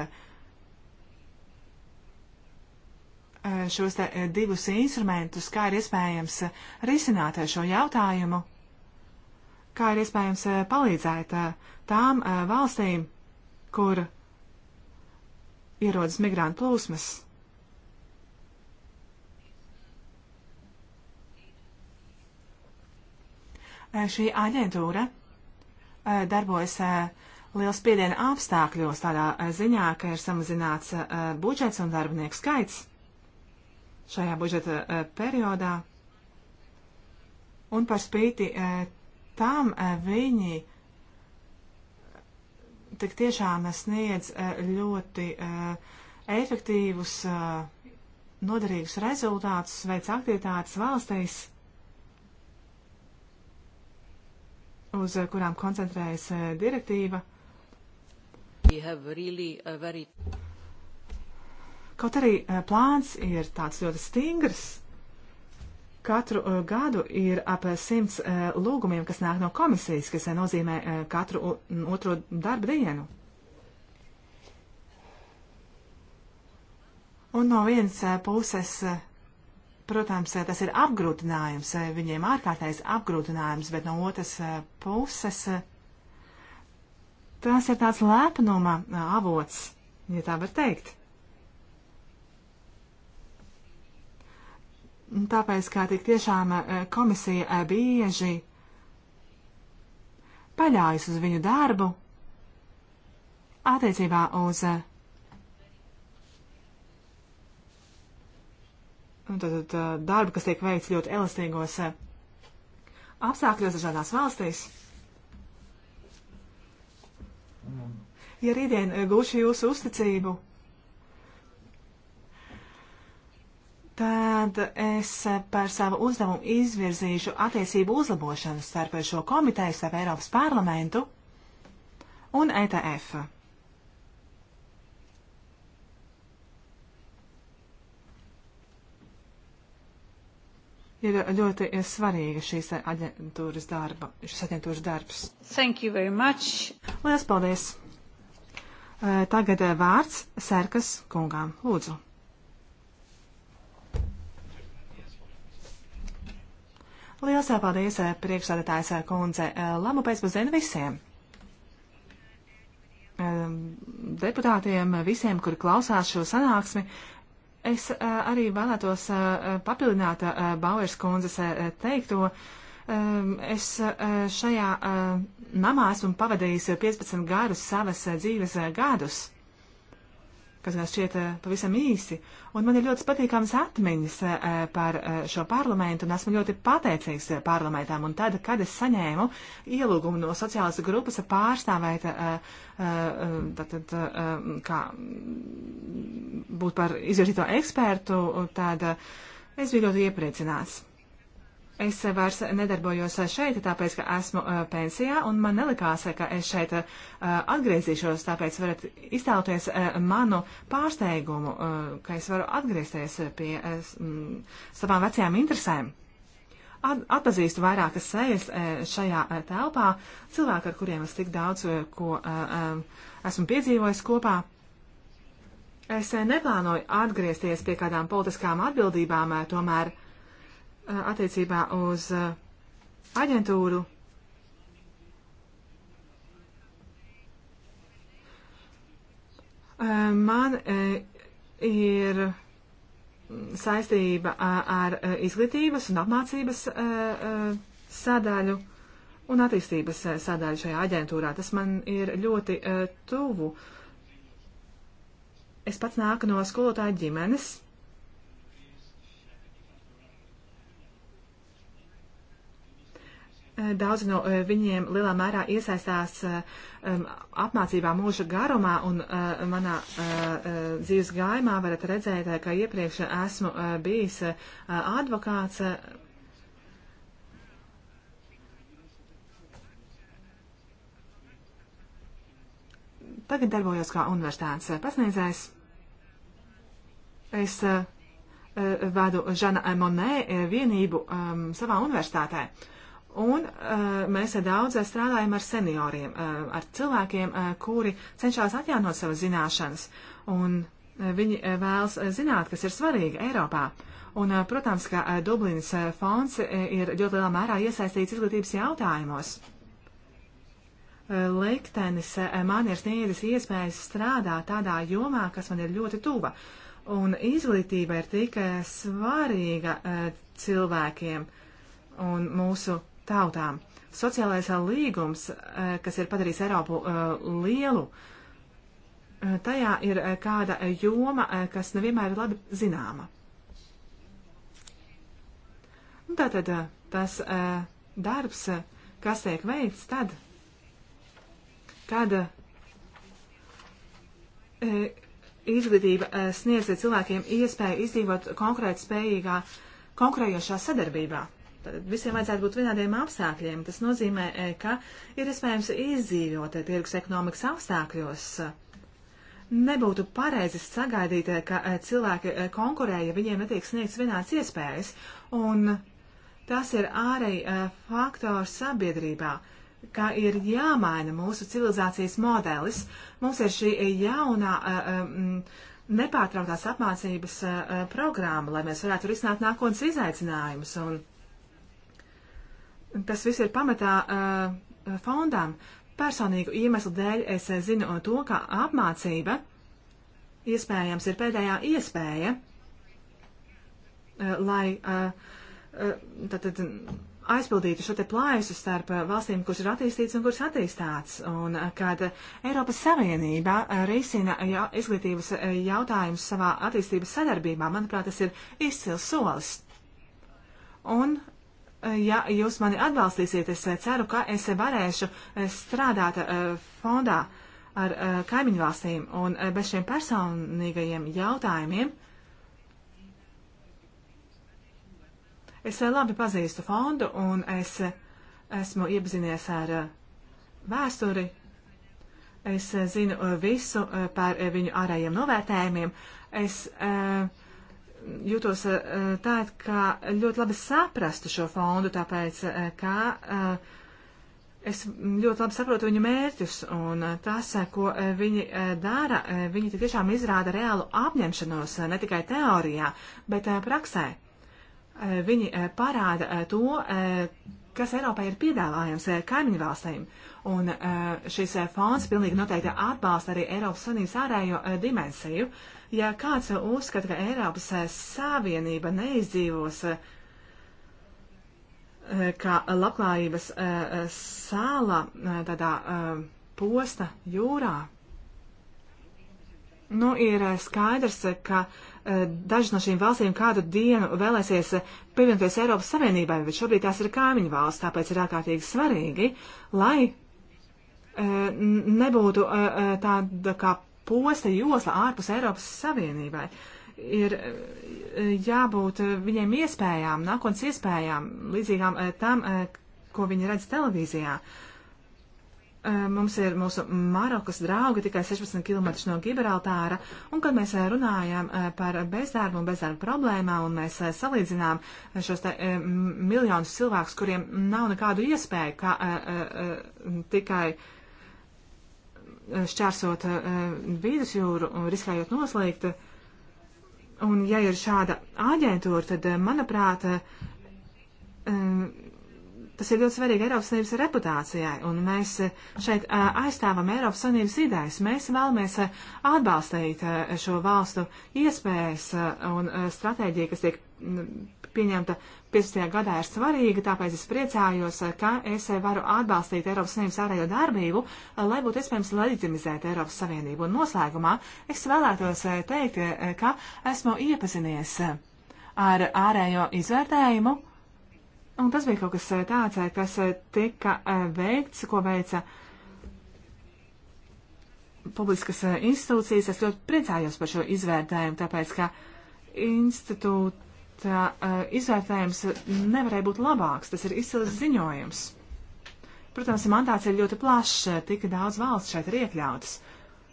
šos te, divus instrumentus, kā ir iespējams risināt šo jautājumu, kā ir iespējams palīdzēt tām valstīm, kur uh, ierodas migrantu plūsmas. Šī aģentūra darbojas liels spiediena apstākļos tādā ziņā, ka ir samazināts budžets un darbinieku skaits šajā budžeta periodā. Un par spīti tam viņi tik tiešām sniedz eh, ļoti eh, efektīvus, eh, noderīgus rezultātus, veic aktivitātes valstīs, uz kurām koncentrējas direktīva. Really very... Kaut arī plāns ir tāds ļoti stingrs, Katru eh, gadu ir ap simts eh, lūgumiem, kas nāk no komisijas, kas eh, nozīmē katru otro darba dienu. Un no vienas puses, protams, tas ir apgrūtinājums, viņiem ārkārtējs apgrūtinājums, bet no otras puses tas ir tāds lēpnuma avots, ja tā var teikt. Tāpēc, kā tik tiešām eh, komisija eh, bieži paļājas uz viņu darbu attiecībā uz tātad, eh, darbu, kas tiek veikts ļoti elastīgos apstākļos dažādās valstīs. Ja rītdien gūšu jūsu uzticību, Tad es par savu uzdevumu izvirzīšu attiecību uzlabošanu starp šo komiteju, starp Eiropas parlamentu un ETF. ir ļoti ir svarīga šīs aģentūras darba, šis aģentūras darbs. Thank you very much. Lielas paldies. Tagad vārds Sērkas kungām. Lūdzu. Lielas eh, paldies eh, priekšsādātājs eh, kundze. Labu pēcpusdienu visiem! Deputātiem, visiem, kuri klausās šo sanāksmi, es arī vēlētos papildināt Bauers kundzes teikto. Es šajā namā esmu pavadījis 15 gadus savas dzīves gadus kas man šķiet eh, pavisam īsi. Un man ir ļoti patīkams atmiņas eh, par eh, šo parlamentu, un esmu ļoti pateicīgs parlamentām. Un tad, kad es saņēmu ielūgumu no sociālas grupas pārstāvēt, tātad, kā būt par izvirzīto ekspertu, tad es biju ļoti iepriecināts. Es vairs nedarbojos šeit, tāpēc, ka esmu pensijā, un man nelikās, ka es šeit atgriezīšos, tāpēc varat iztēloties manu pārsteigumu, ka es varu atgriezties pie savām vecajām interesēm. Atpazīstu vairākas sejas šajā telpā, cilvēki, ar kuriem es tik daudz ko esmu piedzīvojis kopā. Es neplānoju atgriezties pie kādām politiskām atbildībām, tomēr attiecībā uz aģentūru. Man ir saistība ar izglītības un apmācības sadaļu un attīstības sadaļu šajā aģentūrā. Tas man ir ļoti tuvu. Es pats nāku no skolotāja ģimenes Daudzi no eh, viņiem lielā mērā iesaistās eh, apmācībā mūža garumā, un eh, manā dzīves gājumā varat redzēt, ka iepriekš esmu bijis advokāts. Tagad darbojos kā universitātes pasniedzējs. Es vadu Žana Monē vienību savā universitātē. Un uh, mēs daudz eh, strādājam ar senioriem, uh, ar cilvēkiem, uh, kuri cenšas atjaunot savas zināšanas. Un uh, viņi uh, vēlas zināt, kas ir svarīgi Eiropā. Un, uh, protams, ka uh, Dublinas uh, fonds uh, ir ļoti lielā mērā iesaistīts izglītības jautājumos. Uh, liktenis uh, man ir sniedzis iespējas strādāt tādā jomā, kas man ir ļoti tuva. Un izglītība ir tik svarīga uh, cilvēkiem un mūsu tautām. Sociālais eh, līgums, eh, kas ir padarījis Eiropu eh, lielu, tajā ir kāda joma, kas nevienmēr ir labi zināma. Un tātad tas darbs, kas tiek veikts tad, kad izglītība sniedz cilvēkiem iespēju izdzīvot konkrēt spējīgā, konkurējošā sadarbībā visiem vajadzētu būt vienādiem apstākļiem. Tas nozīmē, e, ka ir iespējams izdzīvot e, tirgus ekonomikas apstākļos. Nebūtu pareizi sagaidīt, e, ka cilvēki konkurē, ja viņiem netiek sniegts vienāds iespējas, un tas ir ārēji faktors sabiedrībā ka ir jāmaina mūsu civilizācijas modelis. Mums ir šī jaunā nepārtrauktās apmācības programma, lai mēs varētu risināt nākotnes izaicinājumus. Un Tas viss ir pamatā uh, fondam. Personīgu iemeslu dēļ es uh, zinu to, ka apmācība iespējams ir pēdējā iespēja, uh, lai uh, tātad uh, aizpildītu šo te plājusu starp uh, valstīm, kuras ir attīstīts un kuras attīstāts. Un kad Eiropas Savienība risina izglītības jautājumus savā attīstības sadarbībā, manuprāt, tas ir izcils solis. Un ja jūs mani atbalstīsiet, es eh, ceru, ka es varēšu eh, strādāt eh, fondā ar kaimiņu valstīm un bez šiem personīgajiem jautājumiem. Es labi pazīstu fondu un es esmu iepazinies ar vēsturi. Es zinu visu par viņu ārējiem novērtējumiem. Es uh, jūtos eh, tā, ka ļoti labi saprastu šo fondu, tāpēc, eh, ka eh, es ļoti labi saprotu viņu mērķus un tas, ko viņi dara, viņi tiešām izrāda reālu apņemšanos ne tikai teorijā, bet praksē. Viņi parāda to, kas Eiropai ir piedāvājams kaimiņu valstīm. Un šis fonds pilnīgi noteikti atbalsta arī Eiropas Savienības ārējo dimensiju. Uh, Ja kāds uzskata, ka Eiropas eh, Savienība neizdzīvos eh, eh, kā labklājības sāla tādā posta jūrā, nu ir skaidrs, ka daži no šīm valstīm kādu dienu vēlēsies pievienoties Eiropas Savienībai, bet šobrīd tās ir kaimiņu valsts, tāpēc ir ārkārtīgi svarīgi, lai nebūtu tāda kā posta josla ārpus Eiropas Savienībai. Ir e, jābūt e, viņiem iespējām, nākotnes iespējām, līdzīgām e, tam, ko viņi redz televīzijā. Mums ir mūsu Marokas draugi tikai 16 km no Gibraltāra, un kad mēs runājam par bezdarbu un bezdarbu problēmām, un mēs salīdzinām šos te miljonus cilvēkus, kuriem nav nekādu iespēju, kā tikai. Uh, uh, uh, šķērsot eh, vīdus jūru un riskējot noslēgt. Un ja ir šāda aģentūra, tad, eh, manuprāt, eh, tas ir ļoti svarīgi Eiropas Savienības reputācijai, un mēs šeit aizstāvam Eiropas Savienības idejas. Mēs vēlamies atbalstīt šo valstu iespējas un stratēģiju, kas tiek mm, pieņemta 15. gadā, ir svarīga, tāpēc es priecājos, ka es varu atbalstīt Eiropas Savienības ārējo darbību, lai būtu iespējams leģitimizēt Eiropas Savienību. Un noslēgumā es vēlētos eh, teikt, eh, ka esmu iepazinies eh, ar ārējo izvērtējumu, un tas bija kaut kas tāds, kas tika veikts, ko veica publiskas institūcijas. Es ļoti priecājos par šo izvērtējumu, tāpēc, ka institūti tā uh, izvērtējums nevarēja būt labāks. Tas ir izcils ziņojums. Protams, mandāts ir ļoti plašs, tik daudz valsts šeit ir iekļautas.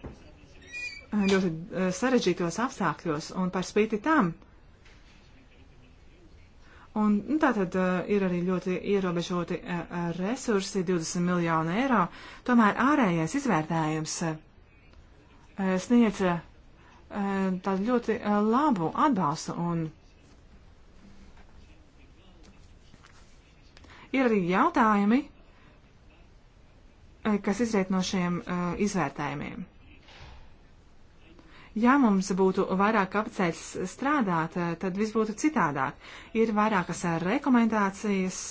Uh, ļoti uh, sarežģītos apstākļos un par spīti tam. Un nu, tā tad ir arī ļoti ierobežoti resursi, 20 miljonu eiro. Tomēr ārējais izvērtējums sniedz tādu ļoti labu atbalstu un Ir arī jautājumi, eh, kas izriet no šiem uh, izvērtējumiem. Ja mums būtu vairāk kapacitātes strādāt, eh, tad viss būtu citādāk. Ir vairākas rekomendācijas,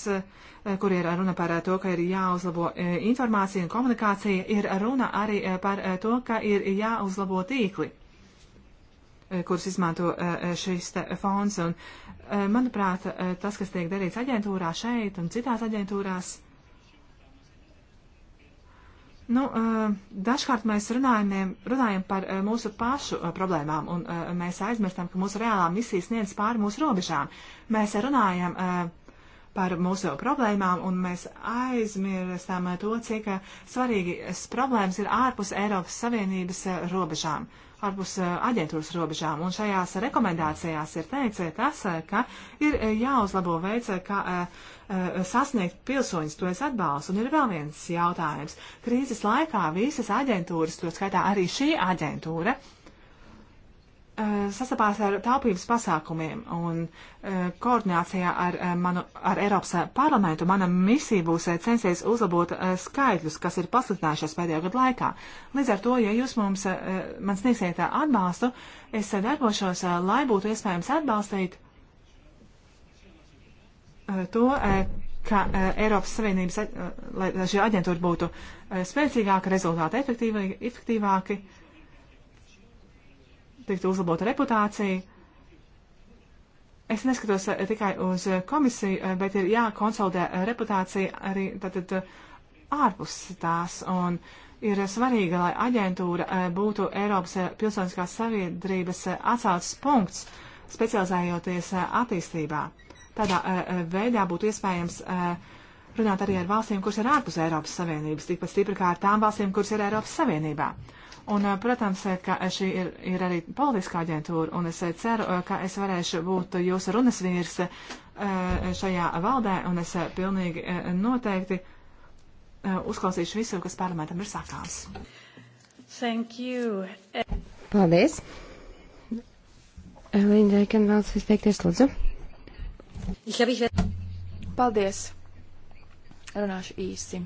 kur ir runa par to, ka ir jāuzlabo informācija un komunikācija, ir runa arī par to, ka ir jāuzlabo tīkli. Eh, kurus izmanto eh, eh, šis fonds. Un, manuprāt, tas, kas tiek darīts aģentūrā šeit un citās aģentūrās, Nu, dažkārt mēs runājam, runājam par mūsu pašu problēmām, un mēs aizmirstam, ka mūsu reālā misija sniedz pāri mūsu robežām. Mēs runājam par mūsu problēmām, un mēs aizmirstam to, cik svarīgas problēmas ir ārpus Eiropas Savienības robežām. Uh, ārpus eh, aģentūras robežām. Un šajās rekomendācijās ir teicis eh, tas, eh, ka ir jāuzlabo veids, kā sasniegt pilsoņus, to es atbalstu. Un ir vēl viens jautājums. Krīzes laikā visas aģentūras, to skaitā arī šī aģentūra, uh, Eh, sastapās ar taupības pasākumiem un eh, koordinācijā ar, eh, manu, ar Eiropas parlamentu. Mana misija būs censties uzlabot skaitļus, kas ir pasliktinājušies pēdējo gadu laikā. Līdz ar to, ja jūs mums, man sniegsiet atbalstu, es darbošos, lai būtu iespējams atbalstīt to, ka Eiropas Savienības, lai šī aģentūra būtu spēcīgāka, rezultāti efektīvāki tiktu uzlabota reputācija. Es neskatos eh, tikai uz eh, komisiju, eh, bet ir jākonsolidē reputācija arī tātad ārpus tās. Un ir svarīgi, lai aģentūra būtu Eiropas pilsoniskās saviedrības atsaucas punkts, specializējoties attīstībā. Tādā veidā būtu iespējams runāt arī ar valstīm, kuras ir ārpus Eiropas Savienības, tikpat stipri kā ar tām valstīm, kuras ir Eiropas Savienībā. Un, protams, ka šī ir, ir arī politiskā aģentūra, un es ceru, ka es varēšu būt jūsu runas vīrs šajā valdē, un es pilnīgi noteikti uzklausīšu visu, kas parlamentam ir sakāms. Thank you. Paldies. Linda, kan vēlas izteikties, lūdzu. Paldies. Runāšu īsi.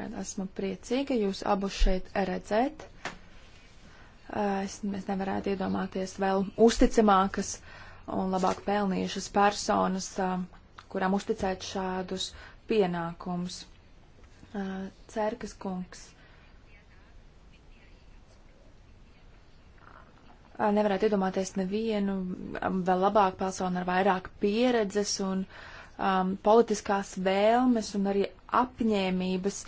Gan esmu priecīga jūs abus šeit redzēt es, mēs nevarētu iedomāties vēl uzticamākas un labāk pelnījušas personas, kurām uzticēt šādus pienākumus. Cerkas kungs. Nevarētu iedomāties nevienu vēl labāku personu ar vairāk pieredzes un um, politiskās vēlmes un arī apņēmības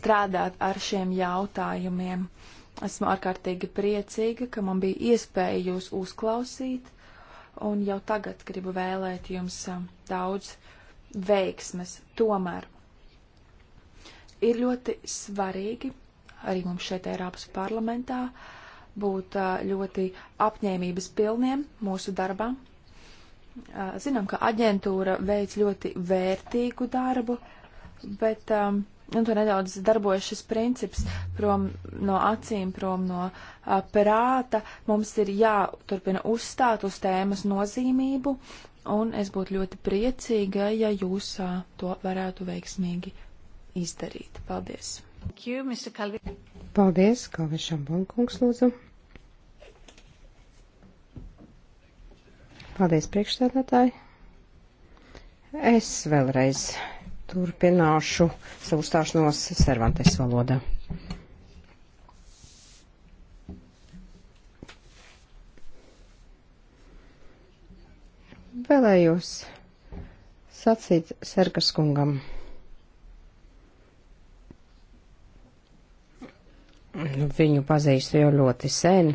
strādāt ar šiem jautājumiem. Uh, Esmu ārkārtīgi priecīga, ka man bija iespēja jūs uzklausīt, un jau tagad gribu vēlēt jums daudz veiksmes. Tomēr ir ļoti svarīgi arī mums šeit Eiropas parlamentā būt ļoti apņēmības pilniem mūsu darbā. Zinām, ka aģentūra veic ļoti vērtīgu darbu, bet um, Un tur nedaudz darbojas šis princips prom no acīm, prom no a, prāta. Mums ir jāturpina uzstāt uz tēmas nozīmību, un es būtu ļoti priecīga, ja jūs a, to varētu veiksmīgi izdarīt. Paldies! You, Paldies, Kalvišam Bankungs, lūdzu! Paldies, priekšstādātāji! Es vēlreiz turpināšu savu stāšanos Cervantes valodā. Vēlējos sacīt Sergas kungam. Nu, viņu pazīstu jau ļoti sen.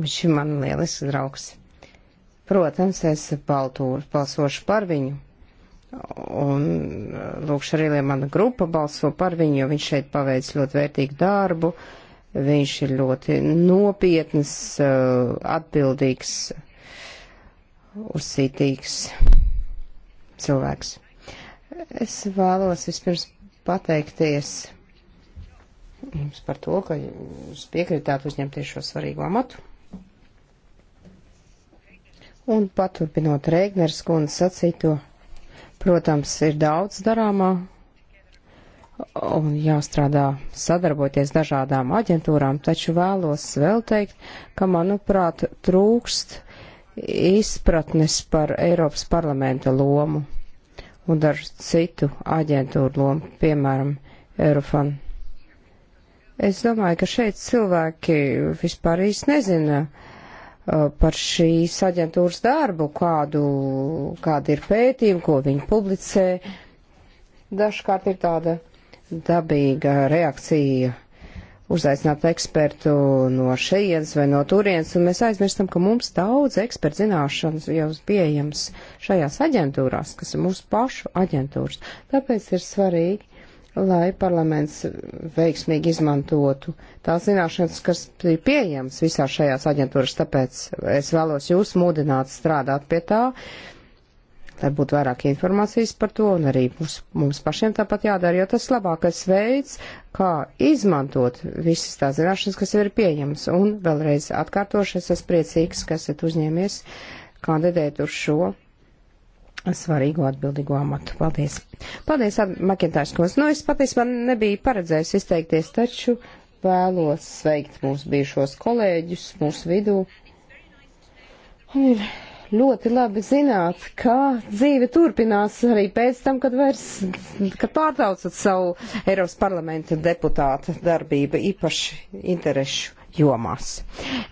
Viņš ir man lielisks draugs. Protams, es baltūru, balsošu par viņu, Un Lūkš arī, lai mana grupa balso par viņu, jo viņš šeit paveic ļoti vērtīgu darbu. Viņš ir ļoti nopietns, eh, atbildīgs, uzsītīgs cilvēks. Es vēlos vispirms pateikties jums par to, ka jūs piekritāt uzņemties šo svarīgo amatu. Un paturpinot Rēgners kundzes sacīto Protams, ir daudz darāmā un jāstrādā sadarboties dažādām aģentūrām, taču vēlos vēl teikt, ka, manuprāt, trūkst izpratnes par Eiropas parlamenta lomu un ar citu aģentūru lomu, piemēram, Eurofan. Es domāju, ka šeit cilvēki vispār īsti nezina, uh, Uh, par šīs aģentūras darbu, kādu, kāda ir pētījuma, ko viņi publicē. Dažkārt ir tāda dabīga reakcija uzaicināt ekspertu no šejienes vai no turienes, un mēs aizmirstam, ka mums daudz ekspertu zināšanas jau pieejams šajās aģentūrās, kas ir mūsu pašu aģentūras. Tāpēc ir svarīgi lai parlaments veiksmīgi izmantotu tās zināšanas, kas ir pieejamas visā šajās aģentūras, tāpēc es vēlos jūs mudināt strādāt pie tā, lai būtu vairāk informācijas par to, un arī mums, mums pašiem tāpat jādara, jo tas labākais veids, kā izmantot visas tās zināšanas, kas ir pieejamas. Un vēlreiz atkārtošu, es esmu priecīgs, ka esat uzņēmies kandidēt uz šo svarīgu atbildīgu amatu. Paldies. Paldies, Makintārs Kungs. Nu, es patiesībā nebiju paredzējis izteikties, taču vēlos sveikt mūsu bijušos kolēģus mūsu vidū. Un ir ļoti labi zināt, ka dzīve turpinās arī pēc tam, kad vairs, kad pārtaucat savu Eiropas parlamenta deputāta darbību īpaši interešu jomās.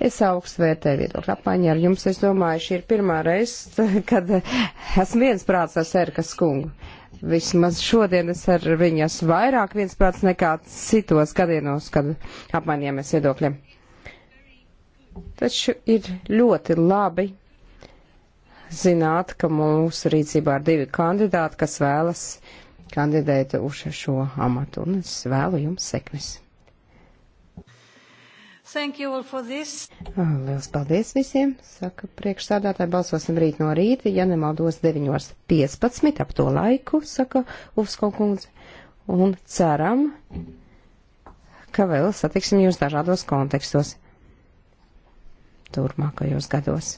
Es augstu vērtēju viedokļu apmaiņu ar jums. Es domāju, šī ir pirmā reize, kad esmu viensprāts ar Sērkas kungu. Vismaz šodien es ar viņu esmu vairāk viensprāts nekā citos gadienos, kad apmainījāmies viedokļiem. Taču ir ļoti labi zināt, ka mūsu rīcībā ir divi kandidāti, kas vēlas kandidēt uz šo amatu, un es vēlu jums sekmes. Thank you all for this. Ah, Lielas paldies visiem, saka priekšsādātāji, balsosim rīt no rīta, ja nemaldos 9.15 ap to laiku, saka Uvsko kundze, un ceram, ka vēl satiksim jūs dažādos kontekstos turpmākajos gados.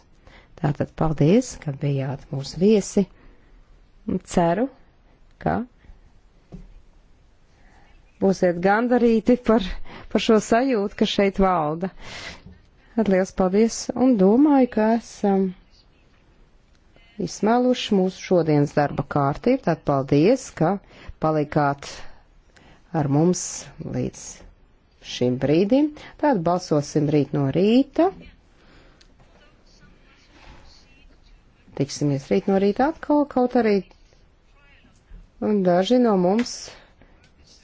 Tātad paldies, ka bijāt mūsu viesi. Un ceru, ka būsiet gandarīti par par šo sajūtu, kas šeit valda. Liels paldies un domāju, ka esam izsmēluši mūsu šodienas darba kārtību. Tad paldies, ka palikāt ar mums līdz šim brīdim. Tad balsosim rīt no rīta. Tiksimies rīt no rīta atkal, kaut arī daži no mums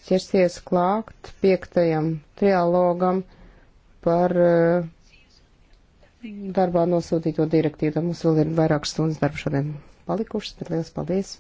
ķersies klākt piektajam trialogam par uh, darbā nosūtīto direktīvu. Mums vēl ir vairākas stundas darba šodien palikušas, bet liels paldies!